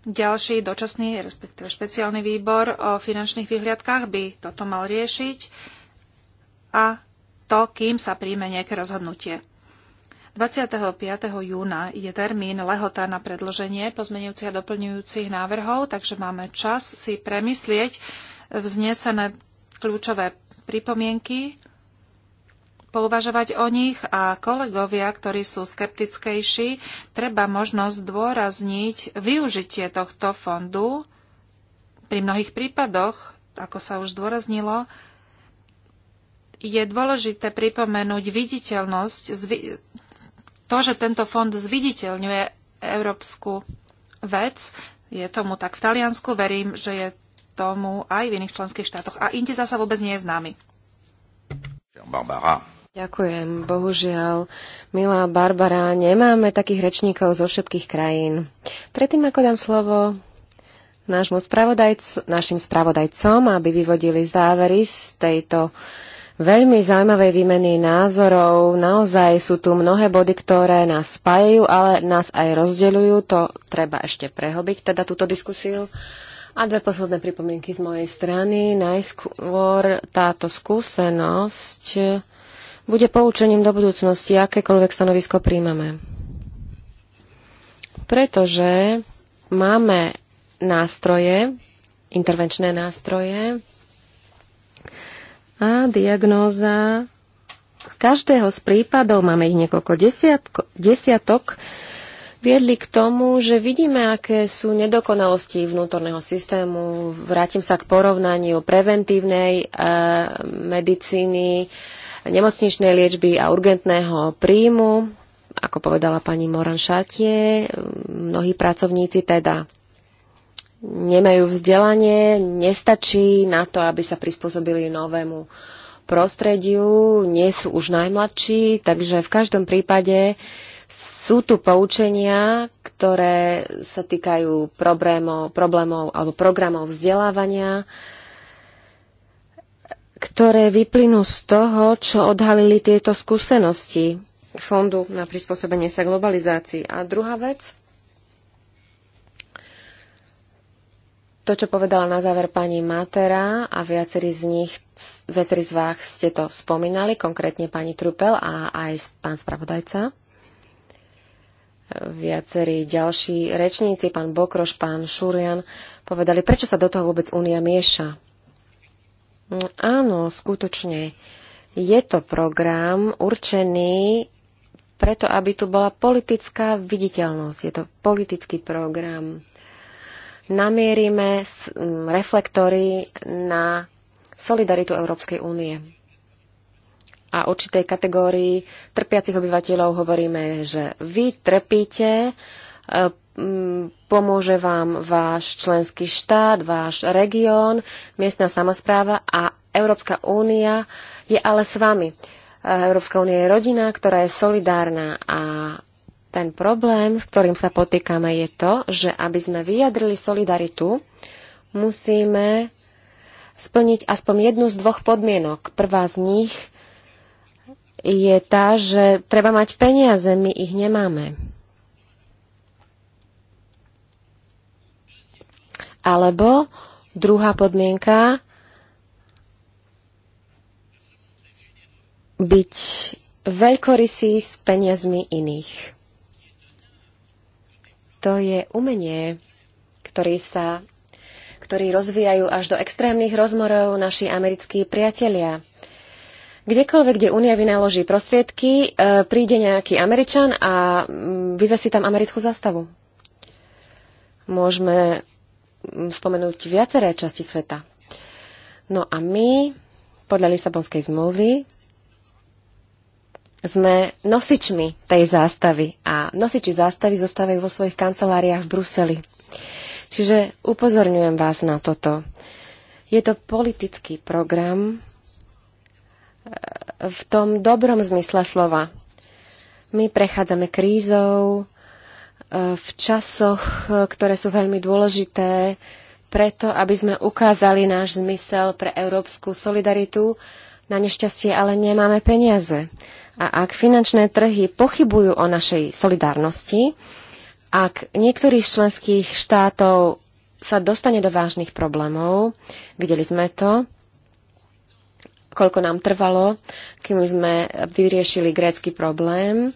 Ďalší dočasný, respektíve špeciálny výbor o finančných vyhliadkách by toto mal riešiť a to, kým sa príjme nejaké rozhodnutie. 25. júna je termín lehota na predloženie pozmenujúcich a doplňujúcich návrhov, takže máme čas si premyslieť vznesené kľúčové pripomienky, pouvažovať o nich a kolegovia, ktorí sú skeptickejší, treba možnosť zdôrazniť využitie tohto fondu. Pri mnohých prípadoch, ako sa už zdôraznilo, je dôležité pripomenúť viditeľnosť, to, že tento fond zviditeľňuje európsku vec. Je tomu tak v Taliansku, verím, že je tomu aj v iných členských štátoch. A inde zasa vôbec nie je známy. Barbara. Ďakujem, bohužiaľ. Milá Barbara, nemáme takých rečníkov zo všetkých krajín. Predtým, ako dám slovo nášmu spravodajcu, našim spravodajcom, aby vyvodili závery z tejto veľmi zaujímavej výmeny názorov. Naozaj sú tu mnohé body, ktoré nás spájajú, ale nás aj rozdeľujú. To treba ešte prehobiť, teda túto diskusiu. A dve posledné pripomienky z mojej strany. Najskôr táto skúsenosť bude poučením do budúcnosti, akékoľvek stanovisko príjmame. Pretože máme nástroje, intervenčné nástroje, a diagnóza každého z prípadov, máme ich niekoľko desiatko, desiatok, viedli k tomu, že vidíme, aké sú nedokonalosti vnútorného systému. Vrátim sa k porovnaniu preventívnej e, medicíny, nemocničnej liečby a urgentného príjmu. Ako povedala pani Moran Šatie, mnohí pracovníci teda nemajú vzdelanie, nestačí na to, aby sa prispôsobili novému prostrediu, nie sú už najmladší, takže v každom prípade sú tu poučenia, ktoré sa týkajú problémov, problémov alebo programov vzdelávania, ktoré vyplynú z toho, čo odhalili tieto skúsenosti Fondu na prispôsobenie sa globalizácii. A druhá vec, to, čo povedala na záver pani Matera a viacerí z nich, viacerí z vás ste to spomínali, konkrétne pani Trupel a aj pán spravodajca. Viacerí ďalší rečníci, pán Bokroš, pán Šurian, povedali, prečo sa do toho vôbec Únia mieša. Mm, áno, skutočne. Je to program určený preto, aby tu bola politická viditeľnosť. Je to politický program namierime reflektory na solidaritu Európskej únie. A určitej kategórii trpiacich obyvateľov hovoríme, že vy trpíte, e, pomôže vám váš členský štát, váš región, miestna samozpráva a Európska únia je ale s vami. E, Európska únia je rodina, ktorá je solidárna a ten problém, s ktorým sa potýkame, je to, že aby sme vyjadrili solidaritu, musíme splniť aspoň jednu z dvoch podmienok. Prvá z nich je tá, že treba mať peniaze, my ich nemáme. Alebo druhá podmienka byť veľkorysý s peniazmi iných. To je umenie, ktorý sa, ktorý rozvíjajú až do extrémnych rozmorov naši americkí priatelia. Kdekoľvek, kde Únia vynaloží prostriedky, e, príde nejaký Američan a mm, vyvesí tam americkú zastavu. Môžeme mm, spomenúť viaceré časti sveta. No a my, podľa Lisabonskej zmluvy, sme nosičmi tej zástavy a nosiči zástavy zostávajú vo svojich kanceláriách v Bruseli. Čiže upozorňujem vás na toto. Je to politický program e, v tom dobrom zmysle slova. My prechádzame krízou e, v časoch, e, ktoré sú veľmi dôležité, preto aby sme ukázali náš zmysel pre európsku solidaritu. Na nešťastie ale nemáme peniaze. A ak finančné trhy pochybujú o našej solidárnosti, ak niektorý z členských štátov sa dostane do vážnych problémov, videli sme to, koľko nám trvalo, kým sme vyriešili grécky problém,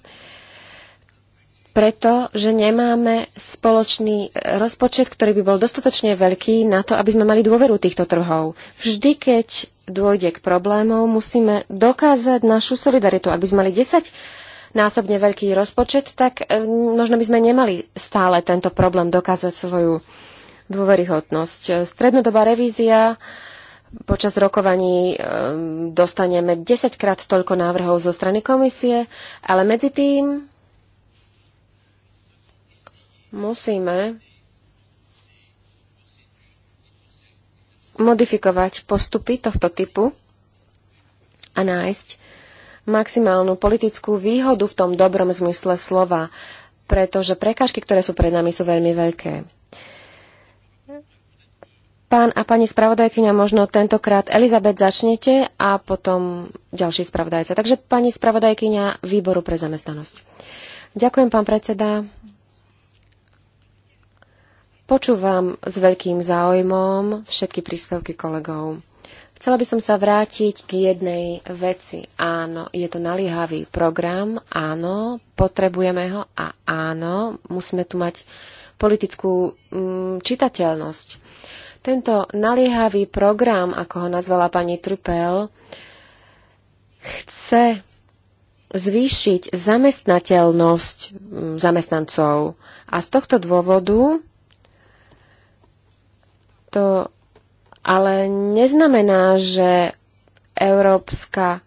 pretože nemáme spoločný rozpočet, ktorý by bol dostatočne veľký na to, aby sme mali dôveru týchto trhov. Vždy, keď dôjde k problémov, musíme dokázať našu solidaritu. Ak by sme mali 10 násobne veľký rozpočet, tak e, možno by sme nemali stále tento problém dokázať svoju dôveryhodnosť. Strednodobá revízia počas rokovaní e, dostaneme 10 krát toľko návrhov zo strany komisie, ale medzi tým musíme modifikovať postupy tohto typu a nájsť maximálnu politickú výhodu v tom dobrom zmysle slova, pretože prekážky, ktoré sú pred nami, sú veľmi veľké. Pán a pani spravodajkyňa, možno tentokrát Elizabet začnete a potom ďalší spravodajca. Takže pani spravodajkyňa výboru pre zamestnanosť. Ďakujem, pán predseda. Počúvam s veľkým záujmom všetky príspevky kolegov. Chcela by som sa vrátiť k jednej veci. Áno, je to naliehavý program, áno, potrebujeme ho a áno, musíme tu mať politickú mm, čitateľnosť. Tento naliehavý program, ako ho nazvala pani Trupel, chce zvýšiť zamestnateľnosť mm, zamestnancov. A z tohto dôvodu to ale neznamená, že európska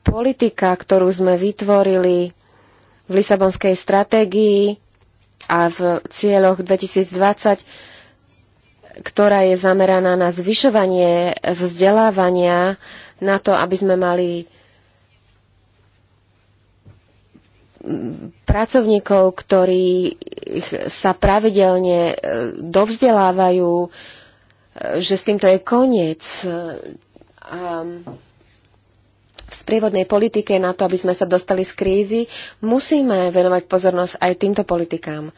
politika, ktorú sme vytvorili v Lisabonskej stratégii a v cieľoch 2020, ktorá je zameraná na zvyšovanie vzdelávania, na to, aby sme mali pracovníkov, ktorí sa pravidelne e, dovzdelávajú, e, že s týmto je koniec. A v sprievodnej politike na to, aby sme sa dostali z krízy, musíme venovať pozornosť aj týmto politikám.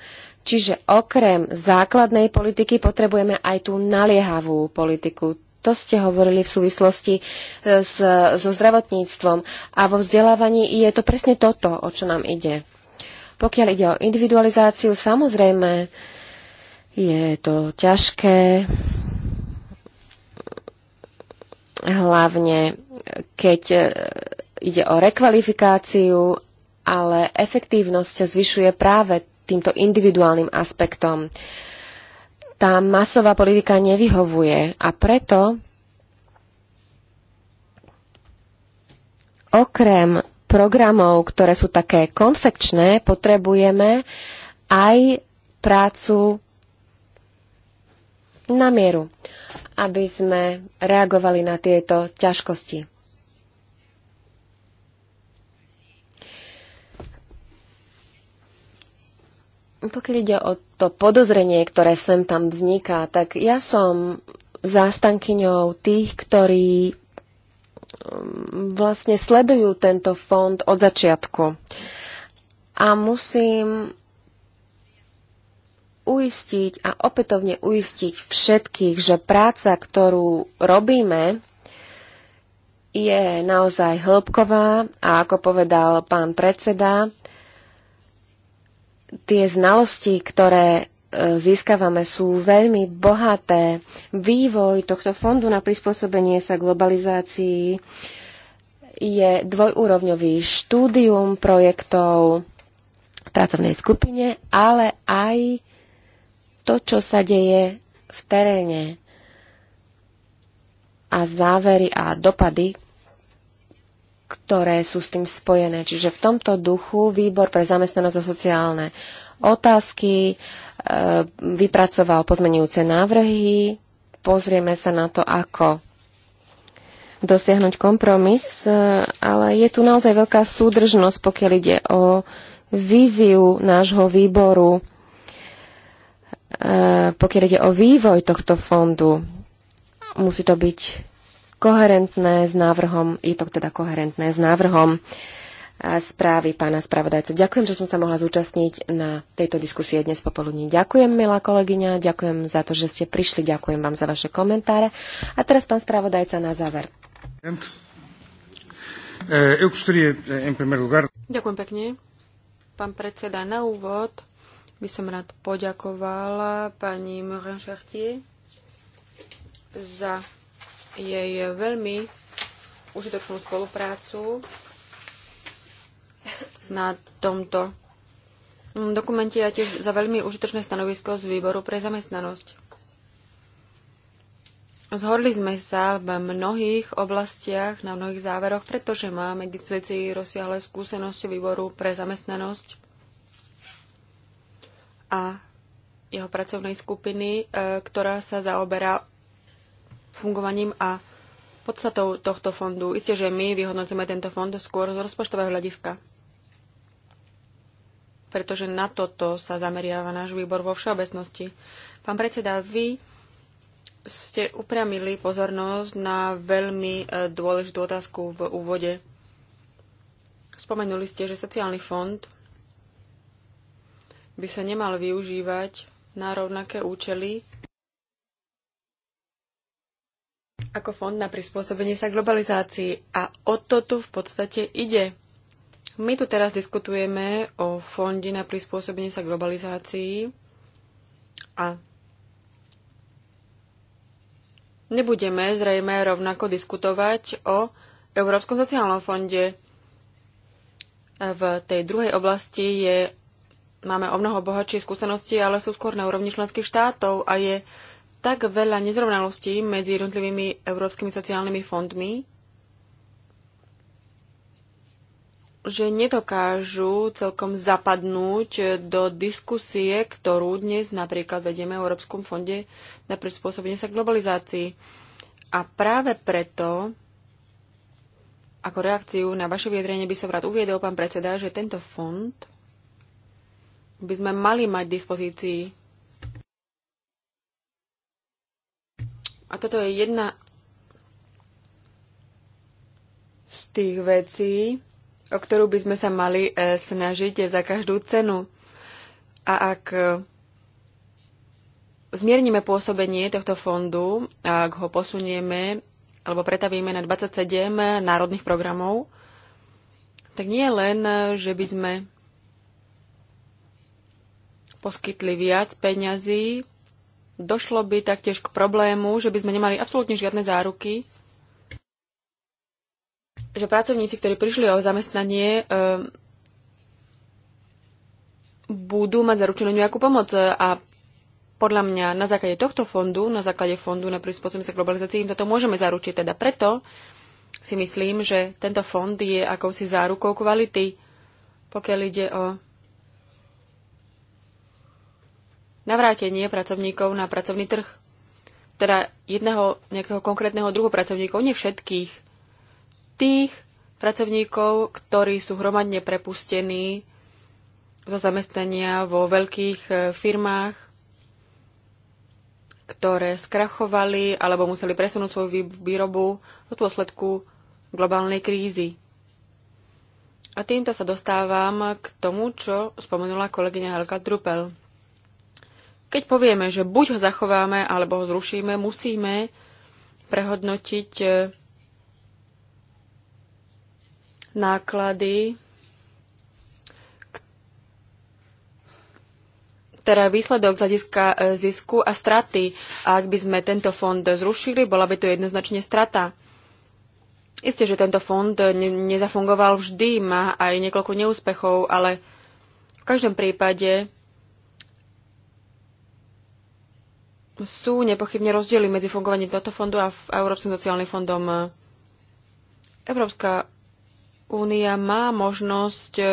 Čiže okrem základnej politiky potrebujeme aj tú naliehavú politiku. To ste hovorili v súvislosti e, s, so zdravotníctvom. A vo vzdelávaní je to presne toto, o čo nám ide. Pokiaľ ide o individualizáciu, samozrejme je to ťažké, hlavne keď e, ide o rekvalifikáciu, ale efektívnosť sa zvyšuje práve týmto individuálnym aspektom. Uh, tá masová politika nevyhovuje a preto okrem programov, ktoré sú také konfekčné, potrebujeme aj prácu na mieru, aby sme reagovali na tieto ťažkosti. pokiaľ ide o to podozrenie, ktoré sem tam vzniká, tak ja som zástankyňou tých, ktorí mm, vlastne sledujú tento fond od začiatku. A musím uistiť a opätovne uistiť všetkých, že práca, ktorú robíme, je naozaj hĺbková a ako povedal pán predseda, tie znalosti, ktoré e, získavame, sú veľmi bohaté. Vývoj tohto fondu na prispôsobenie sa globalizácii je dvojúrovňový štúdium projektov v pracovnej skupine, ale aj to, čo sa deje v teréne a závery a dopady, ktoré sú s tým spojené. Čiže v tomto duchu výbor pre zamestnanosť a sociálne otázky e, vypracoval pozmenujúce návrhy. Pozrieme sa na to, ako dosiahnuť kompromis, e, ale je tu naozaj veľká súdržnosť, pokiaľ ide o víziu nášho výboru, e, pokiaľ ide o vývoj tohto fondu. Musí to byť koherentné s návrhom, je to teda koherentné s návrhom e, správy pána spravodajcu. Ďakujem, že som sa mohla zúčastniť na tejto diskusie dnes popoludní. Ďakujem, milá kolegyňa, ďakujem za to, že ste prišli, ďakujem vám za vaše komentáre. A teraz pán spravodajca na záver. Eh, eh, ďakujem pekne. Pán predseda, na úvod by som rád poďakovala pani Morin Chartier za jej veľmi užitočnú spoluprácu na tomto dokumente a tiež za veľmi užitočné stanovisko z výboru pre zamestnanosť. Zhodli sme sa v mnohých oblastiach, na mnohých záveroch, pretože máme k dispozícii rozsiahle skúsenosti výboru pre zamestnanosť a jeho pracovnej skupiny, e, ktorá sa zaoberá fungovaním a podstatou tohto fondu. Isté, že my vyhodnocujeme tento fond skôr z rozpočtového hľadiska, pretože na toto sa zameriava náš výbor vo všeobecnosti. Pán predseda, vy ste upriamili pozornosť na veľmi e, dôležitú otázku v úvode. Spomenuli ste, že sociálny fond by sa nemal využívať na rovnaké účely ako fond na prispôsobenie sa globalizácii. A o to tu v podstate ide. My tu teraz diskutujeme o fonde na prispôsobenie sa globalizácii a nebudeme zrejme rovnako diskutovať o Európskom sociálnom fonde. V tej druhej oblasti je, máme o mnoho bohatšie skúsenosti, ale sú skôr na úrovni členských štátov a je tak veľa nezrovnalostí medzi jednotlivými európskymi sociálnymi fondmi, že nedokážu celkom zapadnúť do diskusie, ktorú dnes napríklad vedieme v Európskom fonde na prispôsobenie sa globalizácii. A práve preto, ako reakciu na vaše vyjadrenie by som rád uviedol, pán predseda, že tento fond by sme mali mať dispozícii A toto je jedna z tých vecí, o ktorú by sme sa mali e, snažiť za každú cenu. A ak e, zmiernime pôsobenie tohto fondu, ak ho posunieme alebo pretavíme na 27 národných programov, tak nie len, e, že by sme poskytli viac peňazí došlo by taktiež k problému, že by sme nemali absolútne žiadne záruky, že pracovníci, ktorí prišli o zamestnanie, e, budú mať zaručenú nejakú pomoc e, a podľa mňa na základe tohto fondu, na základe fondu na prispôsobenie sa globalizácii, im toto môžeme zaručiť. Teda preto si myslím, že tento fond je akousi zárukou kvality, pokiaľ ide o navrátenie pracovníkov na pracovný trh. Teda jedného nejakého konkrétneho druhu pracovníkov, nie všetkých. Tých pracovníkov, ktorí sú hromadne prepustení zo zamestnania vo veľkých e, firmách, ktoré skrachovali alebo museli presunúť svoju výrobu v dôsledku globálnej krízy. A týmto sa dostávam k tomu, čo spomenula kolegyňa Helga Drupel. Keď povieme, že buď ho zachováme, alebo ho zrušíme, musíme prehodnotiť e, náklady, teda výsledok z hľadiska e, zisku a straty. A ak by sme tento fond zrušili, bola by to jednoznačne strata. Isté, že tento fond nezafungoval vždy, má aj niekoľko neúspechov, ale v každom prípade sú nepochybne rozdiely medzi fungovaním tohto fondu a Európskym sociálnym fondom. Európska únia má možnosť e,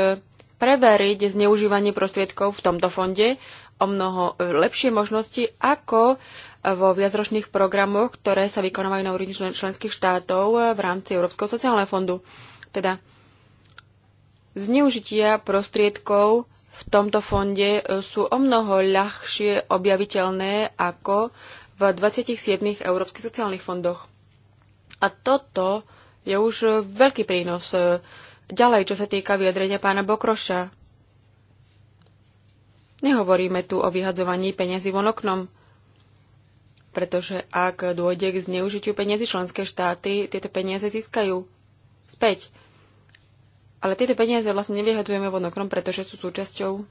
preveriť zneužívanie prostriedkov v tomto fonde o mnoho lepšie možnosti, ako vo viacročných programoch, ktoré sa vykonávajú na úrovni členských štátov e, v rámci Európskeho sociálneho fondu. Teda zneužitia prostriedkov v tomto fonde e, sú o mnoho ľahšie objaviteľné ako v 27 európskych sociálnych fondoch. A toto je už veľký prínos. E, Ďalej, čo sa týka vyjadrenia pána Bokroša. Nehovoríme tu o vyhadzovaní peniazy von oknom, pretože ak dôjde k zneužitiu peniazy členské štáty, tieto peniaze získajú späť. Ale tieto peniaze vlastne nevyhadujeme vonokrom, pretože sú súčasťou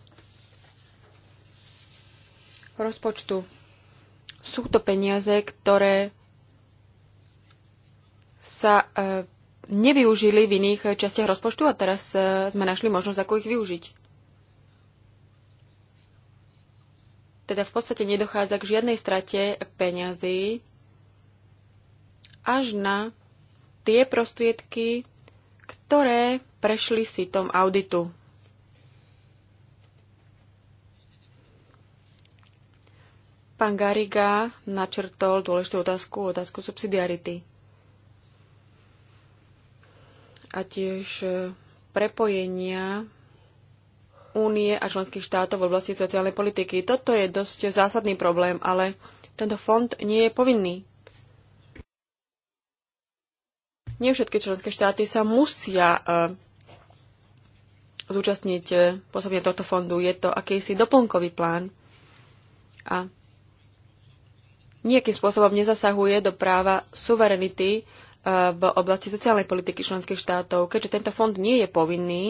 rozpočtu. Sú to peniaze, ktoré sa e, nevyužili v iných častiach rozpočtu a teraz e, sme našli možnosť, ako ich využiť. Teda v podstate nedochádza k žiadnej strate peniazy až na tie prostriedky, ktoré prešli si tom auditu. Pán Gariga načrtol dôležitú otázku, otázku subsidiarity. A tiež e, prepojenia únie a členských štátov v oblasti sociálnej politiky. Toto je dosť zásadný problém, ale tento fond nie je povinný. Nie všetky členské štáty sa musia e, zúčastniť e, pôsobne tohto fondu. Je to akýsi doplnkový plán a nejakým spôsobom nezasahuje do práva suverenity e, v oblasti sociálnej politiky členských štátov, keďže tento fond nie je povinný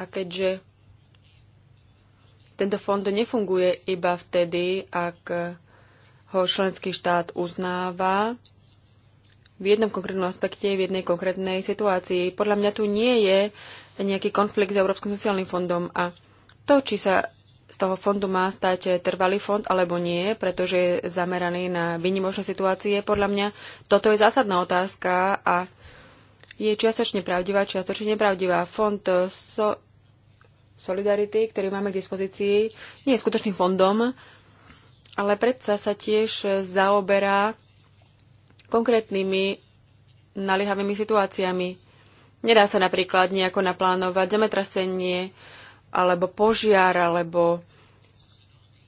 a keďže tento fond nefunguje iba vtedy, ak ho členský štát uznáva, v jednom konkrétnom aspekte, v jednej konkrétnej situácii. Podľa mňa tu nie je nejaký konflikt s Európskym sociálnym fondom a to, či sa z toho fondu má stať trvalý fond alebo nie, pretože je zameraný na výnimočné situácie, podľa mňa toto je zásadná otázka a je čiastočne pravdivá, čiastočne nepravdivá. Fond so- Solidarity, ktorý máme k dispozícii, nie je skutočným fondom, ale predsa sa tiež zaoberá konkrétnymi naliehavými situáciami. Nedá sa napríklad nejako naplánovať zemetrasenie, alebo požiar, alebo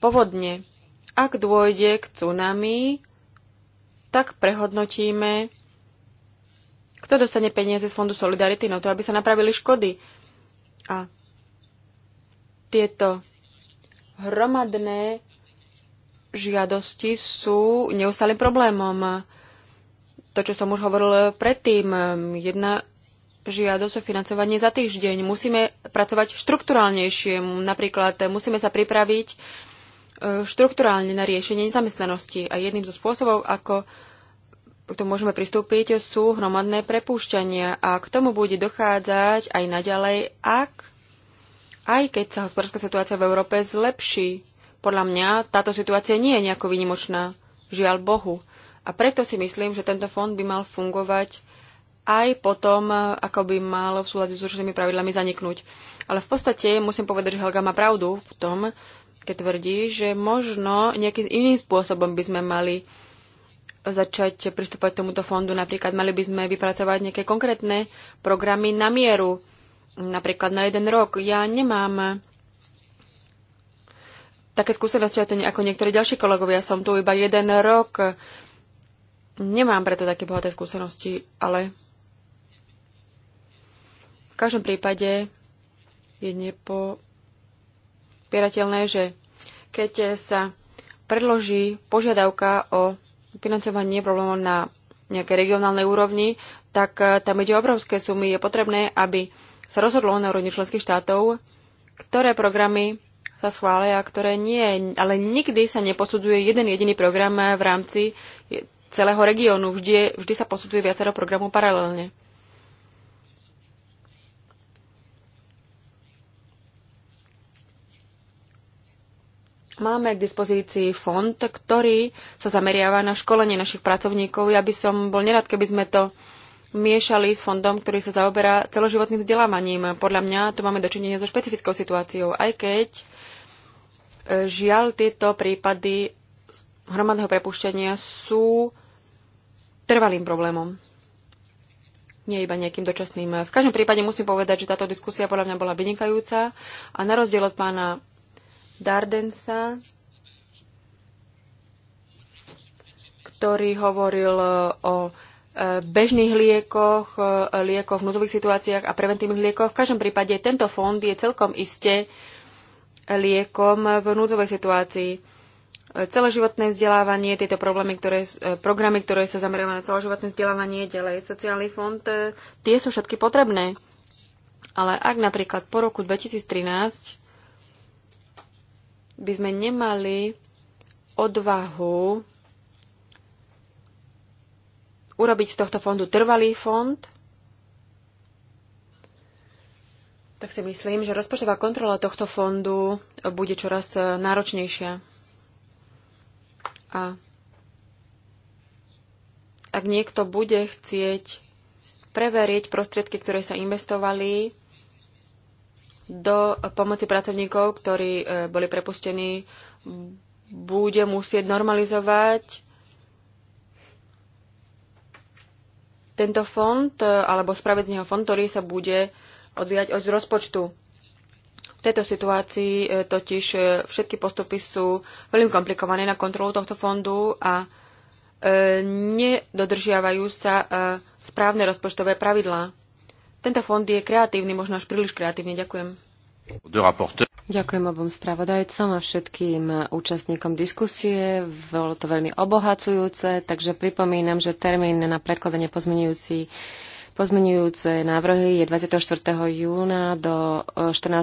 povodne. Ak dôjde k tsunami, tak prehodnotíme, kto dostane peniaze z Fondu Solidarity na no to, aby sa napravili škody. A tieto hromadné žiadosti sú neustálým problémom to, čo som už hovoril predtým, um, jedna žiadosť o financovanie za týždeň. Musíme pracovať štrukturálnejšie, napríklad eh, musíme sa pripraviť eh, štrukturálne na riešenie nezamestnanosti. A jedným zo spôsobov, ako k tomu môžeme pristúpiť, sú hromadné prepúšťania. A k tomu bude dochádzať aj naďalej, ak aj keď sa hospodárska situácia v Európe zlepší. Podľa mňa táto situácia nie je nejako výnimočná. Žiaľ Bohu. A preto si myslím, že tento fond by mal fungovať aj potom, ako by mal v súlade s určitými pravidlami zaniknúť. Ale v podstate musím povedať, že Helga má pravdu v tom, keď tvrdí, že možno nejakým iným spôsobom by sme mali začať pristúpať k tomuto fondu. Napríklad mali by sme vypracovať nejaké konkrétne programy na mieru, napríklad na jeden rok. Ja nemám také skúsenosti ako niektorí ďalší kolegovia. Ja som tu iba jeden rok Nemám preto také bohaté skúsenosti, ale v každom prípade je nepopierateľné, že keď sa predloží požiadavka o financovanie problémov na nejakej regionálnej úrovni, tak tam ide obrovské sumy. Je potrebné, aby sa rozhodlo na úrovni členských štátov, ktoré programy sa schvália ktoré nie. Ale nikdy sa neposudzuje jeden jediný program v rámci celého regiónu. Vždy, vždy sa posudzuje viacero programov paralelne. Máme k dispozícii fond, ktorý sa zameriava na školenie našich pracovníkov. Ja by som bol nerad, keby sme to miešali s fondom, ktorý sa zaoberá celoživotným vzdelávaním. Podľa mňa tu máme dočinenie so špecifickou situáciou, aj keď e, žiaľ tieto prípady hromadného prepušťania sú trvalým problémom. Nie iba nejakým dočasným. V každom prípade musím povedať, že táto diskusia podľa mňa bola vynikajúca a na rozdiel od pána Dardensa, ktorý hovoril o e, bežných liekoch, e, liekoch v núdzových situáciách a preventívnych liekoch. V každom prípade tento fond je celkom iste liekom v núdzovej situácii celoživotné vzdelávanie, tieto problémy, ktoré, e, programy, ktoré sa zameriavajú na celoživotné vzdelávanie, ďalej sociálny fond, e, tie sú všetky potrebné. Ale ak napríklad po roku 2013 by sme nemali odvahu urobiť z tohto fondu trvalý fond, tak si myslím, že rozpočtová kontrola tohto fondu bude čoraz e, náročnejšia. A ak niekto bude chcieť preveriť prostriedky, ktoré sa investovali do pomoci pracovníkov, ktorí e, boli prepustení, bude musieť normalizovať tento fond e, alebo spravedlného fond, ktorý sa bude odvíjať od rozpočtu tejto situácii e, totiž e, všetky postupy sú veľmi komplikované na kontrolu tohto fondu a e, nedodržiavajú sa správne rozpočtové pravidlá. Tento fond je kreatívny, možno až príliš kreatívny. Ďakujem. Ďakujem obom spravodajcom a všetkým účastníkom diskusie. Bolo to veľmi obohacujúce, takže pripomínam, že termín na prekladanie pozmenujúcich Pozmenujúce návrhy je 24. júna do 14.00 e,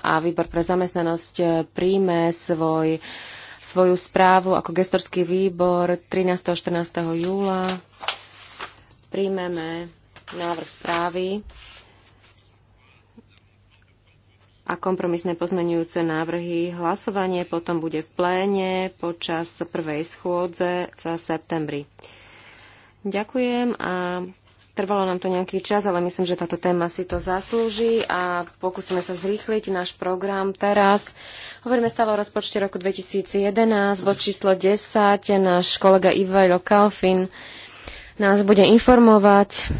a výbor pre zamestnanosť e, príjme svoj, svoju správu ako gestorský výbor 13. 14. júla. Príjmeme návrh správy a kompromisné pozmenujúce návrhy. Hlasovanie potom bude v pléne počas prvej schôdze v septembri. Ďakujem a Trvalo nám to nejaký čas, ale myslím, že táto téma si to zaslúži a pokúsime sa zrýchliť náš program teraz. Hovoríme stále o rozpočte roku 2011, bod číslo 10. Náš kolega Ivajlo Kalfin nás bude informovať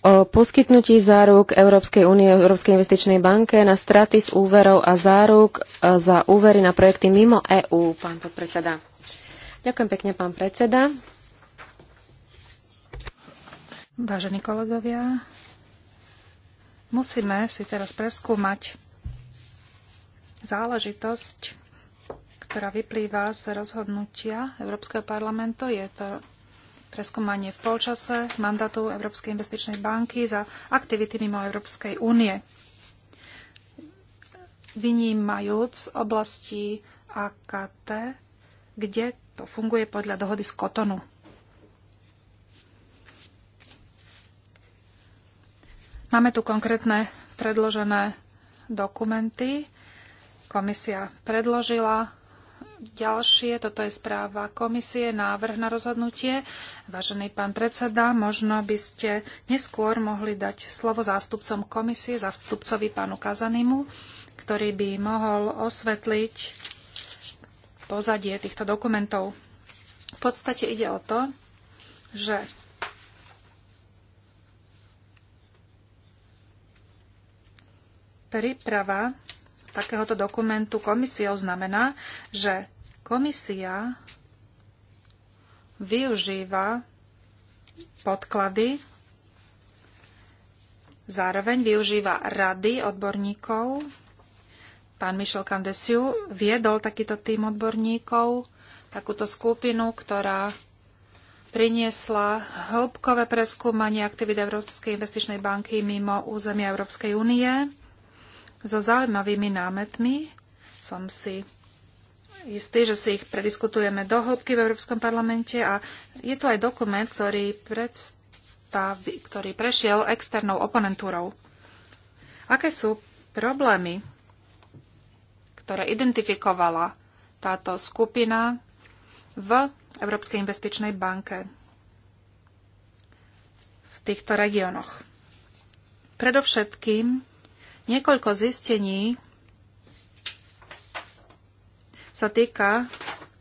o poskytnutí záruk Európskej únie Európskej investičnej banke na straty z úverov a záruk e, za úvery na projekty mimo EÚ, pán podpredseda. Ďakujem pekne, pán predseda. Vážení kolegovia, musíme si teraz preskúmať záležitosť, ktorá vyplýva z rozhodnutia Európskeho parlamentu. Je to preskúmanie v polčase mandátu Európskej investičnej banky za aktivity mimo Európskej únie. Vynímajúc oblasti AKT, kde to funguje podľa dohody z Kotonu. Máme tu konkrétne predložené dokumenty. Komisia predložila ďalšie, toto je správa komisie, návrh na rozhodnutie. Vážený pán predseda, možno by ste neskôr mohli dať slovo zástupcom komisie, zástupcovi pánu Kazanimu, ktorý by mohol osvetliť pozadie týchto dokumentov. V podstate ide o to, že Príprava takéhoto dokumentu komisiou znamená, že komisia využíva podklady, zároveň využíva rady odborníkov. Pán Michel Candesiu viedol takýto tým odborníkov, takúto skupinu, ktorá priniesla hĺbkové preskúmanie aktivít Európskej investičnej banky mimo územia Európskej únie so zaujímavými námetmi. Som si istý, že si ich prediskutujeme do hĺbky v Európskom parlamente a je tu aj dokument, ktorý, predstaví, ktorý prešiel externou oponentúrou. Aké sú problémy, ktoré identifikovala táto skupina v Európskej investičnej banke v týchto regiónoch? Predovšetkým Niekoľko zistení sa týka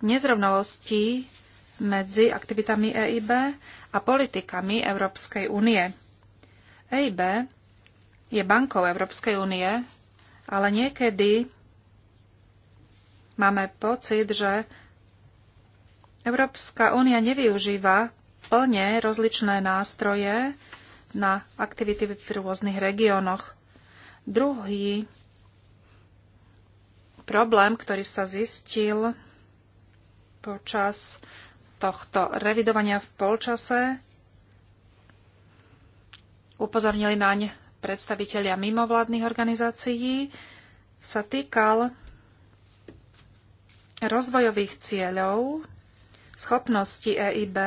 nezrovnalostí medzi aktivitami EIB a politikami Európskej únie. EIB je bankou Európskej únie, ale niekedy máme pocit, že Európska únia nevyužíva plne rozličné nástroje na aktivity v rôznych regiónoch. Druhý problém, ktorý sa zistil počas tohto revidovania v polčase, upozornili naň predstavitelia mimovládnych organizácií, sa týkal rozvojových cieľov, schopnosti EIB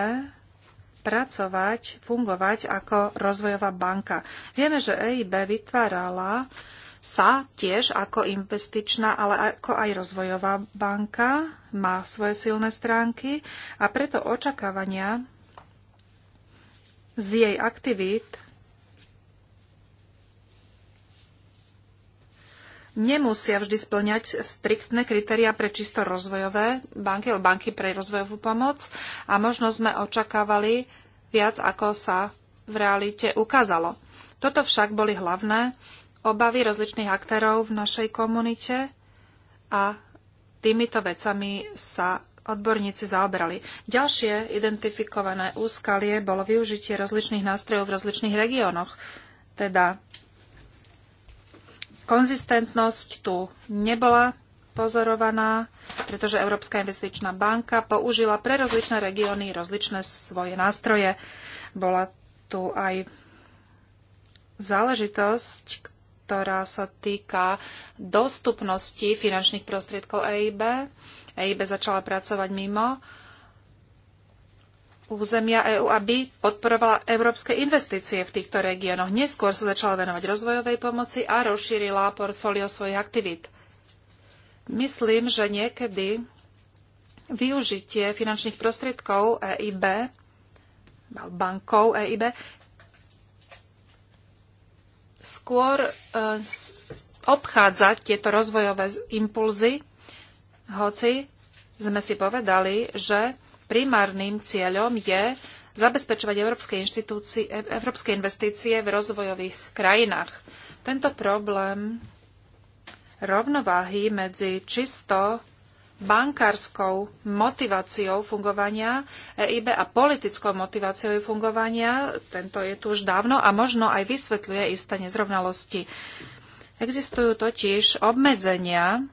pracovať, fungovať ako rozvojová banka. Vieme, že EIB vytvárala sa tiež ako investičná, ale ako aj rozvojová banka má svoje silné stránky a preto očakávania z jej aktivít nemusia vždy splňať striktné kritéria pre čisto rozvojové banky alebo banky pre rozvojovú pomoc a možno sme očakávali viac, ako sa v realite ukázalo. Toto však boli hlavné obavy rozličných aktérov v našej komunite a týmito vecami sa odborníci zaoberali. Ďalšie identifikované úskalie bolo využitie rozličných nástrojov v rozličných regiónoch, teda Konzistentnosť tu nebola pozorovaná, pretože Európska investičná banka použila pre rozličné regióny rozličné svoje nástroje. Bola tu aj záležitosť, ktorá sa týka dostupnosti finančných prostriedkov EIB. EIB začala pracovať mimo územia EÚ, aby podporovala európske investície v týchto regiónoch. Neskôr sa začala venovať rozvojovej pomoci a rozšírila portfólio svojich aktivít. Myslím, že niekedy využitie finančných prostriedkov EIB, bankov EIB, skôr e, obchádzať tieto rozvojové impulzy, hoci sme si povedali, že primárnym cieľom je zabezpečovať európske, európske investície v rozvojových krajinách. Tento problém rovnováhy medzi čisto bankárskou motiváciou fungovania EIB a politickou motiváciou fungovania, tento je tu už dávno a možno aj vysvetľuje isté nezrovnalosti. Existujú totiž obmedzenia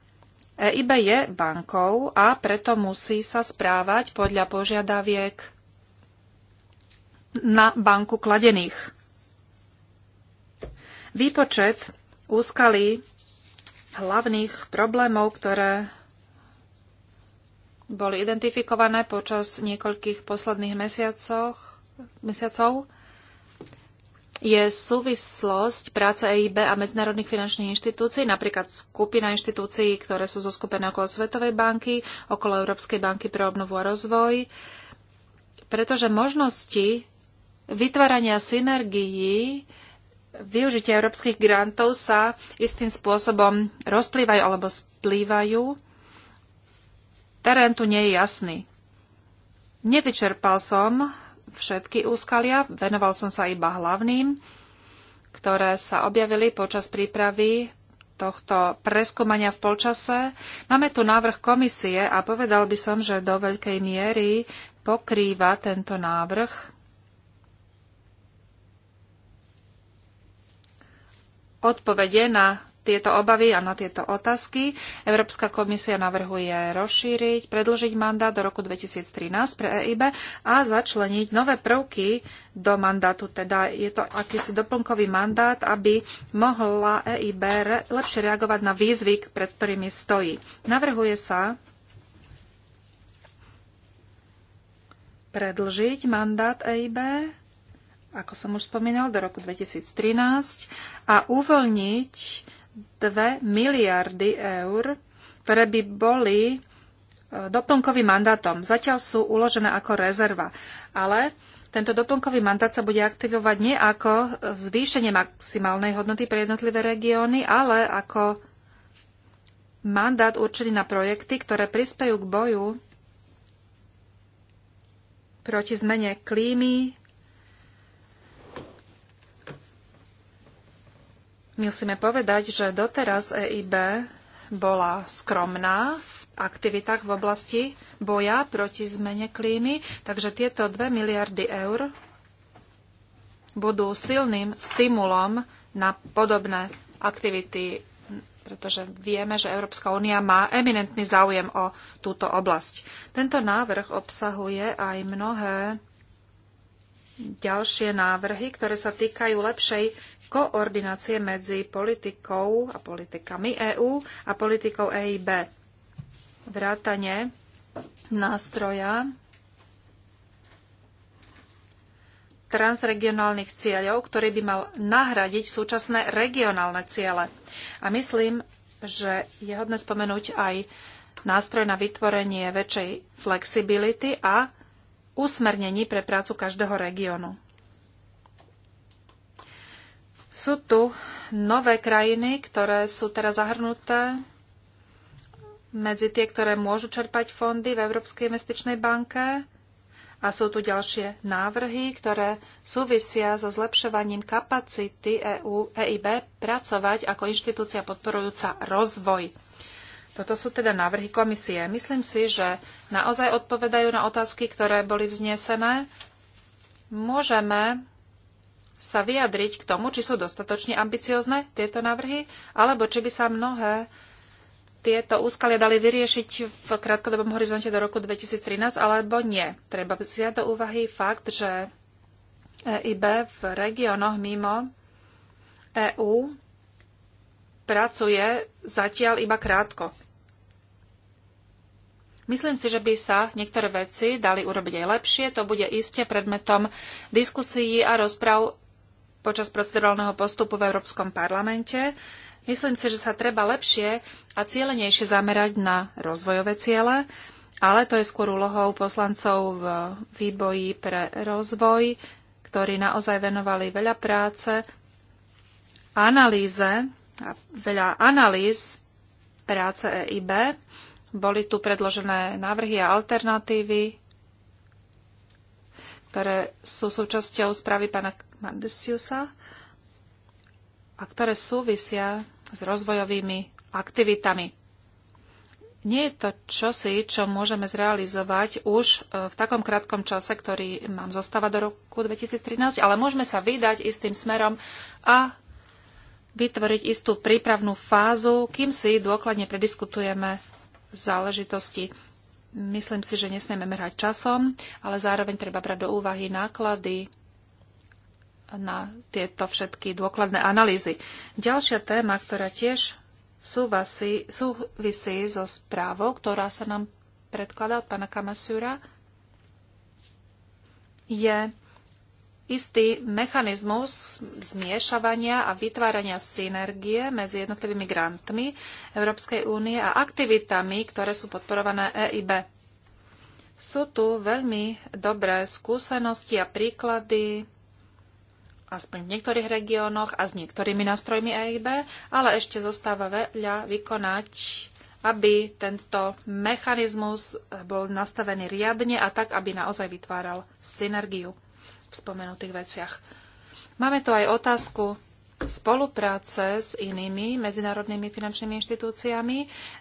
EIB je bankou a preto musí sa správať podľa požiadaviek na banku kladených. Výpočet úskalí hlavných problémov, ktoré boli identifikované počas niekoľkých posledných mesiacov, je súvislosť práce EIB a medzinárodných finančných inštitúcií, napríklad skupina inštitúcií, ktoré sú zoskupené okolo Svetovej banky, okolo Európskej banky pre obnovu a rozvoj, pretože možnosti vytvárania synergií využitia európskych grantov sa istým spôsobom rozplývajú alebo splývajú. Terén tu nie je jasný. Nevyčerpal som všetky úskalia, venoval som sa iba hlavným, ktoré sa objavili počas prípravy tohto preskúmania v polčase. Máme tu návrh komisie a povedal by som, že do veľkej miery pokrýva tento návrh odpovede na tieto obavy a na tieto otázky. Európska komisia navrhuje rozšíriť, predlžiť mandát do roku 2013 pre EIB a začleniť nové prvky do mandátu. Teda je to akýsi doplnkový mandát, aby mohla EIB lepšie reagovať na výzvy, pred ktorými stojí. Navrhuje sa predlžiť mandát EIB ako som už spomínal, do roku 2013 a uvoľniť 2 miliardy eur, ktoré by boli e, doplnkovým mandátom. Zatiaľ sú uložené ako rezerva. Ale tento doplnkový mandát sa bude aktivovať nie ako zvýšenie maximálnej hodnoty pre jednotlivé regióny, ale ako mandát určený na projekty, ktoré prispejú k boju proti zmene klímy, Musíme povedať, že doteraz EIB bola skromná v aktivitách v oblasti boja proti zmene klímy, takže tieto 2 miliardy eur budú silným stimulom na podobné aktivity, pretože vieme, že Európska únia má eminentný záujem o túto oblasť. Tento návrh obsahuje aj mnohé ďalšie návrhy, ktoré sa týkajú lepšej koordinácie medzi politikou a politikami EÚ a politikou EIB. Vrátanie nástroja transregionálnych cieľov, ktorý by mal nahradiť súčasné regionálne ciele. A myslím, že je hodné spomenúť aj nástroj na vytvorenie väčšej flexibility a usmernení pre prácu každého regiónu. Sú tu nové krajiny, ktoré sú teraz zahrnuté medzi tie, ktoré môžu čerpať fondy v Európskej investičnej banke. A sú tu ďalšie návrhy, ktoré súvisia so zlepšovaním kapacity EU, EIB pracovať ako inštitúcia podporujúca rozvoj. Toto sú teda návrhy komisie. Myslím si, že naozaj odpovedajú na otázky, ktoré boli vznesené. Môžeme sa vyjadriť k tomu, či sú dostatočne ambiciozne tieto návrhy, alebo či by sa mnohé tieto úskalia dali vyriešiť v krátkodobom horizonte do roku 2013, alebo nie. Treba vziať do úvahy fakt, že EIB v regiónoch mimo EÚ pracuje zatiaľ iba krátko. Myslím si, že by sa niektoré veci dali urobiť aj lepšie. To bude iste predmetom diskusií a rozpráv počas procedurálneho postupu v Európskom parlamente. Myslím si, že sa treba lepšie a cieľenejšie zamerať na rozvojové ciele, ale to je skôr úlohou poslancov v výboji pre rozvoj, ktorí naozaj venovali veľa práce, analýze a veľa analýz práce EIB. Boli tu predložené návrhy a alternatívy, ktoré sú súčasťou správy pána Mardesiusa a ktoré súvisia s rozvojovými aktivitami. Nie je to čosi, čo môžeme zrealizovať už e, v takom krátkom čase, ktorý mám zostáva do roku 2013, ale môžeme sa vydať istým smerom a vytvoriť istú prípravnú fázu, kým si dôkladne prediskutujeme záležitosti. Myslím si, že nesmieme merať časom, ale zároveň treba brať do úvahy náklady, na tieto všetky dôkladné analýzy. Ďalšia téma, ktorá tiež súvisí, súvisí so správou, ktorá sa nám predkladá od pána Kamasúra, je istý mechanizmus zmiešavania a vytvárania synergie medzi jednotlivými grantmi Európskej únie a aktivitami, ktoré sú podporované EIB. Sú tu veľmi dobré skúsenosti a príklady aspoň v niektorých regiónoch a s niektorými nástrojmi EIB, ale ešte zostáva veľa vykonať, aby tento mechanizmus bol nastavený riadne a tak, aby naozaj vytváral synergiu v spomenutých veciach. Máme tu aj otázku spolupráce s inými medzinárodnými finančnými inštitúciami.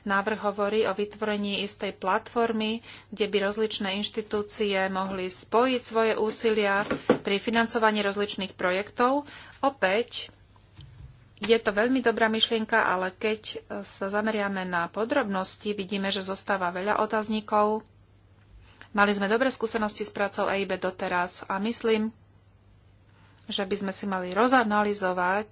Návrh hovorí o vytvorení istej platformy, kde by rozličné inštitúcie mohli spojiť svoje úsilia pri financovaní rozličných projektov. Opäť je to veľmi dobrá myšlienka, ale keď sa zameriame na podrobnosti, vidíme, že zostáva veľa otáznikov. Mali sme dobré skúsenosti s prácou EIB doteraz a myslím, že by sme si mali rozanalizovať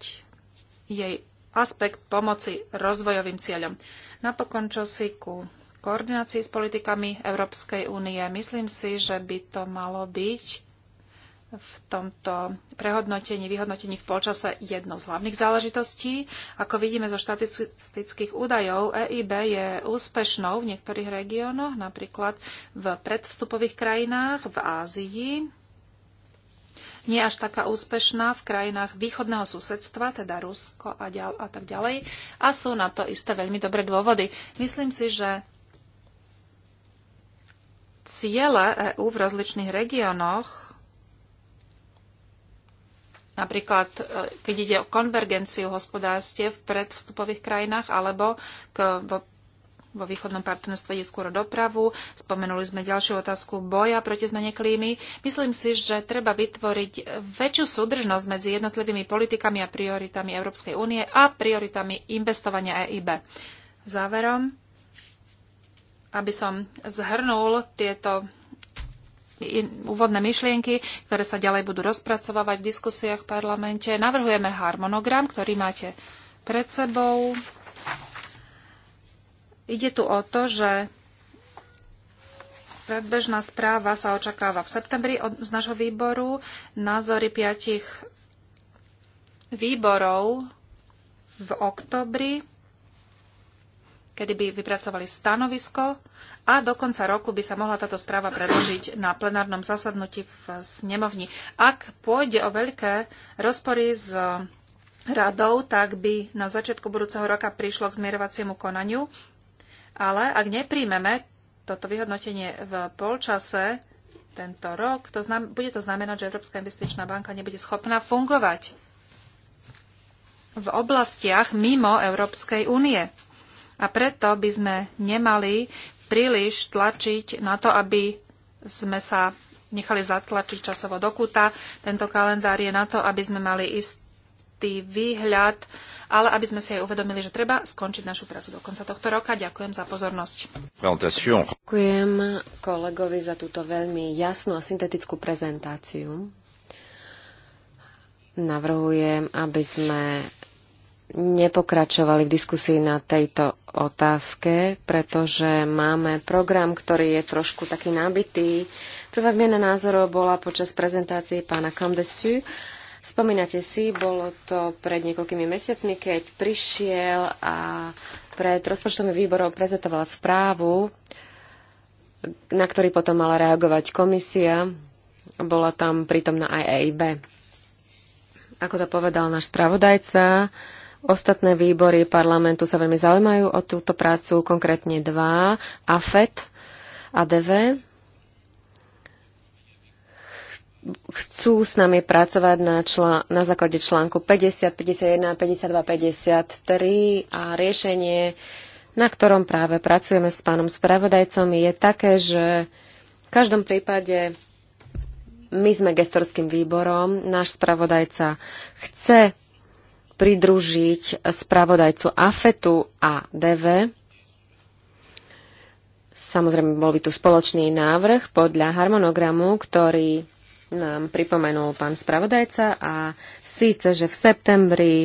jej aspekt pomoci rozvojovým cieľom. Napokon čo si ku koordinácii s politikami Európskej únie. Myslím si, že by to malo byť v tomto prehodnotení, vyhodnotení v polčase jednou z hlavných záležitostí. Ako vidíme zo štatistických údajov, EIB je úspešnou v niektorých regiónoch, napríklad v predvstupových krajinách, v Ázii, nie až taká úspešná v krajinách východného susedstva, teda Rusko a, ďal, a tak ďalej. A sú na to isté veľmi dobré dôvody. Myslím si, že ciele EÚ v rozličných regiónoch, napríklad e, keď ide o konvergenciu hospodárstiev v predvstupových krajinách alebo k, vo východnom partnerstve ide skôr o dopravu. Spomenuli sme ďalšiu otázku boja proti zmene klímy. Myslím si, že treba vytvoriť väčšiu súdržnosť medzi jednotlivými politikami a prioritami Európskej únie a prioritami investovania EIB. Záverom, aby som zhrnul tieto úvodné myšlienky, ktoré sa ďalej budú rozpracovávať v diskusiách v parlamente. Navrhujeme harmonogram, ktorý máte pred sebou. Ide tu o to, že predbežná správa sa očakáva v septembri od, z nášho výboru. Názory piatich výborov v oktobri, kedy by vypracovali stanovisko a do konca roku by sa mohla táto správa predložiť na plenárnom zasadnutí v snemovni. Ak pôjde o veľké rozpory s radou, tak by na začiatku budúceho roka prišlo k zmierovaciemu konaniu ale ak nepríjmeme toto vyhodnotenie v polčase tento rok, to znam, bude to znamenať, že Európska investičná banka nebude schopná fungovať v oblastiach mimo Európskej únie. A preto by sme nemali príliš tlačiť na to, aby sme sa nechali zatlačiť časovo do kúta. Tento kalendár je na to, aby sme mali istý výhľad ale aby sme si aj uvedomili, že treba skončiť našu prácu do konca tohto roka. Ďakujem za pozornosť. Ďakujem kolegovi za túto veľmi jasnú a syntetickú prezentáciu. Navrhujem, aby sme nepokračovali v diskusii na tejto otázke, pretože máme program, ktorý je trošku taký nabitý. Prvá miena názorov bola počas prezentácie pána Comdesu Spomínate si, bolo to pred niekoľkými mesiacmi, keď prišiel a pred rozpočtovým výborom prezentoval správu, na ktorý potom mala reagovať komisia. Bola tam prítomná aj EIB. Ako to povedal náš spravodajca, ostatné výbory parlamentu sa veľmi zaujímajú o túto prácu, konkrétne dva, AFET a e DV chcú s nami pracovať na, člá, na základe článku 50, 51, 52, 53 a riešenie, na ktorom práve pracujeme s pánom spravodajcom, je také, že v každom prípade my sme gestorským výborom, náš spravodajca chce pridružiť spravodajcu AFETu a DV. Samozrejme, bol by tu spoločný návrh podľa harmonogramu, ktorý nám pripomenul pán spravodajca a síce, že v septembri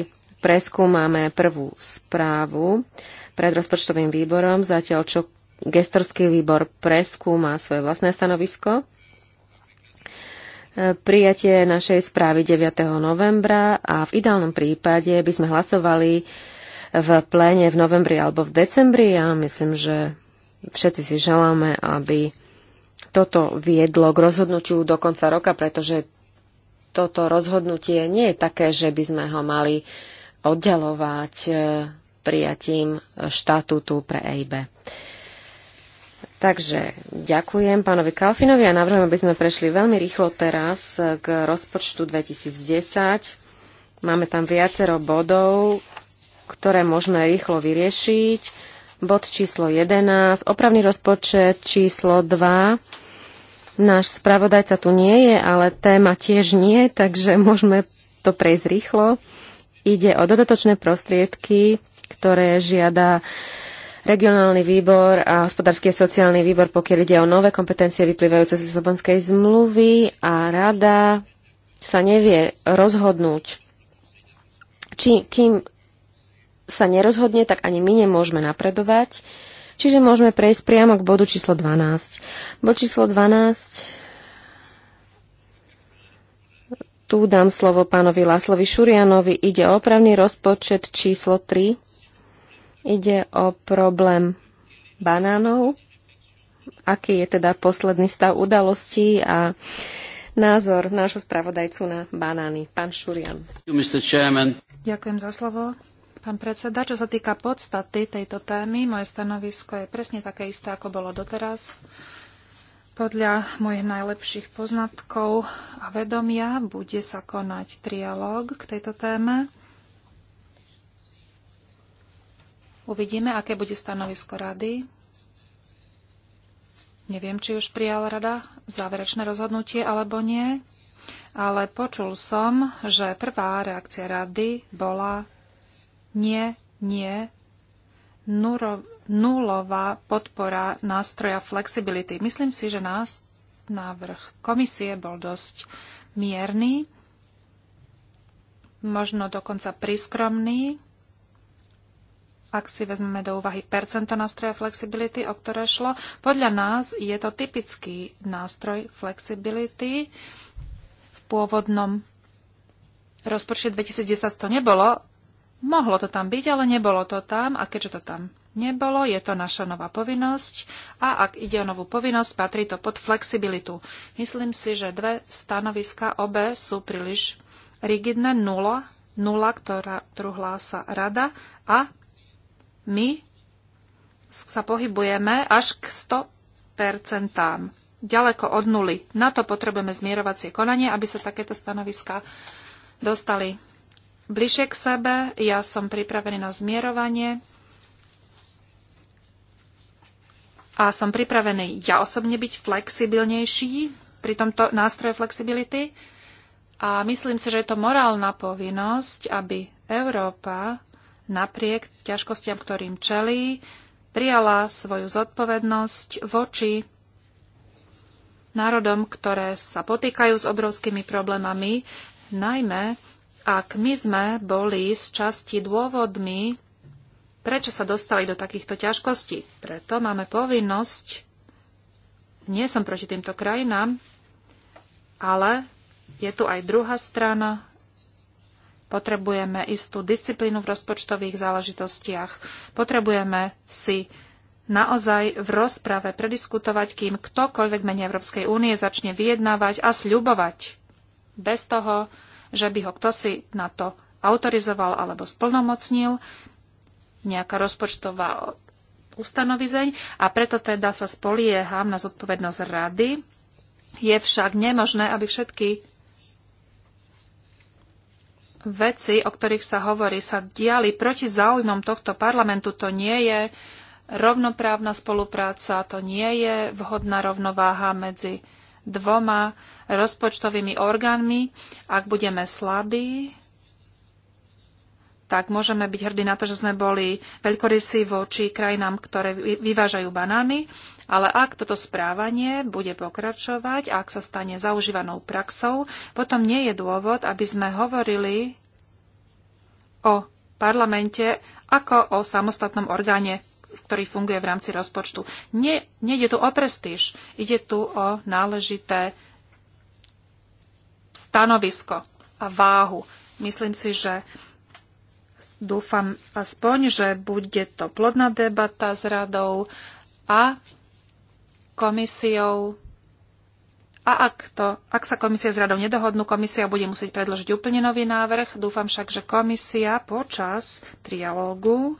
preskúmame prvú správu pred rozpočtovým výborom, zatiaľ čo gestorský výbor preskúma svoje vlastné stanovisko. E, prijatie našej správy 9. novembra a v ideálnom prípade by sme hlasovali v pléne v novembri alebo v decembri. Ja myslím, že všetci si želáme, aby toto viedlo k rozhodnutiu do konca roka, pretože toto rozhodnutie nie je také, že by sme ho mali oddalovať e, prijatím štatútu pre EIB. Takže ďakujem pánovi Kalfinovi a navrhujem, aby sme prešli veľmi rýchlo teraz k rozpočtu 2010. Máme tam viacero bodov, ktoré môžeme rýchlo vyriešiť bod číslo 11, opravný rozpočet číslo 2. Náš spravodajca tu nie je, ale téma tiež nie, takže môžeme to prejsť rýchlo. Ide o dodatočné prostriedky, ktoré žiada regionálny výbor a hospodársky a sociálny výbor, pokiaľ ide o nové kompetencie vyplývajúce z Lisabonskej zmluvy a rada sa nevie rozhodnúť, či kým sa nerozhodne, tak ani my nemôžeme napredovať. Čiže môžeme prejsť priamo k bodu číslo 12. Bod číslo 12 tu dám slovo pánovi Láslovi Šurianovi. Ide o opravný rozpočet číslo 3. Ide o problém banánov. Aký je teda posledný stav udalostí a názor nášho spravodajcu na banány. Pán Šurian. Ďakujem za slovo. Pán predseda, čo sa týka podstaty tejto témy, moje stanovisko je presne také isté, ako bolo doteraz. Podľa mojich najlepších poznatkov a vedomia bude sa konať trialóg k tejto téme. Uvidíme, aké bude stanovisko rady. Neviem, či už prijala rada záverečné rozhodnutie alebo nie, ale počul som, že prvá reakcia rady bola nie, nie. Nuro, nulová podpora nástroja flexibility. Myslím si, že nás, návrh komisie bol dosť mierny, možno dokonca prískromný, ak si vezmeme do úvahy percento nástroja flexibility, o ktoré šlo. Podľa nás je to typický nástroj flexibility. V pôvodnom rozpočte 2010 to nebolo Mohlo to tam byť, ale nebolo to tam a keďže to tam nebolo, je to naša nová povinnosť a ak ide o novú povinnosť, patrí to pod flexibilitu. Myslím si, že dve stanoviska obe sú príliš rigidné. Nula, nula ktorá, ktorú hlása rada a my sa pohybujeme až k 100%. Ďaleko od nuly. Na to potrebujeme zmierovacie konanie, aby sa takéto stanoviska dostali bližšie k sebe. Ja som pripravený na zmierovanie. A som pripravený ja osobne byť flexibilnejší pri tomto nástroje flexibility. A myslím si, že je to morálna povinnosť, aby Európa napriek ťažkostiam, ktorým čelí, prijala svoju zodpovednosť voči národom, ktoré sa potýkajú s obrovskými problémami, najmä ak my sme boli z časti dôvodmi, prečo sa dostali do takýchto ťažkostí, preto máme povinnosť, nie som proti týmto krajinám, ale je tu aj druhá strana, potrebujeme istú disciplínu v rozpočtových záležitostiach, potrebujeme si naozaj v rozprave prediskutovať, kým ktokoľvek mene Európskej únie začne vyjednávať a sľubovať. Bez toho že by ho kto si na to autorizoval alebo splnomocnil, nejaká rozpočtová ustanovizeň a preto teda sa spolieham na zodpovednosť rady. Je však nemožné, aby všetky veci, o ktorých sa hovorí, sa diali proti záujmom tohto parlamentu. To nie je rovnoprávna spolupráca, to nie je vhodná rovnováha medzi dvoma rozpočtovými orgánmi. Ak budeme slabí, tak môžeme byť hrdí na to, že sme boli veľkorysí voči krajinám, ktoré vyvážajú banány, ale ak toto správanie bude pokračovať, ak sa stane zaužívanou praxou, potom nie je dôvod, aby sme hovorili o parlamente ako o samostatnom orgáne, ktorý funguje v rámci rozpočtu. Nie, ide tu o prestíž, ide tu o náležité stanovisko a váhu. Myslím si, že dúfam aspoň, že bude to plodná debata s radou a komisiou. A ak, to, ak sa komisia s radou nedohodnú, komisia bude musieť predložiť úplne nový návrh. Dúfam však, že komisia počas trialógu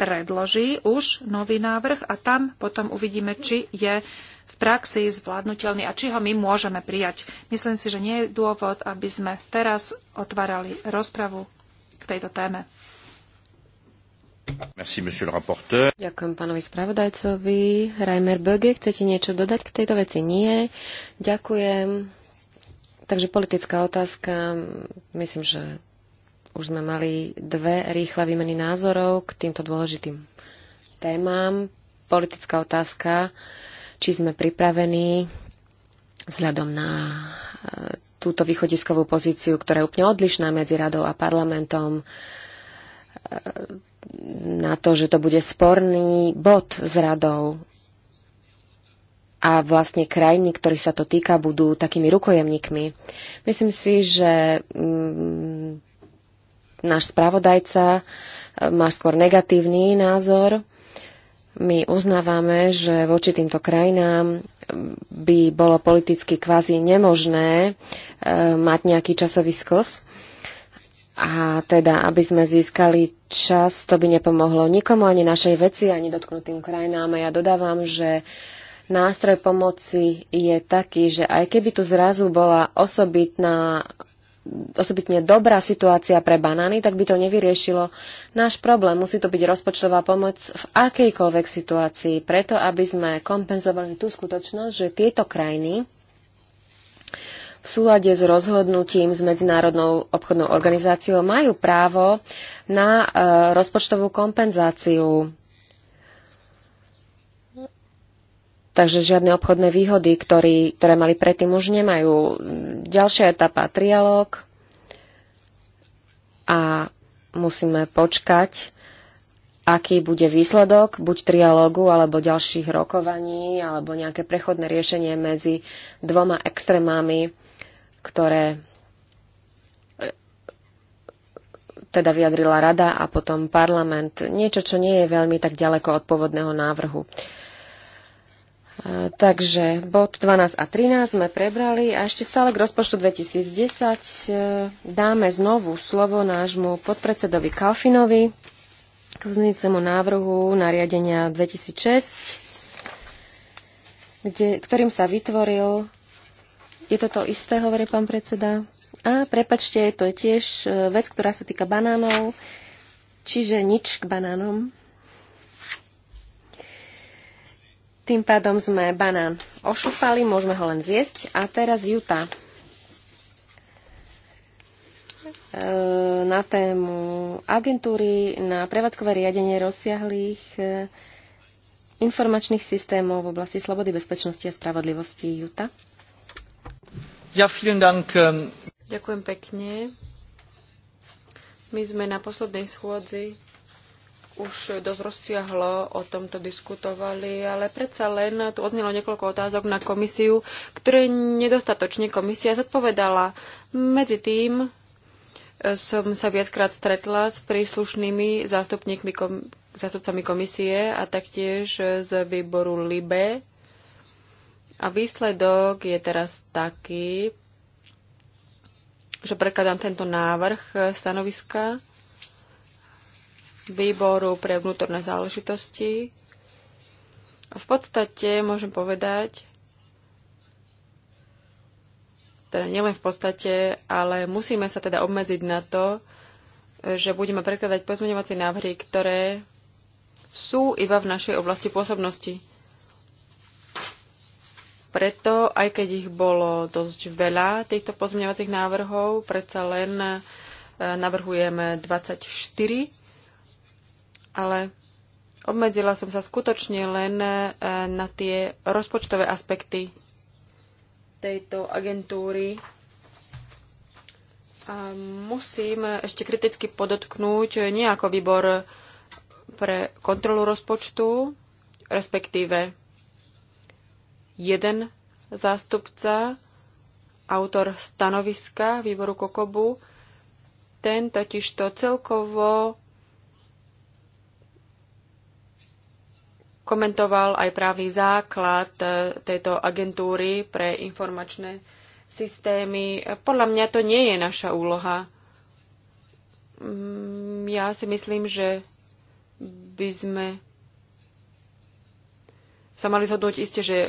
predloží už nový návrh a tam potom uvidíme, či je uh, v praxi zvládnutelný a či ho my môžeme prijať. Myslím si, že nie je dôvod, aby sme teraz otvárali rozpravu k tejto téme. Merci, Ďakujem pánovi spravodajcovi. Reimer Böge, chcete niečo dodať k tejto veci? Nie. Ďakujem. Takže politická otázka. Myslím, že už sme mali dve rýchle výmeny názorov k týmto dôležitým témam. Politická otázka či sme pripravení vzhľadom na e, túto východiskovú pozíciu, ktorá je úplne odlišná medzi radou a parlamentom, e, na to, že to bude sporný bod s radou a vlastne krajiny, ktorí sa to týka, budú takými rukojemníkmi. Myslím si, že mm, náš spravodajca e, má skôr negatívny názor my uznávame, že voči týmto krajinám by bolo politicky kvázi nemožné e, mať nejaký časový sklz. A teda, aby sme získali čas, to by nepomohlo nikomu, ani našej veci, ani dotknutým krajinám. A ja dodávam, že nástroj pomoci je taký, že aj keby tu zrazu bola osobitná osobitne dobrá situácia pre banány, tak by to nevyriešilo náš problém. Musí to byť rozpočtová pomoc v akejkoľvek situácii, preto aby sme kompenzovali tú skutočnosť, že tieto krajiny v súlade s rozhodnutím s Medzinárodnou obchodnou organizáciou majú právo na e, rozpočtovú kompenzáciu Takže žiadne obchodné výhody, ktorý, ktoré mali predtým, už nemajú. Ďalšia etapa, trialóg. A musíme počkať, aký bude výsledok, buď trialógu, alebo ďalších rokovaní, alebo nejaké prechodné riešenie medzi dvoma extrémami, ktoré e, teda vyjadrila rada a potom parlament. Niečo, čo nie je veľmi tak ďaleko od pôvodného návrhu. Uh, Takže bod 12 a 13 sme prebrali a ešte stále k rozpočtu 2010 e, dáme znovu slovo nášmu podpredsedovi Kalfinovi k vznicemu návrhu nariadenia 2006, kde, ktorým sa vytvoril, je to to isté, hovorí pán predseda, a prepačte, to je tiež e, vec, ktorá sa týka banánov, čiže nič k banánom. Tým pádom sme banán ošúpali, môžeme ho len zjesť. A teraz Juta. E, na tému agentúry na prevádzkové riadenie rozsiahlých e, informačných systémov v oblasti slobody, bezpečnosti a spravodlivosti Juta. Ja, vielen Dank. Ähm, Ďakujem pekne. My sme na poslednej schôdzi už dosť rozsiahlo o tomto diskutovali, ale predsa len tu odznelo niekoľko otázok na komisiu, ktoré nedostatočne komisia zodpovedala. Medzi tým e, som sa viackrát stretla s príslušnými zástupníkmi kom- zástupcami komisie a taktiež z výboru LIBE. A výsledok je teraz taký, že prekladám tento návrh stanoviska výboru pre vnútorné záležitosti. V podstate môžem povedať, teda nielen v podstate, ale musíme sa teda obmedziť na to, že budeme prekladať pozmeňovacie návrhy, ktoré sú iba v našej oblasti pôsobnosti. Preto, aj keď ich bolo dosť veľa, týchto pozmeňovacích návrhov, predsa len eh, navrhujeme 24 ale obmedzila som sa skutočne len e, na tie rozpočtové aspekty tejto agentúry. A musím ešte kriticky podotknúť e, nie ako výbor pre kontrolu rozpočtu, respektíve jeden zástupca, autor stanoviska výboru Kokobu, ten totižto celkovo komentoval aj právny základ e, tejto agentúry pre informačné systémy. Podľa mňa to nie je naša úloha. Mm, ja si myslím, že by sme sa mali zhodnúť iste, že e,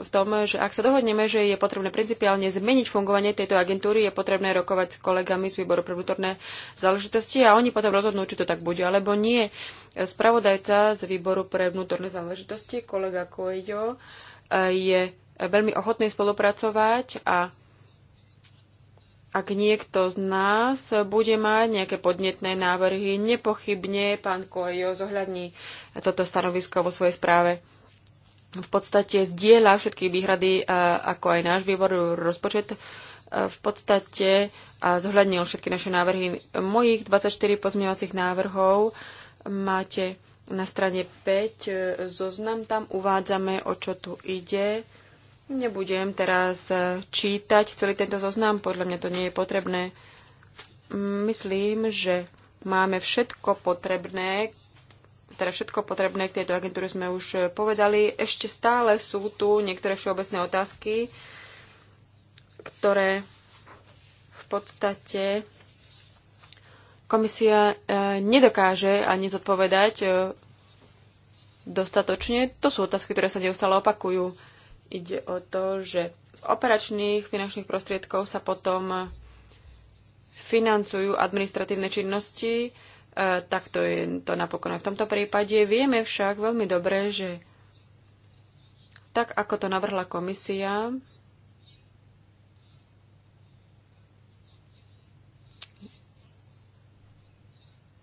v tom, že ak sa dohodneme, že je potrebné principiálne zmeniť fungovanie tejto agentúry, je potrebné rokovať s kolegami z výboru pre vnútorné záležitosti a oni potom rozhodnú, či to tak bude alebo nie. Spravodajca z výboru pre vnútorné záležitosti, kolega Kojo, e, je veľmi ochotný spolupracovať a ak niekto z nás bude mať nejaké podnetné návrhy, nepochybne pán Kojo zohľadní toto stanovisko vo svojej správe v podstate zdieľa všetky výhrady, ako aj náš výbor rozpočet v podstate zohľadnil všetky naše návrhy. Mojich 24 pozmeňovacích návrhov máte na strane 5 e, zoznam, tam uvádzame, o čo tu ide. Nebudem teraz e, čítať celý tento zoznam, podľa mňa to nie je potrebné. Myslím, že máme všetko potrebné teda všetko potrebné k tejto agentúre sme už e, povedali. Ešte stále sú tu niektoré všeobecné otázky, ktoré v podstate komisia e, nedokáže ani zodpovedať e, dostatočne. To sú otázky, ktoré sa neustále opakujú. Ide o to, že z operačných finančných prostriedkov sa potom financujú administratívne činnosti, E, tak to je to napokon. V tomto prípade vieme však veľmi dobre, že tak, ako to navrhla komisia,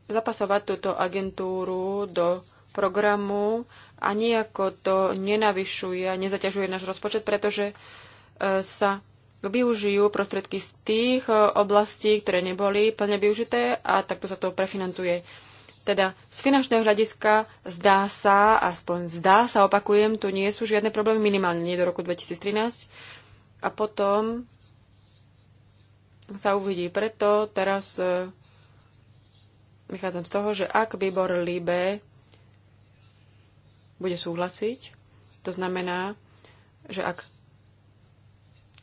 zapasovať túto agentúru do programu a nejako to nenavyšuje, a nezaťažuje náš rozpočet, pretože e, sa využijú prostredky z tých e, oblastí, ktoré neboli plne využité a takto sa to prefinancuje. Teda z finančného hľadiska zdá sa, aspoň zdá sa, opakujem, tu nie sú žiadne problémy, minimálne nie do roku 2013. A potom sa uvidí. Preto teraz e, vychádzam z toho, že ak výbor Libe bude súhlasiť, to znamená, že ak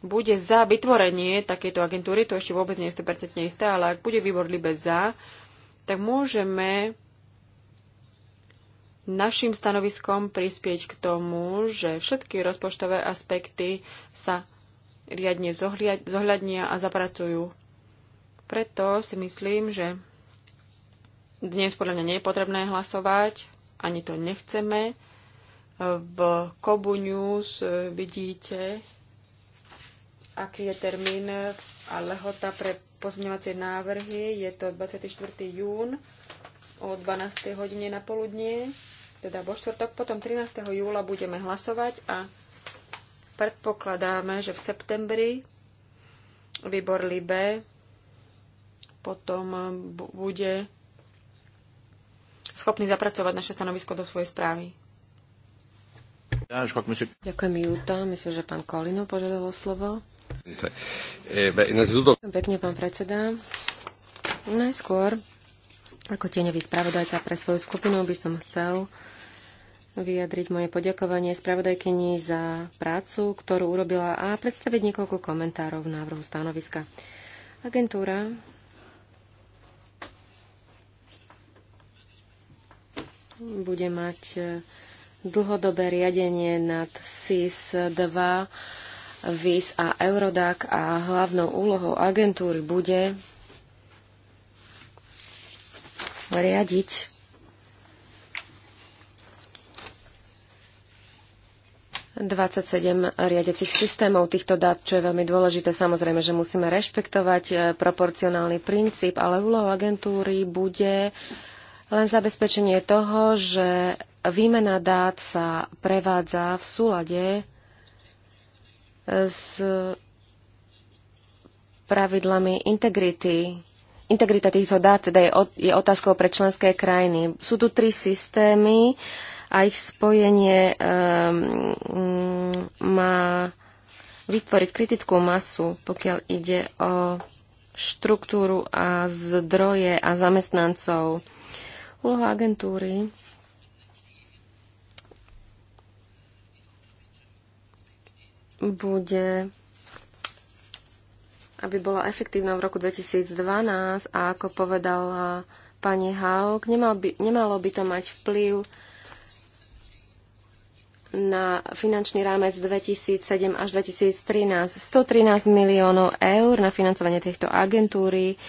bude za vytvorenie takejto agentúry, to ešte vôbec nie je 100% isté, ale ak bude výbor Libe za, tak môžeme našim stanoviskom prispieť k tomu, že všetky rozpočtové aspekty sa riadne zohľadnia a zapracujú. Preto si myslím, že dnes podľa mňa nie je potrebné hlasovať, ani to nechceme. V Kobu News e, vidíte, aký je termín a lehota pre pozmeňovacie návrhy. Je to 24. jún o 12. hodine na poludnie, teda vo štvrtok. Potom 13. júla budeme hlasovať a predpokladáme, že v septembri výbor Libe potom bude schopný zapracovať naše stanovisko do svojej správy. Ďakujem, Júta, Myslím, že pán Kolino požiadal slovo. Eh, pekne, pán predseda. Najskôr, ako tieňový spravodajca pre svoju skupinu, by som chcel vyjadriť moje poďakovanie spravodajkyni za prácu, ktorú urobila a predstaviť niekoľko komentárov v návrhu stanoviska. Agentúra bude mať eh, dlhodobé riadenie nad SIS 2 VIS a Eurodac a hlavnou úlohou agentúry bude riadiť sedem riadiacich systémov týchto dát, čo je veľmi dôležité. Samozrejme, že musíme rešpektovať e, proporcionálny princíp, ale úlohou agentúry bude len zabezpečenie toho, že výmena dát sa prevádza v súlade s pravidlami integrity. Integrita týchto dát teda je, otázkou pre členské krajiny. Sú tu tri systémy a ich spojenie um, má vytvoriť kritickú masu, pokiaľ ide o štruktúru a zdroje a zamestnancov. Úloha agentúry bude aby bola efektívna v roku 2012 a ako povedala pani Haug, nemal by, nemalo by to mať vplyv na finančný rámec 2007 až 2013. 113 miliónov eur na financovanie tejto agentúry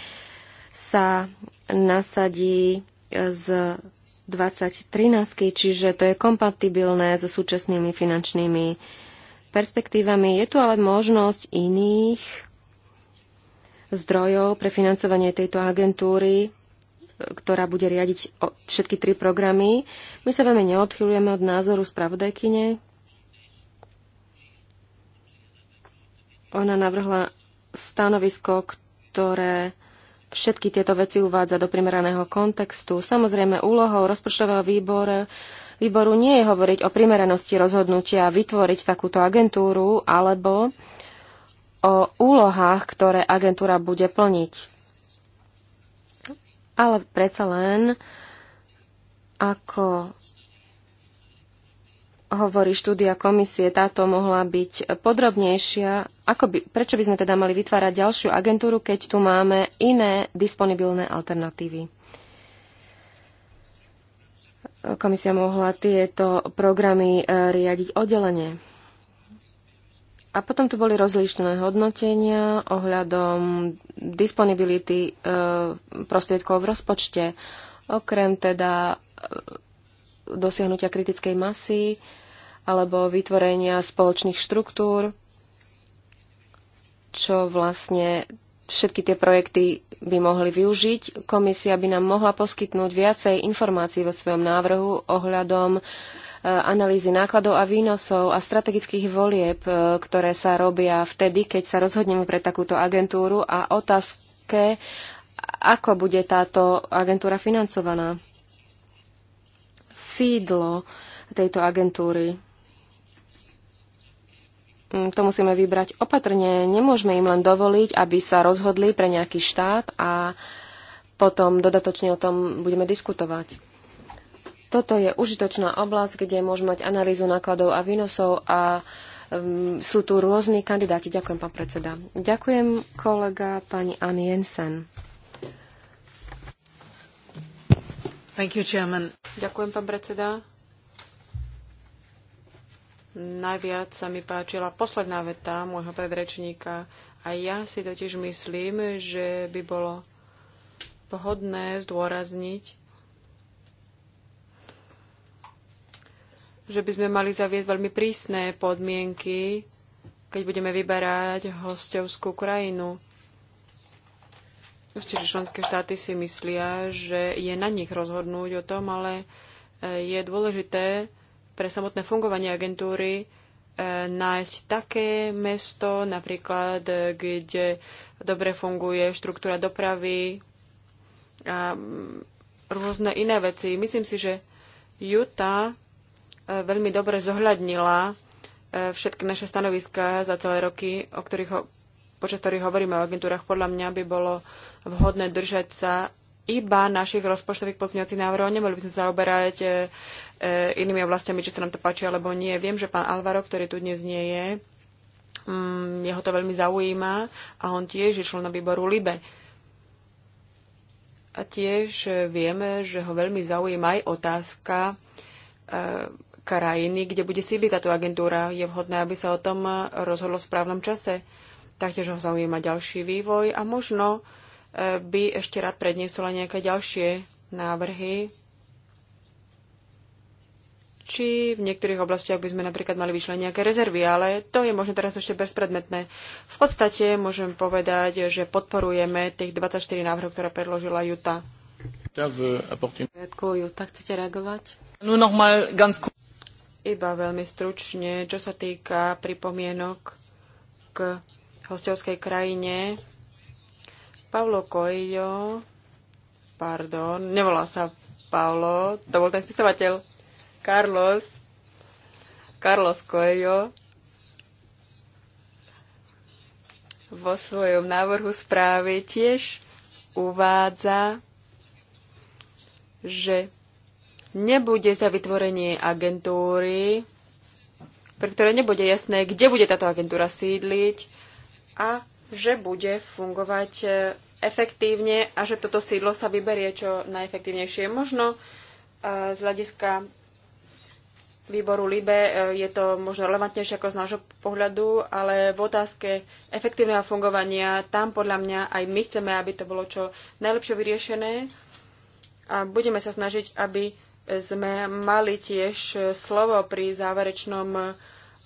sa nasadí z 2013, čiže to je kompatibilné so súčasnými finančnými perspektívami. Je tu ale možnosť iných zdrojov pre financovanie tejto agentúry, e, ktorá bude riadiť všetky tri programy. My sa veľmi neodchylujeme od názoru spravodajkyne. Ona navrhla stanovisko, ktoré všetky tieto veci uvádza do primeraného kontextu. Samozrejme, úlohou rozpočtového výboru výboru nie je hovoriť o primeranosti rozhodnutia vytvoriť takúto agentúru alebo o úlohách, ktoré agentúra bude plniť. Ale predsa len, ako hovorí štúdia komisie, táto mohla byť podrobnejšia. Ako by, prečo by sme teda mali vytvárať ďalšiu agentúru, keď tu máme iné disponibilné alternatívy? komisia mohla tieto programy e, riadiť oddelenie. A potom tu boli rozlišné hodnotenia ohľadom disponibility e, prostriedkov v rozpočte, okrem teda e, dosiahnutia kritickej masy alebo vytvorenia spoločných štruktúr, čo vlastne všetky tie projekty by mohli využiť. Komisia by nám mohla poskytnúť viacej informácií vo svojom návrhu ohľadom e, analýzy nákladov a výnosov a strategických volieb, e, ktoré sa robia vtedy, keď sa rozhodneme pre takúto agentúru a otázke, ako bude táto agentúra financovaná. Sídlo tejto agentúry Mm, to musíme vybrať opatrne. Nemôžeme im len dovoliť, aby sa rozhodli pre nejaký štát a potom dodatočne o tom budeme diskutovať. Toto je užitočná oblasť, kde môžeme mať analýzu nákladov a výnosov a um, sú tu rôzni kandidáti. Ďakujem, pán predseda. Ďakujem, kolega pani Annie Jensen. Thank you, chairman. Ďakujem, pán predseda. Najviac sa mi páčila posledná veta môjho predrečníka. A ja si totiž myslím, že by bolo vhodné zdôrazniť, že by sme mali zaviesť veľmi prísne podmienky, keď budeme vyberať hostovskú krajinu. Proste, že členské štáty si myslia, že je na nich rozhodnúť o tom, ale eh, je dôležité, pre samotné fungovanie agentúry e, nájsť také mesto, napríklad, e, kde dobre funguje štruktúra dopravy a mm, rôzne iné veci. Myslím si, že Juta e, veľmi dobre zohľadnila všetky naše stanoviská za celé roky, o ktorých počas ktorých hovoríme o agentúrach. Podľa mňa by bolo vhodné držať sa iba našich rozpočtových pozmeňovacích návrhov. Nemali by sme zaoberať e, e, inými oblastiami, či sa nám to páči alebo nie. Viem, že pán Alvaro, ktorý tu dnes nie je, mm, jeho to veľmi zaujíma a on tiež je člen výboru LIBE. A tiež vieme, že ho veľmi zaujíma aj otázka e, krajiny, kde bude sídliť táto agentúra. Je vhodné, aby sa o tom rozhodlo v správnom čase. Taktiež ho zaujíma ďalší vývoj a možno by ešte rád predniesol aj nejaké ďalšie návrhy. Či v niektorých oblastiach by sme napríklad mali vyšle nejaké rezervy, ale to je možno teraz ešte bezpredmetné. V podstate môžem povedať, že podporujeme tých 24 návrhov, ktoré predložila Juta. Juta, chcete reagovať? Iba veľmi stručne, čo sa týka pripomienok k hostovskej krajine, Paulo Coelho, pardon, nevolá sa Paulo, to bol ten spisovateľ Carlos, Carlos Coelho, vo svojom návrhu správy tiež uvádza, že nebude za vytvorenie agentúry, pre ktoré nebude jasné, kde bude táto agentúra sídliť a že bude fungovať e, efektívne a že toto sídlo sa vyberie čo najefektívnejšie. Možno e, z hľadiska výboru LIBE e, je to možno relevantnejšie ako z nášho pohľadu, ale v otázke efektívneho fungovania tam podľa mňa aj my chceme, aby to bolo čo najlepšie vyriešené a budeme sa snažiť, aby sme mali tiež slovo pri záverečnom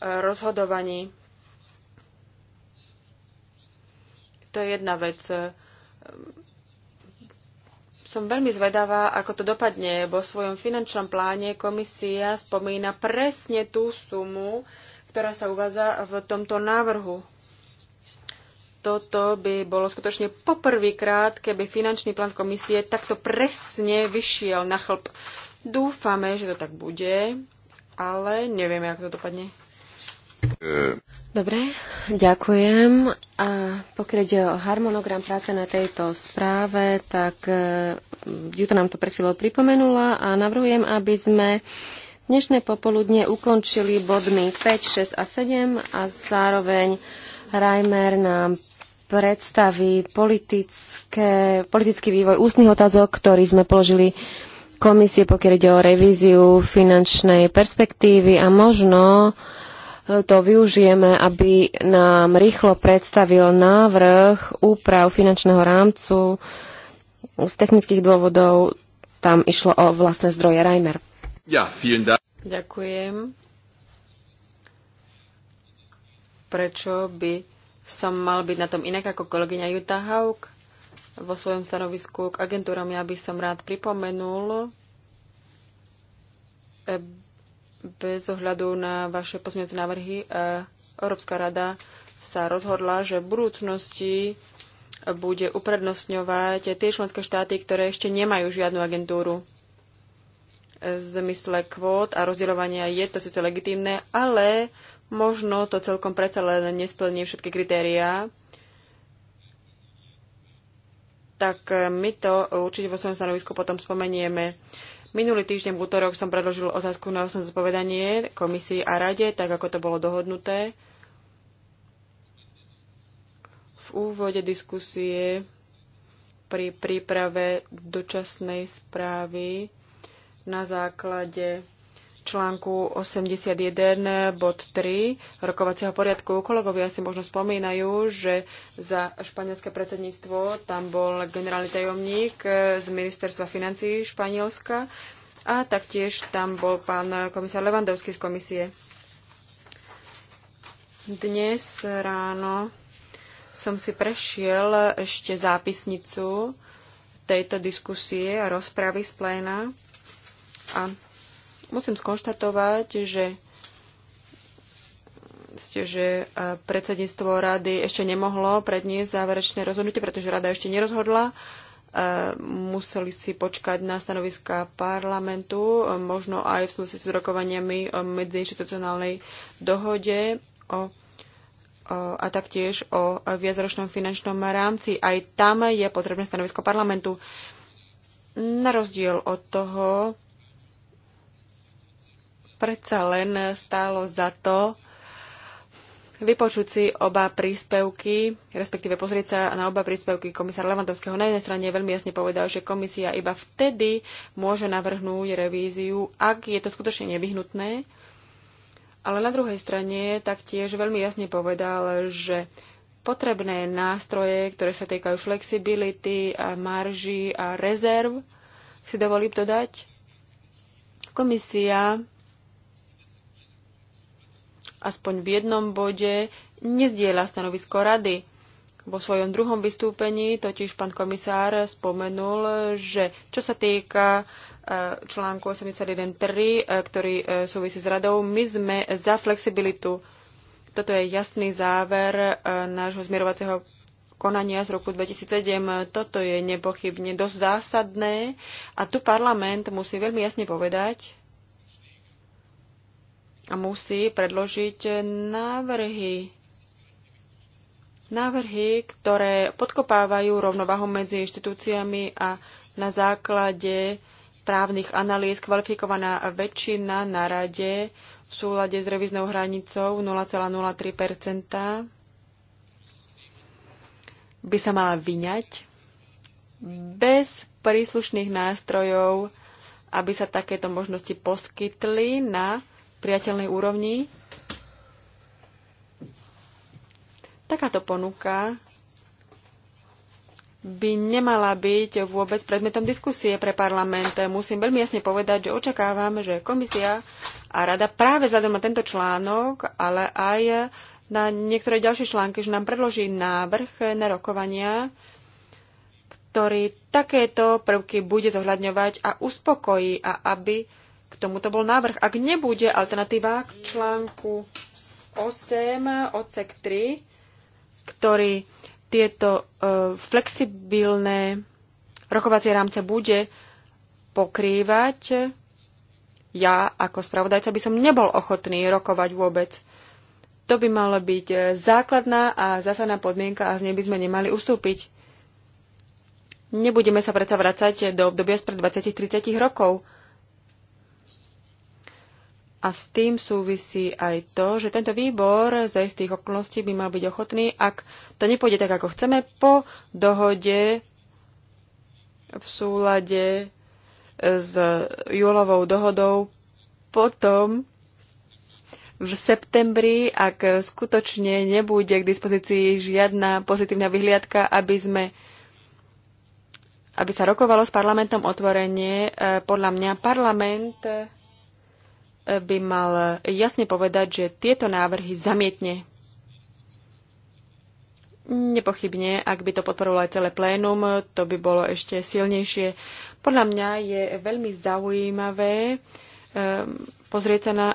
rozhodovaní To je jedna vec. Ehm, som veľmi zvedavá, ako to dopadne. Vo svojom finančnom pláne komisia spomína presne tú sumu, ktorá sa uvádza v tomto návrhu. Toto by bolo skutočne poprvýkrát, keby finančný plán komisie takto presne vyšiel na chlp. Dúfame, že to tak bude, ale nevieme, ako to dopadne. Dobre, ďakujem. A pokiaľ ide o harmonogram práce na tejto správe, tak e, Juta nám to pred chvíľou pripomenula a navrhujem, aby sme dnešné popoludne ukončili bodmi 5, 6 a 7 a zároveň Reimer nám predstaví politické, politický vývoj ústnych otázok, ktorý sme položili komisie, pokiaľ ide o revíziu finančnej perspektívy a možno to využijeme, aby nám rýchlo predstavil návrh úprav finančného rámcu. Z technických dôvodov tam išlo o vlastné zdroje Reimer. Ja, Ďakujem. Prečo by som mal byť na tom inak ako kolegyňa Jutta Haug? Vo svojom stanovisku k agentúram ja by som rád pripomenul, bez ohľadu na vaše pozmeňujúce návrhy, e, Európska rada sa rozhodla, že v budúcnosti bude uprednostňovať tie členské štáty, ktoré ešte nemajú žiadnu agentúru. E, v zmysle kvót a rozdeľovania je to síce legitímne, ale možno to celkom predsa len nesplní všetky kritériá. Tak my to určite vo svojom stanovisku potom spomenieme. Minulý týždeň v útorok som predložil otázku na osem zodpovedanie komisii a rade, tak ako to bolo dohodnuté. V úvode diskusie pri príprave dočasnej správy na základe článku 81 bod 3 rokovacieho poriadku. Kolegovia si možno spomínajú, že za španielské predsedníctvo tam bol generálny tajomník eh, z ministerstva financí Španielska a taktiež tam bol pán komisár Levandovský z komisie. Dnes ráno som si prešiel ešte zápisnicu tejto diskusie a rozpravy z pléna a Musím skonštatovať, že ste, že e, predsedníctvo rady ešte nemohlo predniesť záverečné rozhodnutie, pretože rada ešte nerozhodla. E, museli si počkať na stanoviska parlamentu, e, možno aj v súvislosti s rokovaniami o medziinstitucionálnej dohode o, o, a taktiež o viacročnom finančnom rámci. Aj tam je potrebné stanovisko parlamentu. Na rozdiel od toho, predsa len stálo za to vypočuť si oba príspevky, respektíve pozrieť sa na oba príspevky komisára Levandovského. Na jednej strane veľmi jasne povedal, že komisia iba vtedy môže navrhnúť revíziu, ak je to skutočne nevyhnutné. Ale na druhej strane taktiež veľmi jasne povedal, že potrebné nástroje, ktoré sa týkajú flexibility, a marží a rezerv, si dovolím dodať, komisia aspoň v jednom bode nezdieľa stanovisko rady. Vo svojom druhom vystúpení totiž pán komisár spomenul, že čo sa týka e, článku 81.3, e, ktorý e, súvisí s radou, my sme za flexibilitu. Toto je jasný záver nášho zmierovacieho konania z roku 2007. Toto je nepochybne dosť zásadné a tu parlament musí veľmi jasne povedať, a musí predložiť návrhy. Návrhy, ktoré podkopávajú rovnovahu medzi inštitúciami a na základe právnych analýz kvalifikovaná väčšina na rade v súlade s reviznou hranicou 0,03 by sa mala vyňať bez príslušných nástrojov, aby sa takéto možnosti poskytli na priateľnej úrovni. Takáto ponuka by nemala byť vôbec predmetom diskusie pre parlament. Musím veľmi jasne povedať, že očakávam, že komisia a rada práve vzhľadom na tento článok, ale aj na niektoré ďalšie články, že nám predloží návrh na rokovania, ktorý takéto prvky bude zohľadňovať a uspokojí a aby k tomuto bol návrh. Ak nebude alternatíva k článku 8 odsek 3, ktorý tieto uh, flexibilné rokovacie rámce bude pokrývať, ja ako spravodajca by som nebol ochotný rokovať vôbec. To by mala byť základná a zásadná podmienka a z nej by sme nemali ustúpiť. Nebudeme sa predsa vracať do obdobia spred 20-30 rokov. A s tým súvisí aj to, že tento výbor za istých okolností by mal byť ochotný, ak to nepôjde tak, ako chceme, po dohode v súlade s júlovou dohodou potom v septembri, ak skutočne nebude k dispozícii žiadna pozitívna vyhliadka, aby sme aby sa rokovalo s parlamentom otvorenie. Eh, podľa mňa parlament by mal jasne povedať, že tieto návrhy zamietne. Nepochybne, ak by to podporovalo aj celé plénum, to by bolo ešte silnejšie. Podľa mňa je veľmi zaujímavé ehm, pozrieť sa na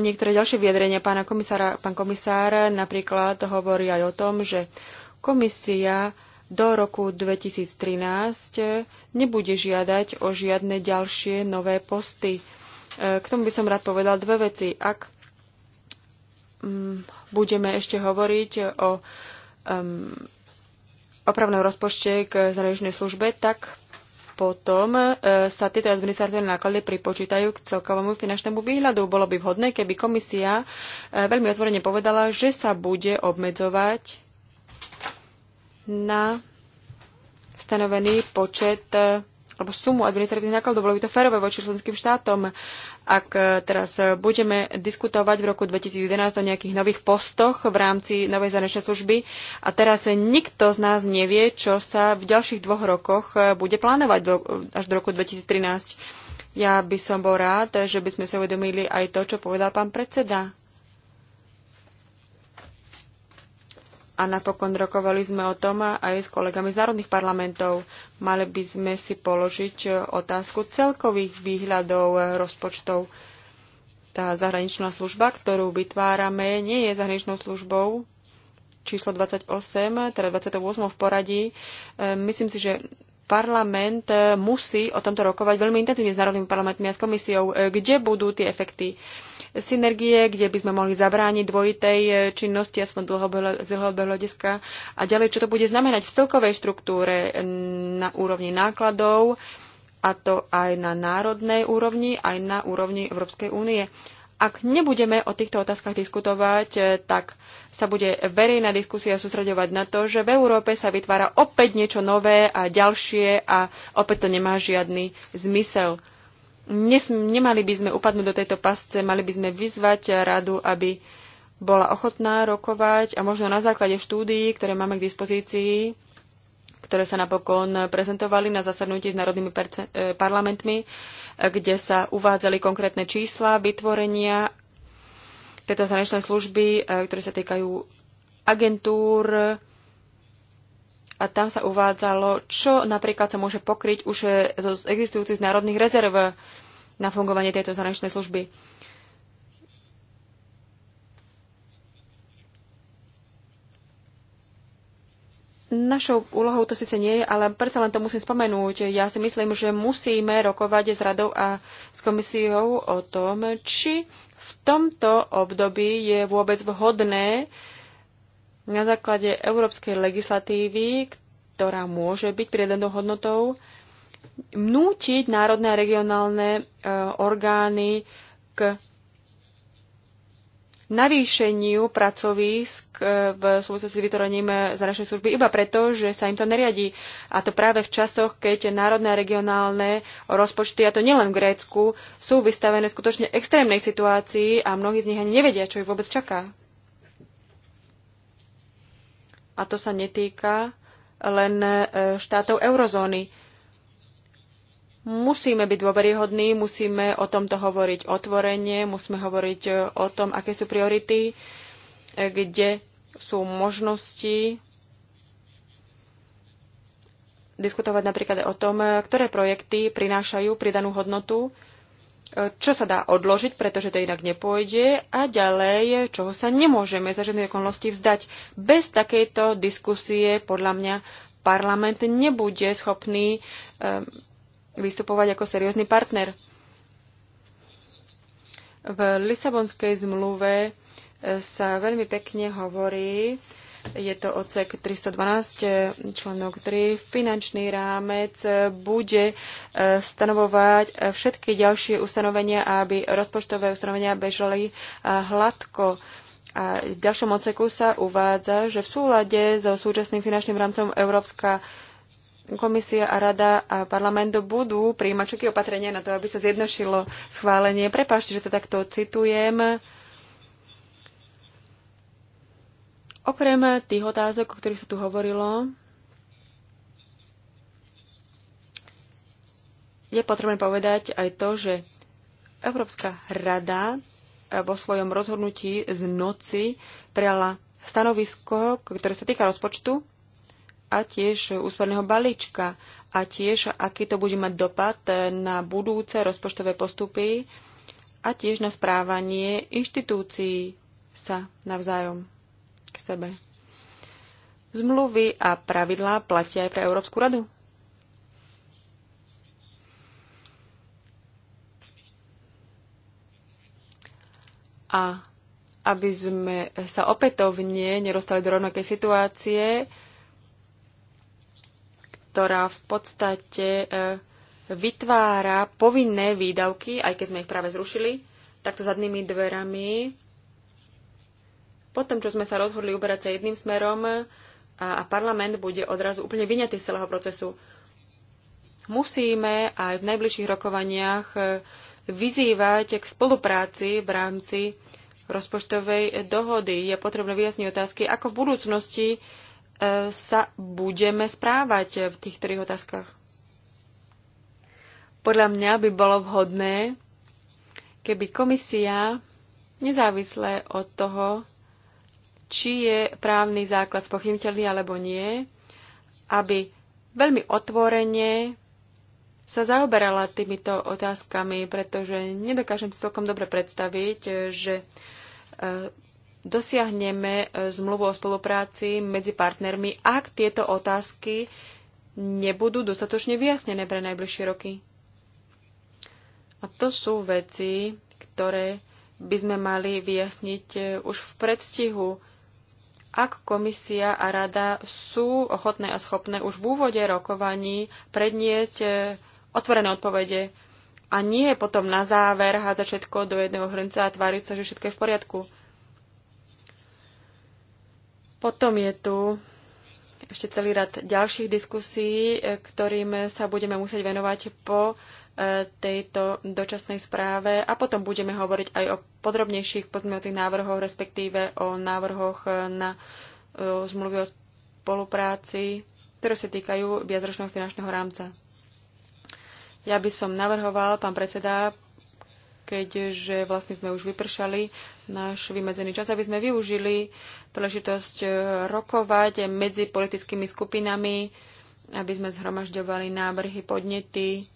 niektoré ďalšie vyjadrenia pána komisára. Pán komisár napríklad hovorí aj o tom, že komisia do roku 2013 nebude žiadať o žiadne ďalšie nové posty. E, k tomu by som rád povedal dve veci. Ak mm, budeme ešte hovoriť o opravnom rozpočte k zraničnej službe, tak potom e, sa tieto administratívne náklady pripočítajú k celkovému finančnému výhľadu. Bolo by vhodné, keby komisia e, veľmi otvorene povedala, že sa bude obmedzovať na stanovený počet e, alebo sumu administratívnych nákladov. Bolo by to férové voči členským štátom. Ak e, teraz e, budeme diskutovať v roku 2011 o nejakých nových postoch v rámci novej zahraničnej služby a teraz nikto z nás nevie, čo sa v ďalších dvoch rokoch bude plánovať do, až do roku 2013. Ja by som bol rád, že by sme sa uvedomili aj to, čo povedal pán predseda. A napokon rokovali sme o tom aj s kolegami z národných parlamentov. Mali by sme si položiť otázku celkových výhľadov rozpočtov. Tá zahraničná služba, ktorú vytvárame, nie je zahraničnou službou číslo 28, teda 28 v poradí. E, myslím si, že parlament e, musí o tomto rokovať veľmi intenzívne s národnými parlamentmi a s komisiou, e, kde budú tie efekty synergie, kde by sme mohli zabrániť dvojitej e, činnosti, aspoň z dlhodobého hľadiska. A ďalej, čo to bude znamenať v celkovej štruktúre na úrovni nákladov, a to aj na národnej úrovni, aj na úrovni Európskej únie. Ak nebudeme o týchto otázkach diskutovať, eh, tak sa bude verejná diskusia sústreďovať na to, že v Európe sa vytvára opäť niečo nové a ďalšie a opäť to nemá žiadny zmysel. Nemali by sme upadnúť do tejto pasce, mali by sme vyzvať radu, aby bola ochotná rokovať a možno na základe štúdií, ktoré máme k dispozícii, ktoré sa napokon prezentovali na zasadnutí s národnými e, parlamentmi, kde sa uvádzali konkrétne čísla vytvorenia tejto zahraničnej služby, e, ktoré sa týkajú agentúr, a tam sa uvádzalo, čo napríklad sa môže pokryť už e, z existujúcich národných rezerv na fungovanie tejto zahraničnej služby. Našou úlohou to síce nie je, ale predsa len to musím spomenúť. Ja si myslím, že musíme rokovať s radou a s komisiou o tom, či v tomto období je vôbec vhodné na základe európskej legislatívy, ktorá môže byť priedenou hodnotou, nútiť národné a regionálne e, orgány k navýšeniu pracovísk e, v súvislosti s vytvorením zahraničnej služby iba preto, že sa im to neriadi. A to práve v časoch, keď národné a regionálne rozpočty, a to nielen v Grécku, sú vystavené skutočne extrémnej situácii a mnohí z nich ani nevedia, čo ich vôbec čaká. A to sa netýka len e, štátov eurozóny Musíme byť dôveryhodní, musíme o tomto hovoriť otvorene, musíme hovoriť e, o tom, aké sú priority, e, kde sú možnosti diskutovať napríklad o tom, e, ktoré projekty prinášajú pridanú hodnotu, čo sa dá odložiť, pretože to inak nepôjde a ďalej, čoho sa nemôžeme za žiadne okolnosti vzdať. Bez takejto diskusie podľa mňa parlament nebude schopný vystupovať ako seriózny partner. V Lisabonskej zmluve e, sa veľmi pekne hovorí, je to ocek 312, členok 3, finančný rámec bude e, stanovovať e, všetky ďalšie ustanovenia, aby rozpočtové ustanovenia bežali hladko. A v ďalšom oceku sa uvádza, že v súlade so súčasným finančným rámcom Európska komisia a rada a parlament budú príjmať všetky opatrenia na to, aby sa zjednošilo schválenie. Prepášte, že to takto citujem. Okrem tých otázok, o ktorých sa tu hovorilo, je potrebné povedať aj to, že Európska rada vo svojom rozhodnutí z noci prijala stanovisko, ktoré sa týka rozpočtu a tiež úsporného balíčka a tiež aký to bude mať dopad na budúce rozpočtové postupy a tiež na správanie inštitúcií sa navzájom k sebe. Zmluvy a pravidlá platia aj pre Európsku radu. A aby sme sa opätovne nerostali do rovnakej situácie, ktorá v podstate eh, vytvára povinné výdavky, aj keď sme ich práve zrušili, takto zadnými dverami. Potom, čo sme sa rozhodli uberať sa jedným smerom eh, a, a parlament bude odrazu úplne vyňatý z celého procesu, musíme aj v najbližších rokovaniach eh, vyzývať k spolupráci v rámci rozpočtovej dohody. Je potrebné vyjasniť otázky, ako v budúcnosti sa budeme správať v tých trých otázkach. Podľa mňa by bolo vhodné, keby komisia, nezávisle od toho, či je právny základ spochybniteľný alebo nie, aby veľmi otvorene sa zaoberala týmito otázkami, pretože nedokážem si celkom dobre predstaviť, že e, dosiahneme e, zmluvu o spolupráci medzi partnermi, ak tieto otázky nebudú dostatočne vyjasnené pre najbližšie roky. A to sú veci, ktoré by sme mali vyjasniť e, už v predstihu, ak komisia a rada sú ochotné a schopné už v úvode rokovaní predniesť e, otvorené odpovede a nie potom na záver hádzať všetko do jedného hrnca a tváriť sa, že všetko je v poriadku. Potom je tu ešte celý rad ďalších diskusí, e, ktorým sa budeme musieť venovať po e, tejto dočasnej správe a potom budeme hovoriť aj o podrobnejších pozmeňovacích návrhoch, respektíve o návrhoch e, na zmluvy o spolupráci, ktoré sa týkajú viacročného finančného rámca. Ja by som navrhoval, pán predseda, keďže vlastne sme už vypršali náš vymedzený čas, aby sme využili príležitosť eh, rokovať medzi politickými skupinami, aby sme zhromažďovali návrhy, podnety,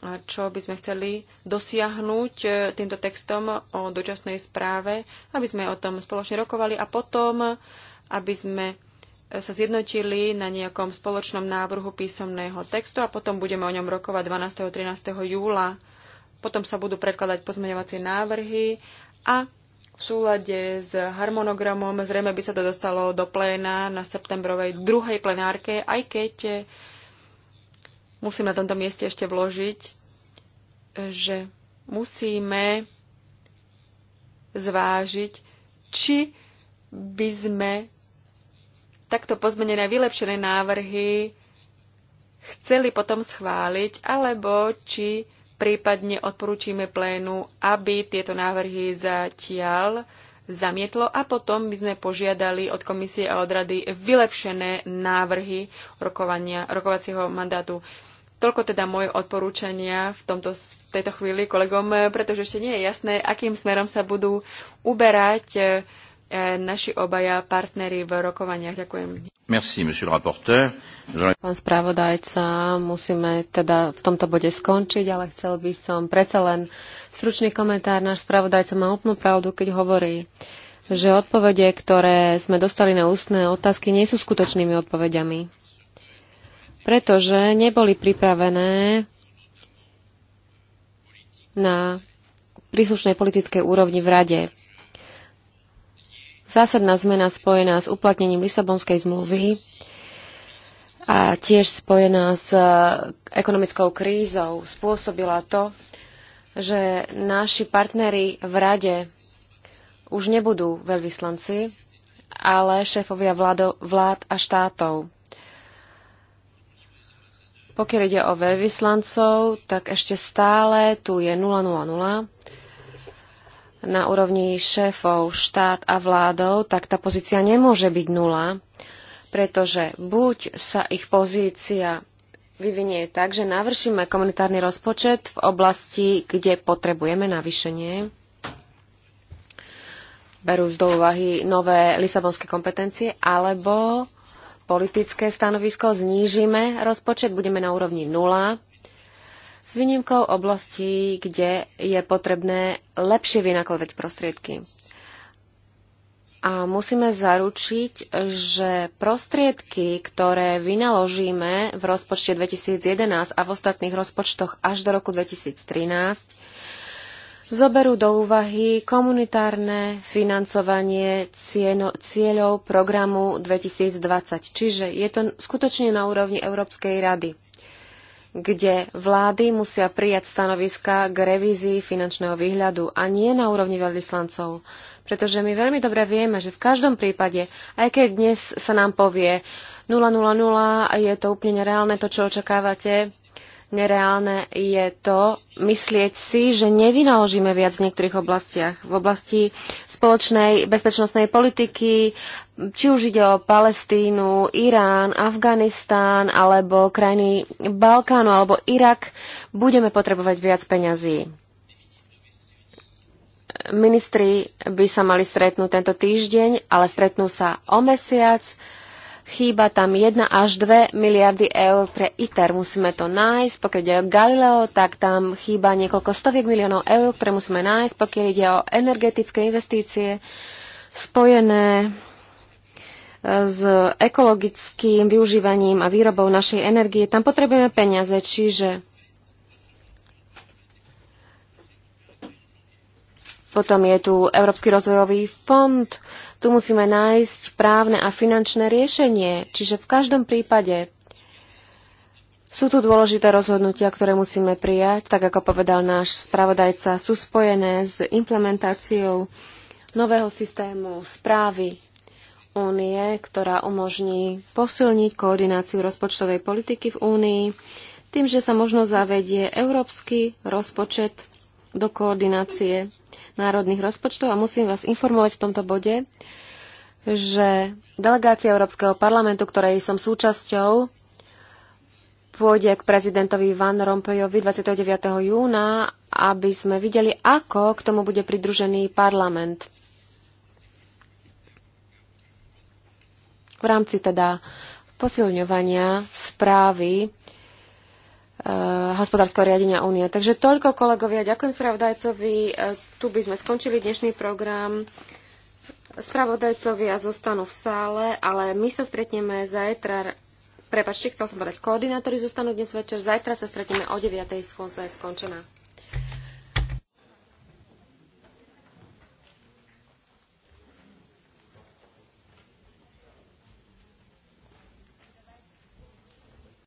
a čo by sme chceli dosiahnuť eh, týmto textom o dočasnej správe, aby sme o tom spoločne rokovali a potom, aby sme sa zjednotili na nejakom spoločnom návrhu písomného textu a potom budeme o ňom rokovať 12. a 13. júla. Potom sa budú predkladať pozmeňovacie návrhy a v súlade s harmonogramom zrejme by sa to dostalo do pléna na septembrovej druhej plenárke, aj keď musím na tomto mieste ešte vložiť, že musíme zvážiť, či by sme takto pozmenené a vylepšené návrhy chceli potom schváliť, alebo či prípadne odporúčime plénu, aby tieto návrhy zatiaľ zamietlo a potom by sme požiadali od komisie a od rady vylepšené návrhy rokovania, rokovacieho mandátu. Toľko teda moje odporúčania v tomto, tejto chvíli kolegom, pretože ešte nie je jasné, akým smerom sa budú uberať naši obaja partnery v rokovaniach. Ďakujem. Merci, monsieur le rapporteur. Pán spravodajca, musíme teda v tomto bode skončiť, ale chcel by som predsa len stručný komentár. Náš spravodajca má úplnú pravdu, keď hovorí, že odpovede, ktoré sme dostali na ústne otázky, nie sú skutočnými odpovediami. Pretože neboli pripravené na príslušnej politickej úrovni v rade zásadná zmena spojená s uplatnením Lisabonskej zmluvy a tiež spojená s e, ekonomickou krízou spôsobila to, že naši partneri v rade už nebudú veľvyslanci, ale šéfovia vládo, vlád a štátov. Pokiaľ ide o veľvyslancov, tak ešte stále tu je 000 na úrovni šéfov, štát a vládov, tak tá pozícia nemôže byť nula, pretože buď sa ich pozícia vyvinie tak, že navršíme komunitárny rozpočet v oblasti, kde potrebujeme navýšenie, berú do úvahy nové lisabonské kompetencie, alebo politické stanovisko, znížime rozpočet, budeme na úrovni nula s výnimkou oblastí, kde je potrebné lepšie vynakladať prostriedky. A musíme zaručiť, že prostriedky, ktoré vynaložíme v rozpočte 2011 a v ostatných rozpočtoch až do roku 2013, zoberú do úvahy komunitárne financovanie cieno, cieľov programu 2020. Čiže je to skutočne na úrovni Európskej rady kde vlády musia prijať stanoviska k revízii finančného výhľadu a nie na úrovni veľvyslancov. Pretože my veľmi dobre vieme, že v každom prípade, aj keď dnes sa nám povie 000 je to úplne nereálne to, čo očakávate, nereálne je to myslieť si, že nevynaložíme viac v niektorých oblastiach. V oblasti spoločnej bezpečnostnej politiky, či už ide o Palestínu, Irán, Afganistán alebo krajiny Balkánu alebo Irak, budeme potrebovať viac peňazí. Ministri by sa mali stretnúť tento týždeň, ale stretnú sa o mesiac Chýba tam 1 až 2 miliardy eur pre ITER. Musíme to nájsť. Pokiaľ ide o Galileo, tak tam chýba niekoľko stoviek miliónov eur, ktoré musíme nájsť. Pokiaľ ide o energetické investície spojené eh, s ekologickým využívaním a výrobou našej energie, tam potrebujeme peniaze. Čiže Potom je tu Európsky rozvojový fond, tu musíme nájsť právne a finančné riešenie. Čiže v každom prípade sú tu dôležité rozhodnutia, ktoré musíme prijať, tak ako povedal náš spravodajca, sú spojené s implementáciou nového systému správy únie, ktorá umožní posilniť koordináciu rozpočtovej politiky v únii tým, že sa možno zavedie európsky rozpočet do koordinácie národných rozpočtov a musím vás informovať v tomto bode, že delegácia Európskeho parlamentu, ktorej som súčasťou, pôjde k prezidentovi Van Rompuyovi 29. júna, aby sme videli, ako k tomu bude pridružený parlament. V rámci teda posilňovania správy Eh, hospodárskeho riadenia únie. Takže toľko, kolegovia. Ďakujem spravodajcovi. Eh, tu by sme skončili dnešný program. Spravodajcovia zostanú v sále, ale my sa stretneme zajtra. Prepačte, chcel som povedať, koordinátori zostanú dnes večer. Zajtra sa stretneme o 9. schôdza je skončená.